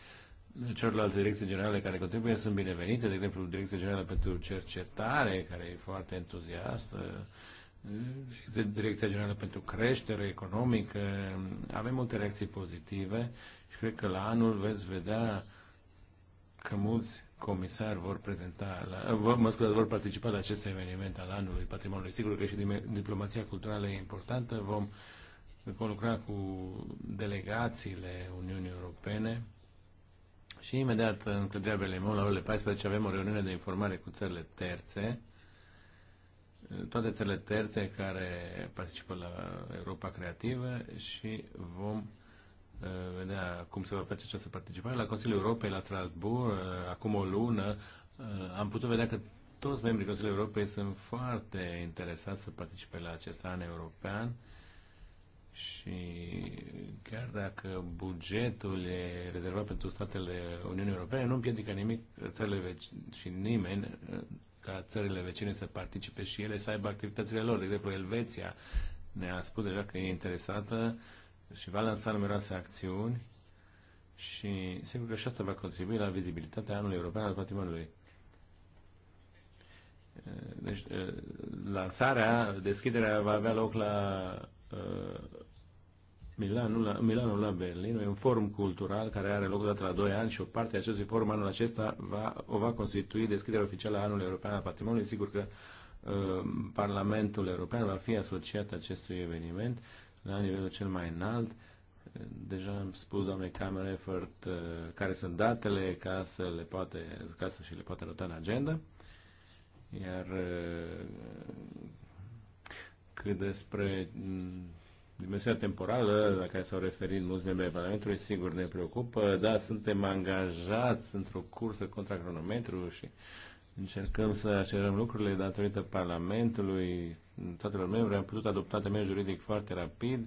celorlalte direcții generale care contribuie sunt binevenite, de exemplu Direcția Generală pentru Cercetare, care e foarte entuziastă, Direcția Generală pentru Creștere Economică, avem multe reacții pozitive și cred că la anul veți vedea că mulți comisari vor prezenta, la, vă, mă scuze, vor participa la acest eveniment al anului patrimoniului. Sigur că și diplomația culturală e importantă, vom lucra cu delegațiile Uniunii Europene și imediat în clădirea Berlimon, la orele 14, avem o reuniune de informare cu țările terțe, toate țările terțe care participă la Europa Creativă și vom uh, vedea cum se va face această participare. La Consiliul Europei, la Strasbourg, uh, acum o lună, uh, am putut vedea că toți membrii Consiliului Europei sunt foarte interesați să participe la acest an european și chiar dacă bugetul e rezervat pentru statele Uniunii Europene, nu împiedică nimic țările vecine și nimeni uh, ca țările vecine să participe și ele să aibă activitățile lor. De exemplu, Elveția ne-a spus deja că e interesată și va lansa numeroase acțiuni și sigur că și asta va contribui la vizibilitatea anului european al patrimoniului. Uh, deci, uh, lansarea, deschiderea va avea loc la Uh, Milano la, Milanul la Berlin, e un forum cultural care are loc odată la 2 ani și o parte a acestui forum anul acesta va, o va constitui deschiderea oficială a anului european al patrimoniului. Sigur că uh, Parlamentul European va fi asociat acestui eveniment la nivelul cel mai înalt. Deja am spus, doamne Cameron Effort, uh, care sunt datele ca să, le poate, ca să și le poate nota în agenda. Iar cât despre mm, dimensiunea temporală la care s-au referit mulți membri ai Parlamentului, sigur ne preocupă, dar suntem angajați într-o cursă contra cronometru și încercăm să accelerăm lucrurile datorită Parlamentului, statelor membre, am putut adopta temeiul juridic foarte rapid,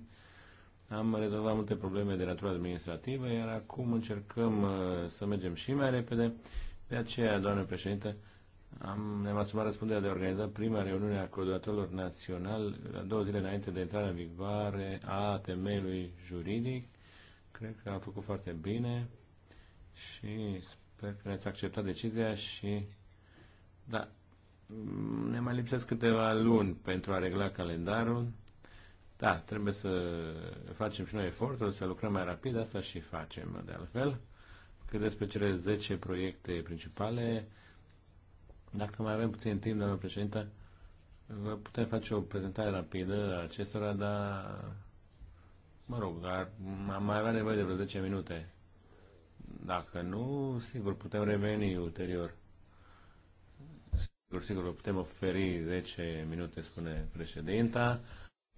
am rezolvat multe probleme de natură administrativă, iar acum încercăm uh, să mergem și mai repede. De aceea, doamnă președinte, am, ne-am asumat răspunderea de a organiza prima reuniune a coordonatorilor național la două zile înainte de intrarea în vigoare a temelui juridic. Cred că am făcut foarte bine și sper că ați acceptat decizia și da, ne mai lipsesc câteva luni pentru a regla calendarul. Da, trebuie să facem și noi efortul, să lucrăm mai rapid, asta și facem de altfel. Cât despre cele 10 proiecte principale, dacă mai avem puțin timp, doamnă președinte, vă putem face o prezentare rapidă a acestora, dar, mă rog, dar am mai avea nevoie de vreo 10 minute. Dacă nu, sigur, putem reveni ulterior. Sigur, sigur, putem oferi 10 minute, spune președinta.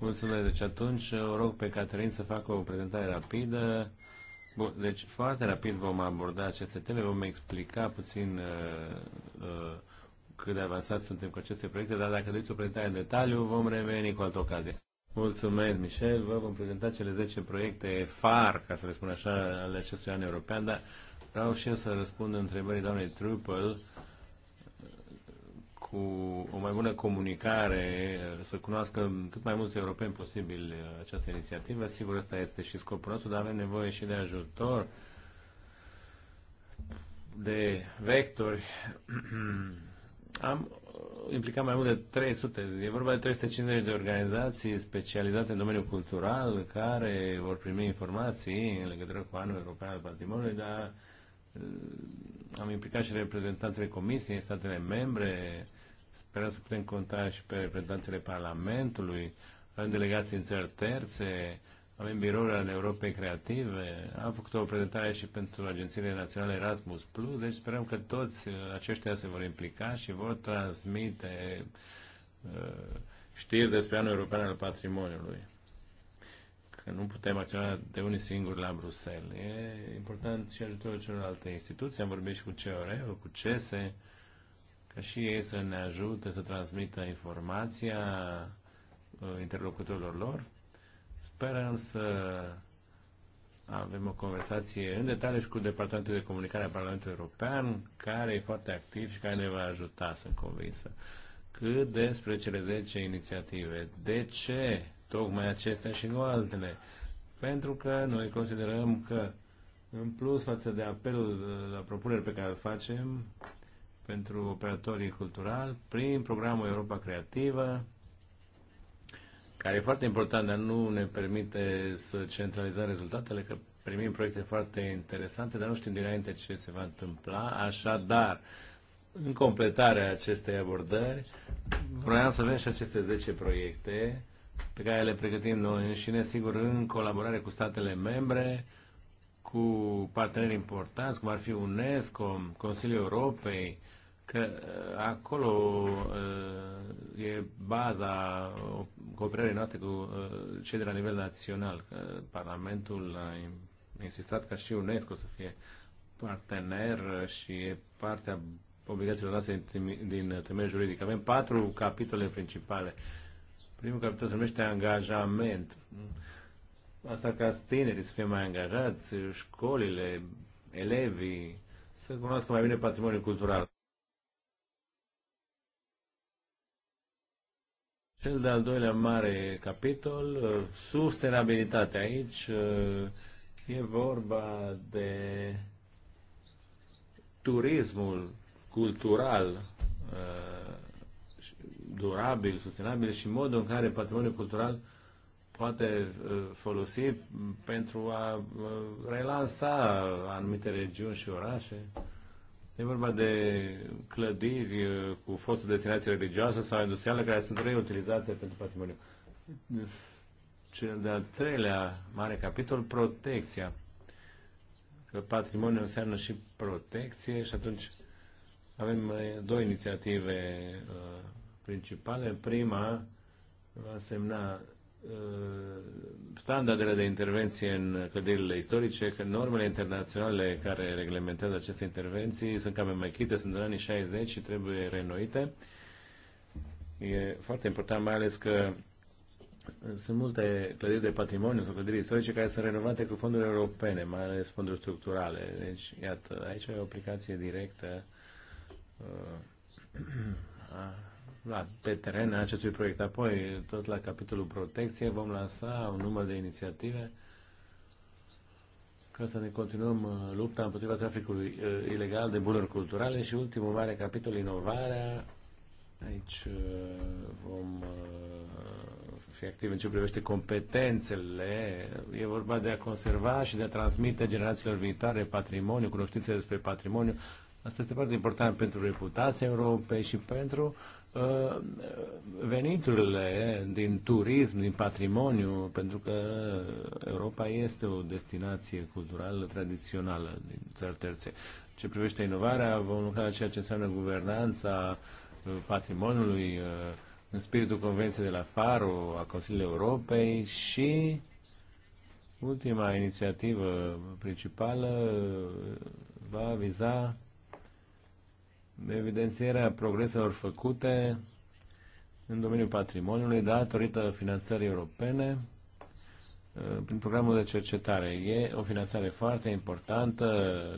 Mulțumesc. Deci atunci o rog pe Caterin să facă o prezentare rapidă. Bun, deci foarte rapid vom aborda aceste teme, vom explica puțin uh, uh, cât de avansați suntem cu aceste proiecte, dar dacă doriți o prezentare în detaliu, vom reveni cu altă ocazie. Mulțumesc, Michel. Vă vom prezenta cele 10 proiecte FAR, ca să le spun așa, ale acestui an european, dar vreau și eu să răspund întrebării doamnei Trupel, cu o mai bună comunicare, să cunoască cât mai mulți europeni posibil această inițiativă. Sigur, ăsta este și scopul nostru, dar avem nevoie și de ajutor de vectori [CLEARS THROAT] Am uh, implicat mai mult de 300, e vorba de 350 de organizații specializate în domeniul cultural care vor primi informații în legătură cu anul european al patrimoniului, dar uh, am implicat și reprezentanțele Comisiei, statele membre, sperăm să putem conta și pe reprezentanțele Parlamentului, în delegații în țări terțe, avem biroul al Europei Creative, am făcut o prezentare și pentru agențiile naționale Erasmus Plus, deci sperăm că toți uh, aceștia se vor implica și vor transmite uh, știri despre anul european al patrimoniului. Că nu putem acționa de unii singuri la Bruxelles. E important și ajutorul celorlalte instituții. Am vorbit și cu CEOR, cu CESE, ca și ei să ne ajute să transmită informația uh, interlocutorilor lor Sperăm să avem o conversație în detaliu și cu Departamentul de Comunicare a Parlamentului European, care e foarte activ și care ne va ajuta, sunt convinsă. Cât despre cele 10 inițiative, de ce tocmai acestea și nu altele? Pentru că noi considerăm că, în plus față de apelul la propuneri pe care îl facem pentru operatorii culturali, prin programul Europa Creativă, care e foarte important, dar nu ne permite să centralizăm rezultatele, că primim proiecte foarte interesante, dar nu știm dinainte ce se va întâmpla. Așadar, în completarea acestei abordări, vroiam să avem și aceste 10 proiecte pe care le pregătim noi și ne sigur, în colaborare cu statele membre, cu parteneri importanți, cum ar fi UNESCO, Consiliul Europei, că uh, acolo uh, e baza cooperării noastre cu uh, cei de la nivel național. Parlamentul a insistat ca și UNESCO să fie partener și e partea obligațiilor noastre din temeiul juridic. Avem patru capitole principale. Primul capitol se numește angajament. Asta ca tinerii să fie mai angajați, școlile, elevii, să cunoască mai bine patrimoniul cultural. Cel de-al doilea mare capitol, uh, sustenabilitate. Aici uh, e vorba de turismul cultural uh, durabil, sustenabil și modul în care patrimoniul cultural poate folosi pentru a relansa anumite regiuni și orașe. E vorba de clădiri uh, cu fostă destinație religioasă sau industrială care sunt reutilizate pentru patrimoniu. Cel de-al treilea mare capitol, protecția. Că patrimoniul înseamnă și protecție și atunci avem uh, două inițiative uh, principale. Prima va semna Uh, standardele de intervenție în clădirile istorice, că normele internaționale care reglementează aceste intervenții sunt cam înmechite, sunt în anii 60 și trebuie renoite. E foarte important, mai ales că sunt multe clădiri de patrimoniu sau clădiri istorice care sunt renovate cu fonduri europene, mai ales fonduri structurale. Deci, iată, aici e o aplicație directă uh, [CLEARS THROAT] a la, pe teren acestui proiect. Apoi, tot la capitolul protecție, vom lansa un număr de inițiative ca să ne continuăm uh, lupta împotriva traficului uh, ilegal de bunuri culturale și ultimul mare capitol, inovarea. Aici uh, vom fi activi în ce privește competențele. E vorba de a conserva și de a transmite generațiilor viitoare patrimoniu, cunoștințe despre patrimoniu, Asta este foarte important pentru reputația Europei și pentru uh, veniturile din turism, din patrimoniu, pentru că Europa este o destinație culturală tradițională din țări terțe. Ce privește inovarea, vom lucra la ceea ce înseamnă guvernanța uh, patrimoniului uh, în spiritul Convenției de la Faro a Consiliului Europei și ultima inițiativă principală uh, va viza evidențierea progreselor făcute în domeniul patrimoniului da, datorită finanțării europene uh, prin programul de cercetare. E o finanțare foarte importantă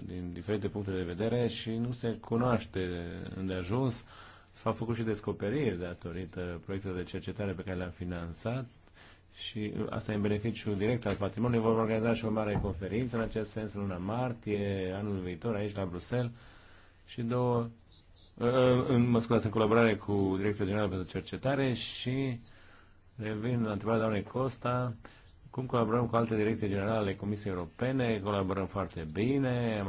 din diferite puncte de vedere și nu se cunoaște îndeajuns. S-au făcut și descoperiri datorită proiectelor de cercetare pe care le-am finanțat și asta e în beneficiu direct al patrimoniului. Vom organiza și o mare conferință în acest sens luna martie, anul viitor, aici la Bruxelles și două Uh, în, mă scuzați, în colaborare cu Direcția Generală pentru Cercetare și revin la întrebarea doamnei Costa. Cum colaborăm cu alte direcții generale ale Comisiei Europene? Colaborăm foarte bine. Am,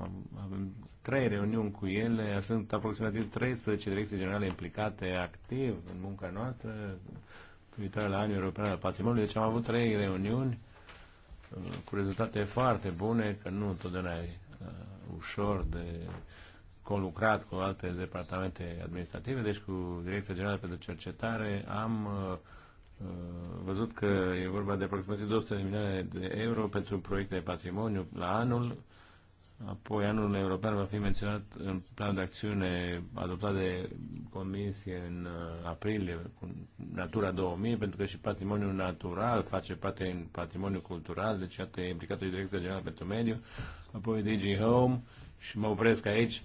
am, avem trei reuniuni cu ele. Sunt aproximativ 13 direcții generale implicate activ în munca noastră privitoare la anul european al patrimoniului. Deci am avut trei reuniuni uh, cu rezultate foarte bune, că nu întotdeauna e uh, ușor de uh, conlucrat cu alte departamente administrative, deci cu Direcția Generală pentru Cercetare, am uh, uh, văzut că e vorba de aproximativ 200 de milioane de euro pentru proiecte de patrimoniu la anul, apoi anul european va fi menționat în planul de acțiune adoptat de Comisie în uh, aprilie cu Natura 2000, pentru că și patrimoniul natural face parte în patrimoniul cultural, deci iată e implicată Direcția Generală pentru Mediu, apoi Digi Home și mă opresc aici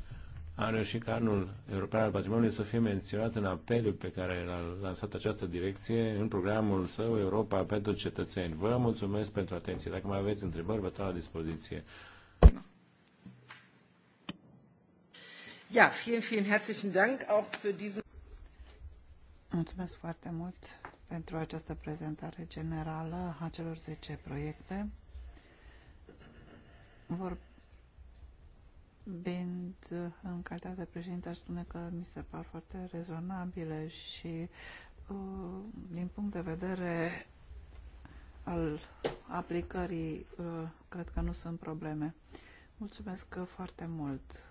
am reușit ca anul european al patrimoniului să fie menționat în apelul pe care l-a lansat această direcție în programul său Europa pentru cetățeni. Vă mulțumesc pentru atenție. Dacă mai aveți întrebări, vă stau la dispoziție. Ja, vielen, vielen herzlichen Dank auch für diesen Mulțumesc foarte mult pentru această prezentare generală a celor 10 proiecte. Vor Bind, în calitate de președinte, aș spune că mi se par foarte rezonabile și uh, din punct de vedere al aplicării, uh, cred că nu sunt probleme. Mulțumesc foarte mult!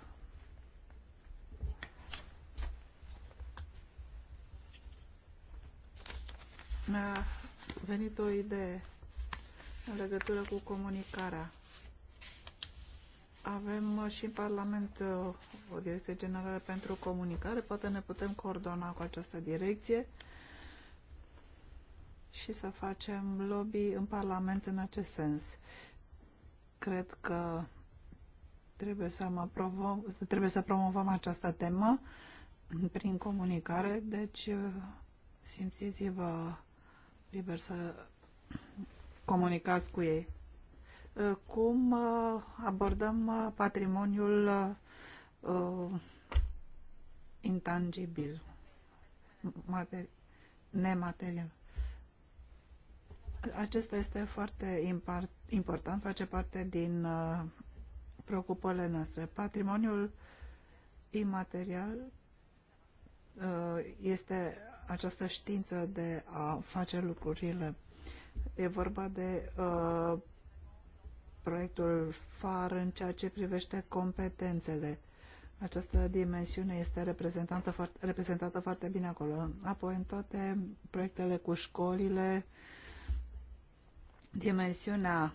Mi-a venit o idee în legătură cu comunicarea avem uh, și în Parlament uh, o direcție generală pentru comunicare, poate ne putem coordona cu această direcție și să facem lobby în Parlament în acest sens. Cred că trebuie să, mă provo- trebuie să promovăm această temă prin comunicare, deci uh, simțiți-vă liber să comunicați cu ei cum uh, abordăm uh, patrimoniul uh, intangibil, nematerial. Acesta este foarte important, face parte din preocupările noastre. Patrimoniul imaterial este această știință de a face lucrurile. E vorba de proiectul FAR în ceea ce privește competențele. Această dimensiune este reprezentată foarte, reprezentată foarte bine acolo. Apoi, în toate proiectele cu școlile, dimensiunea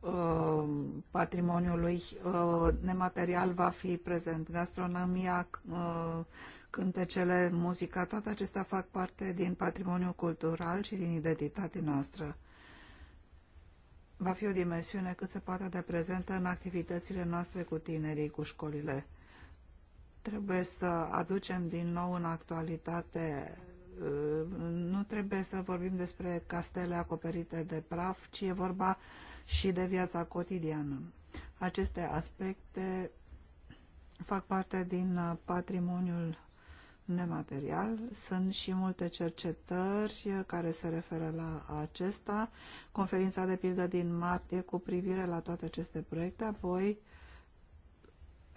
uh, patrimoniului uh, nematerial va fi prezent. Gastronomia, uh, cântecele, muzica, toate acestea fac parte din patrimoniul cultural și din identitatea noastră va fi o dimensiune cât se poate de prezentă în activitățile noastre cu tinerii, cu școlile. Trebuie să aducem din nou în actualitate uh, nu trebuie să vorbim despre castele acoperite de praf, ci e vorba și de viața cotidiană. Aceste aspecte fac parte din uh, patrimoniul nematerial. Sunt și multe cercetări care se referă la acesta. Conferința de pildă din martie cu privire la toate aceste proiecte, apoi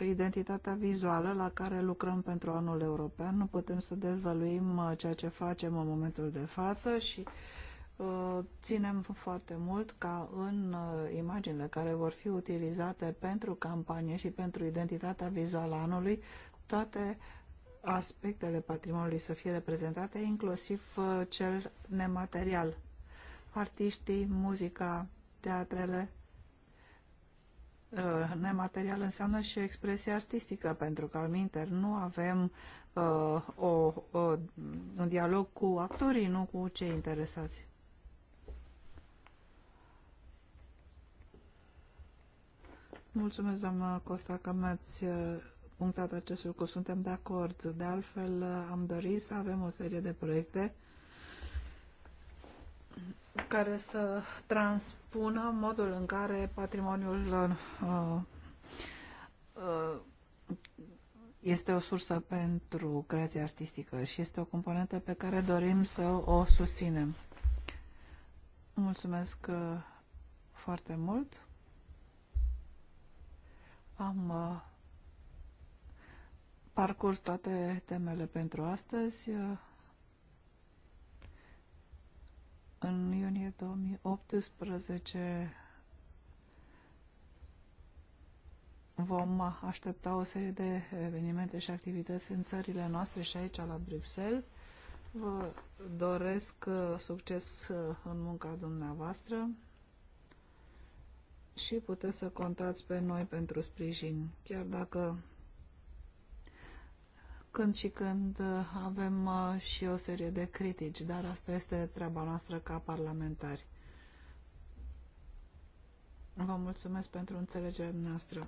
identitatea vizuală la care lucrăm pentru anul european. Nu putem să dezvăluim uh, ceea ce facem în momentul de față și uh, ținem foarte mult ca în uh, imaginile care vor fi utilizate pentru campanie și pentru identitatea vizuală anului, toate aspectele patrimoniului să fie reprezentate, inclusiv uh, cel nematerial. Artiștii, muzica, teatrele, uh, nematerial înseamnă și o expresie artistică, pentru că, alminter, nu avem uh, o, o, un dialog cu actorii, nu cu cei interesați. Mulțumesc, doamna Costa, că mi-ați uh, punctat acest lucru, suntem de acord. De altfel, am dorit să avem o serie de proiecte care să transpună modul în care patrimoniul uh, uh, este o sursă pentru creație artistică și este o componentă pe care dorim să o susținem. Mulțumesc uh, foarte mult. Am uh, parcurs toate temele pentru astăzi. În iunie 2018 vom aștepta o serie de evenimente și activități în țările noastre și aici la Bruxelles. Vă doresc uh, succes uh, în munca dumneavoastră și puteți să contați pe noi pentru sprijin, chiar dacă când și când uh, avem uh, și o serie de critici, dar asta este treaba noastră ca parlamentari. Vă mulțumesc pentru înțelegerea noastră.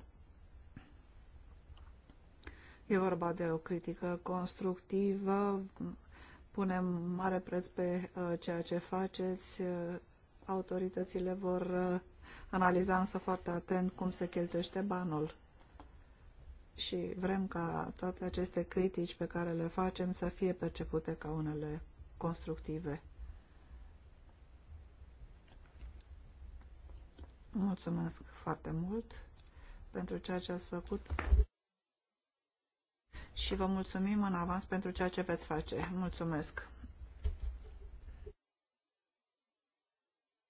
E vorba de o critică constructivă, punem mare preț pe uh, ceea ce faceți, autoritățile vor analiza însă foarte atent cum se cheltuiește banul și vrem ca toate aceste critici pe care le facem să fie percepute ca unele constructive. Mulțumesc foarte mult pentru ceea ce ați făcut și vă mulțumim în avans pentru ceea ce veți face. Mulțumesc!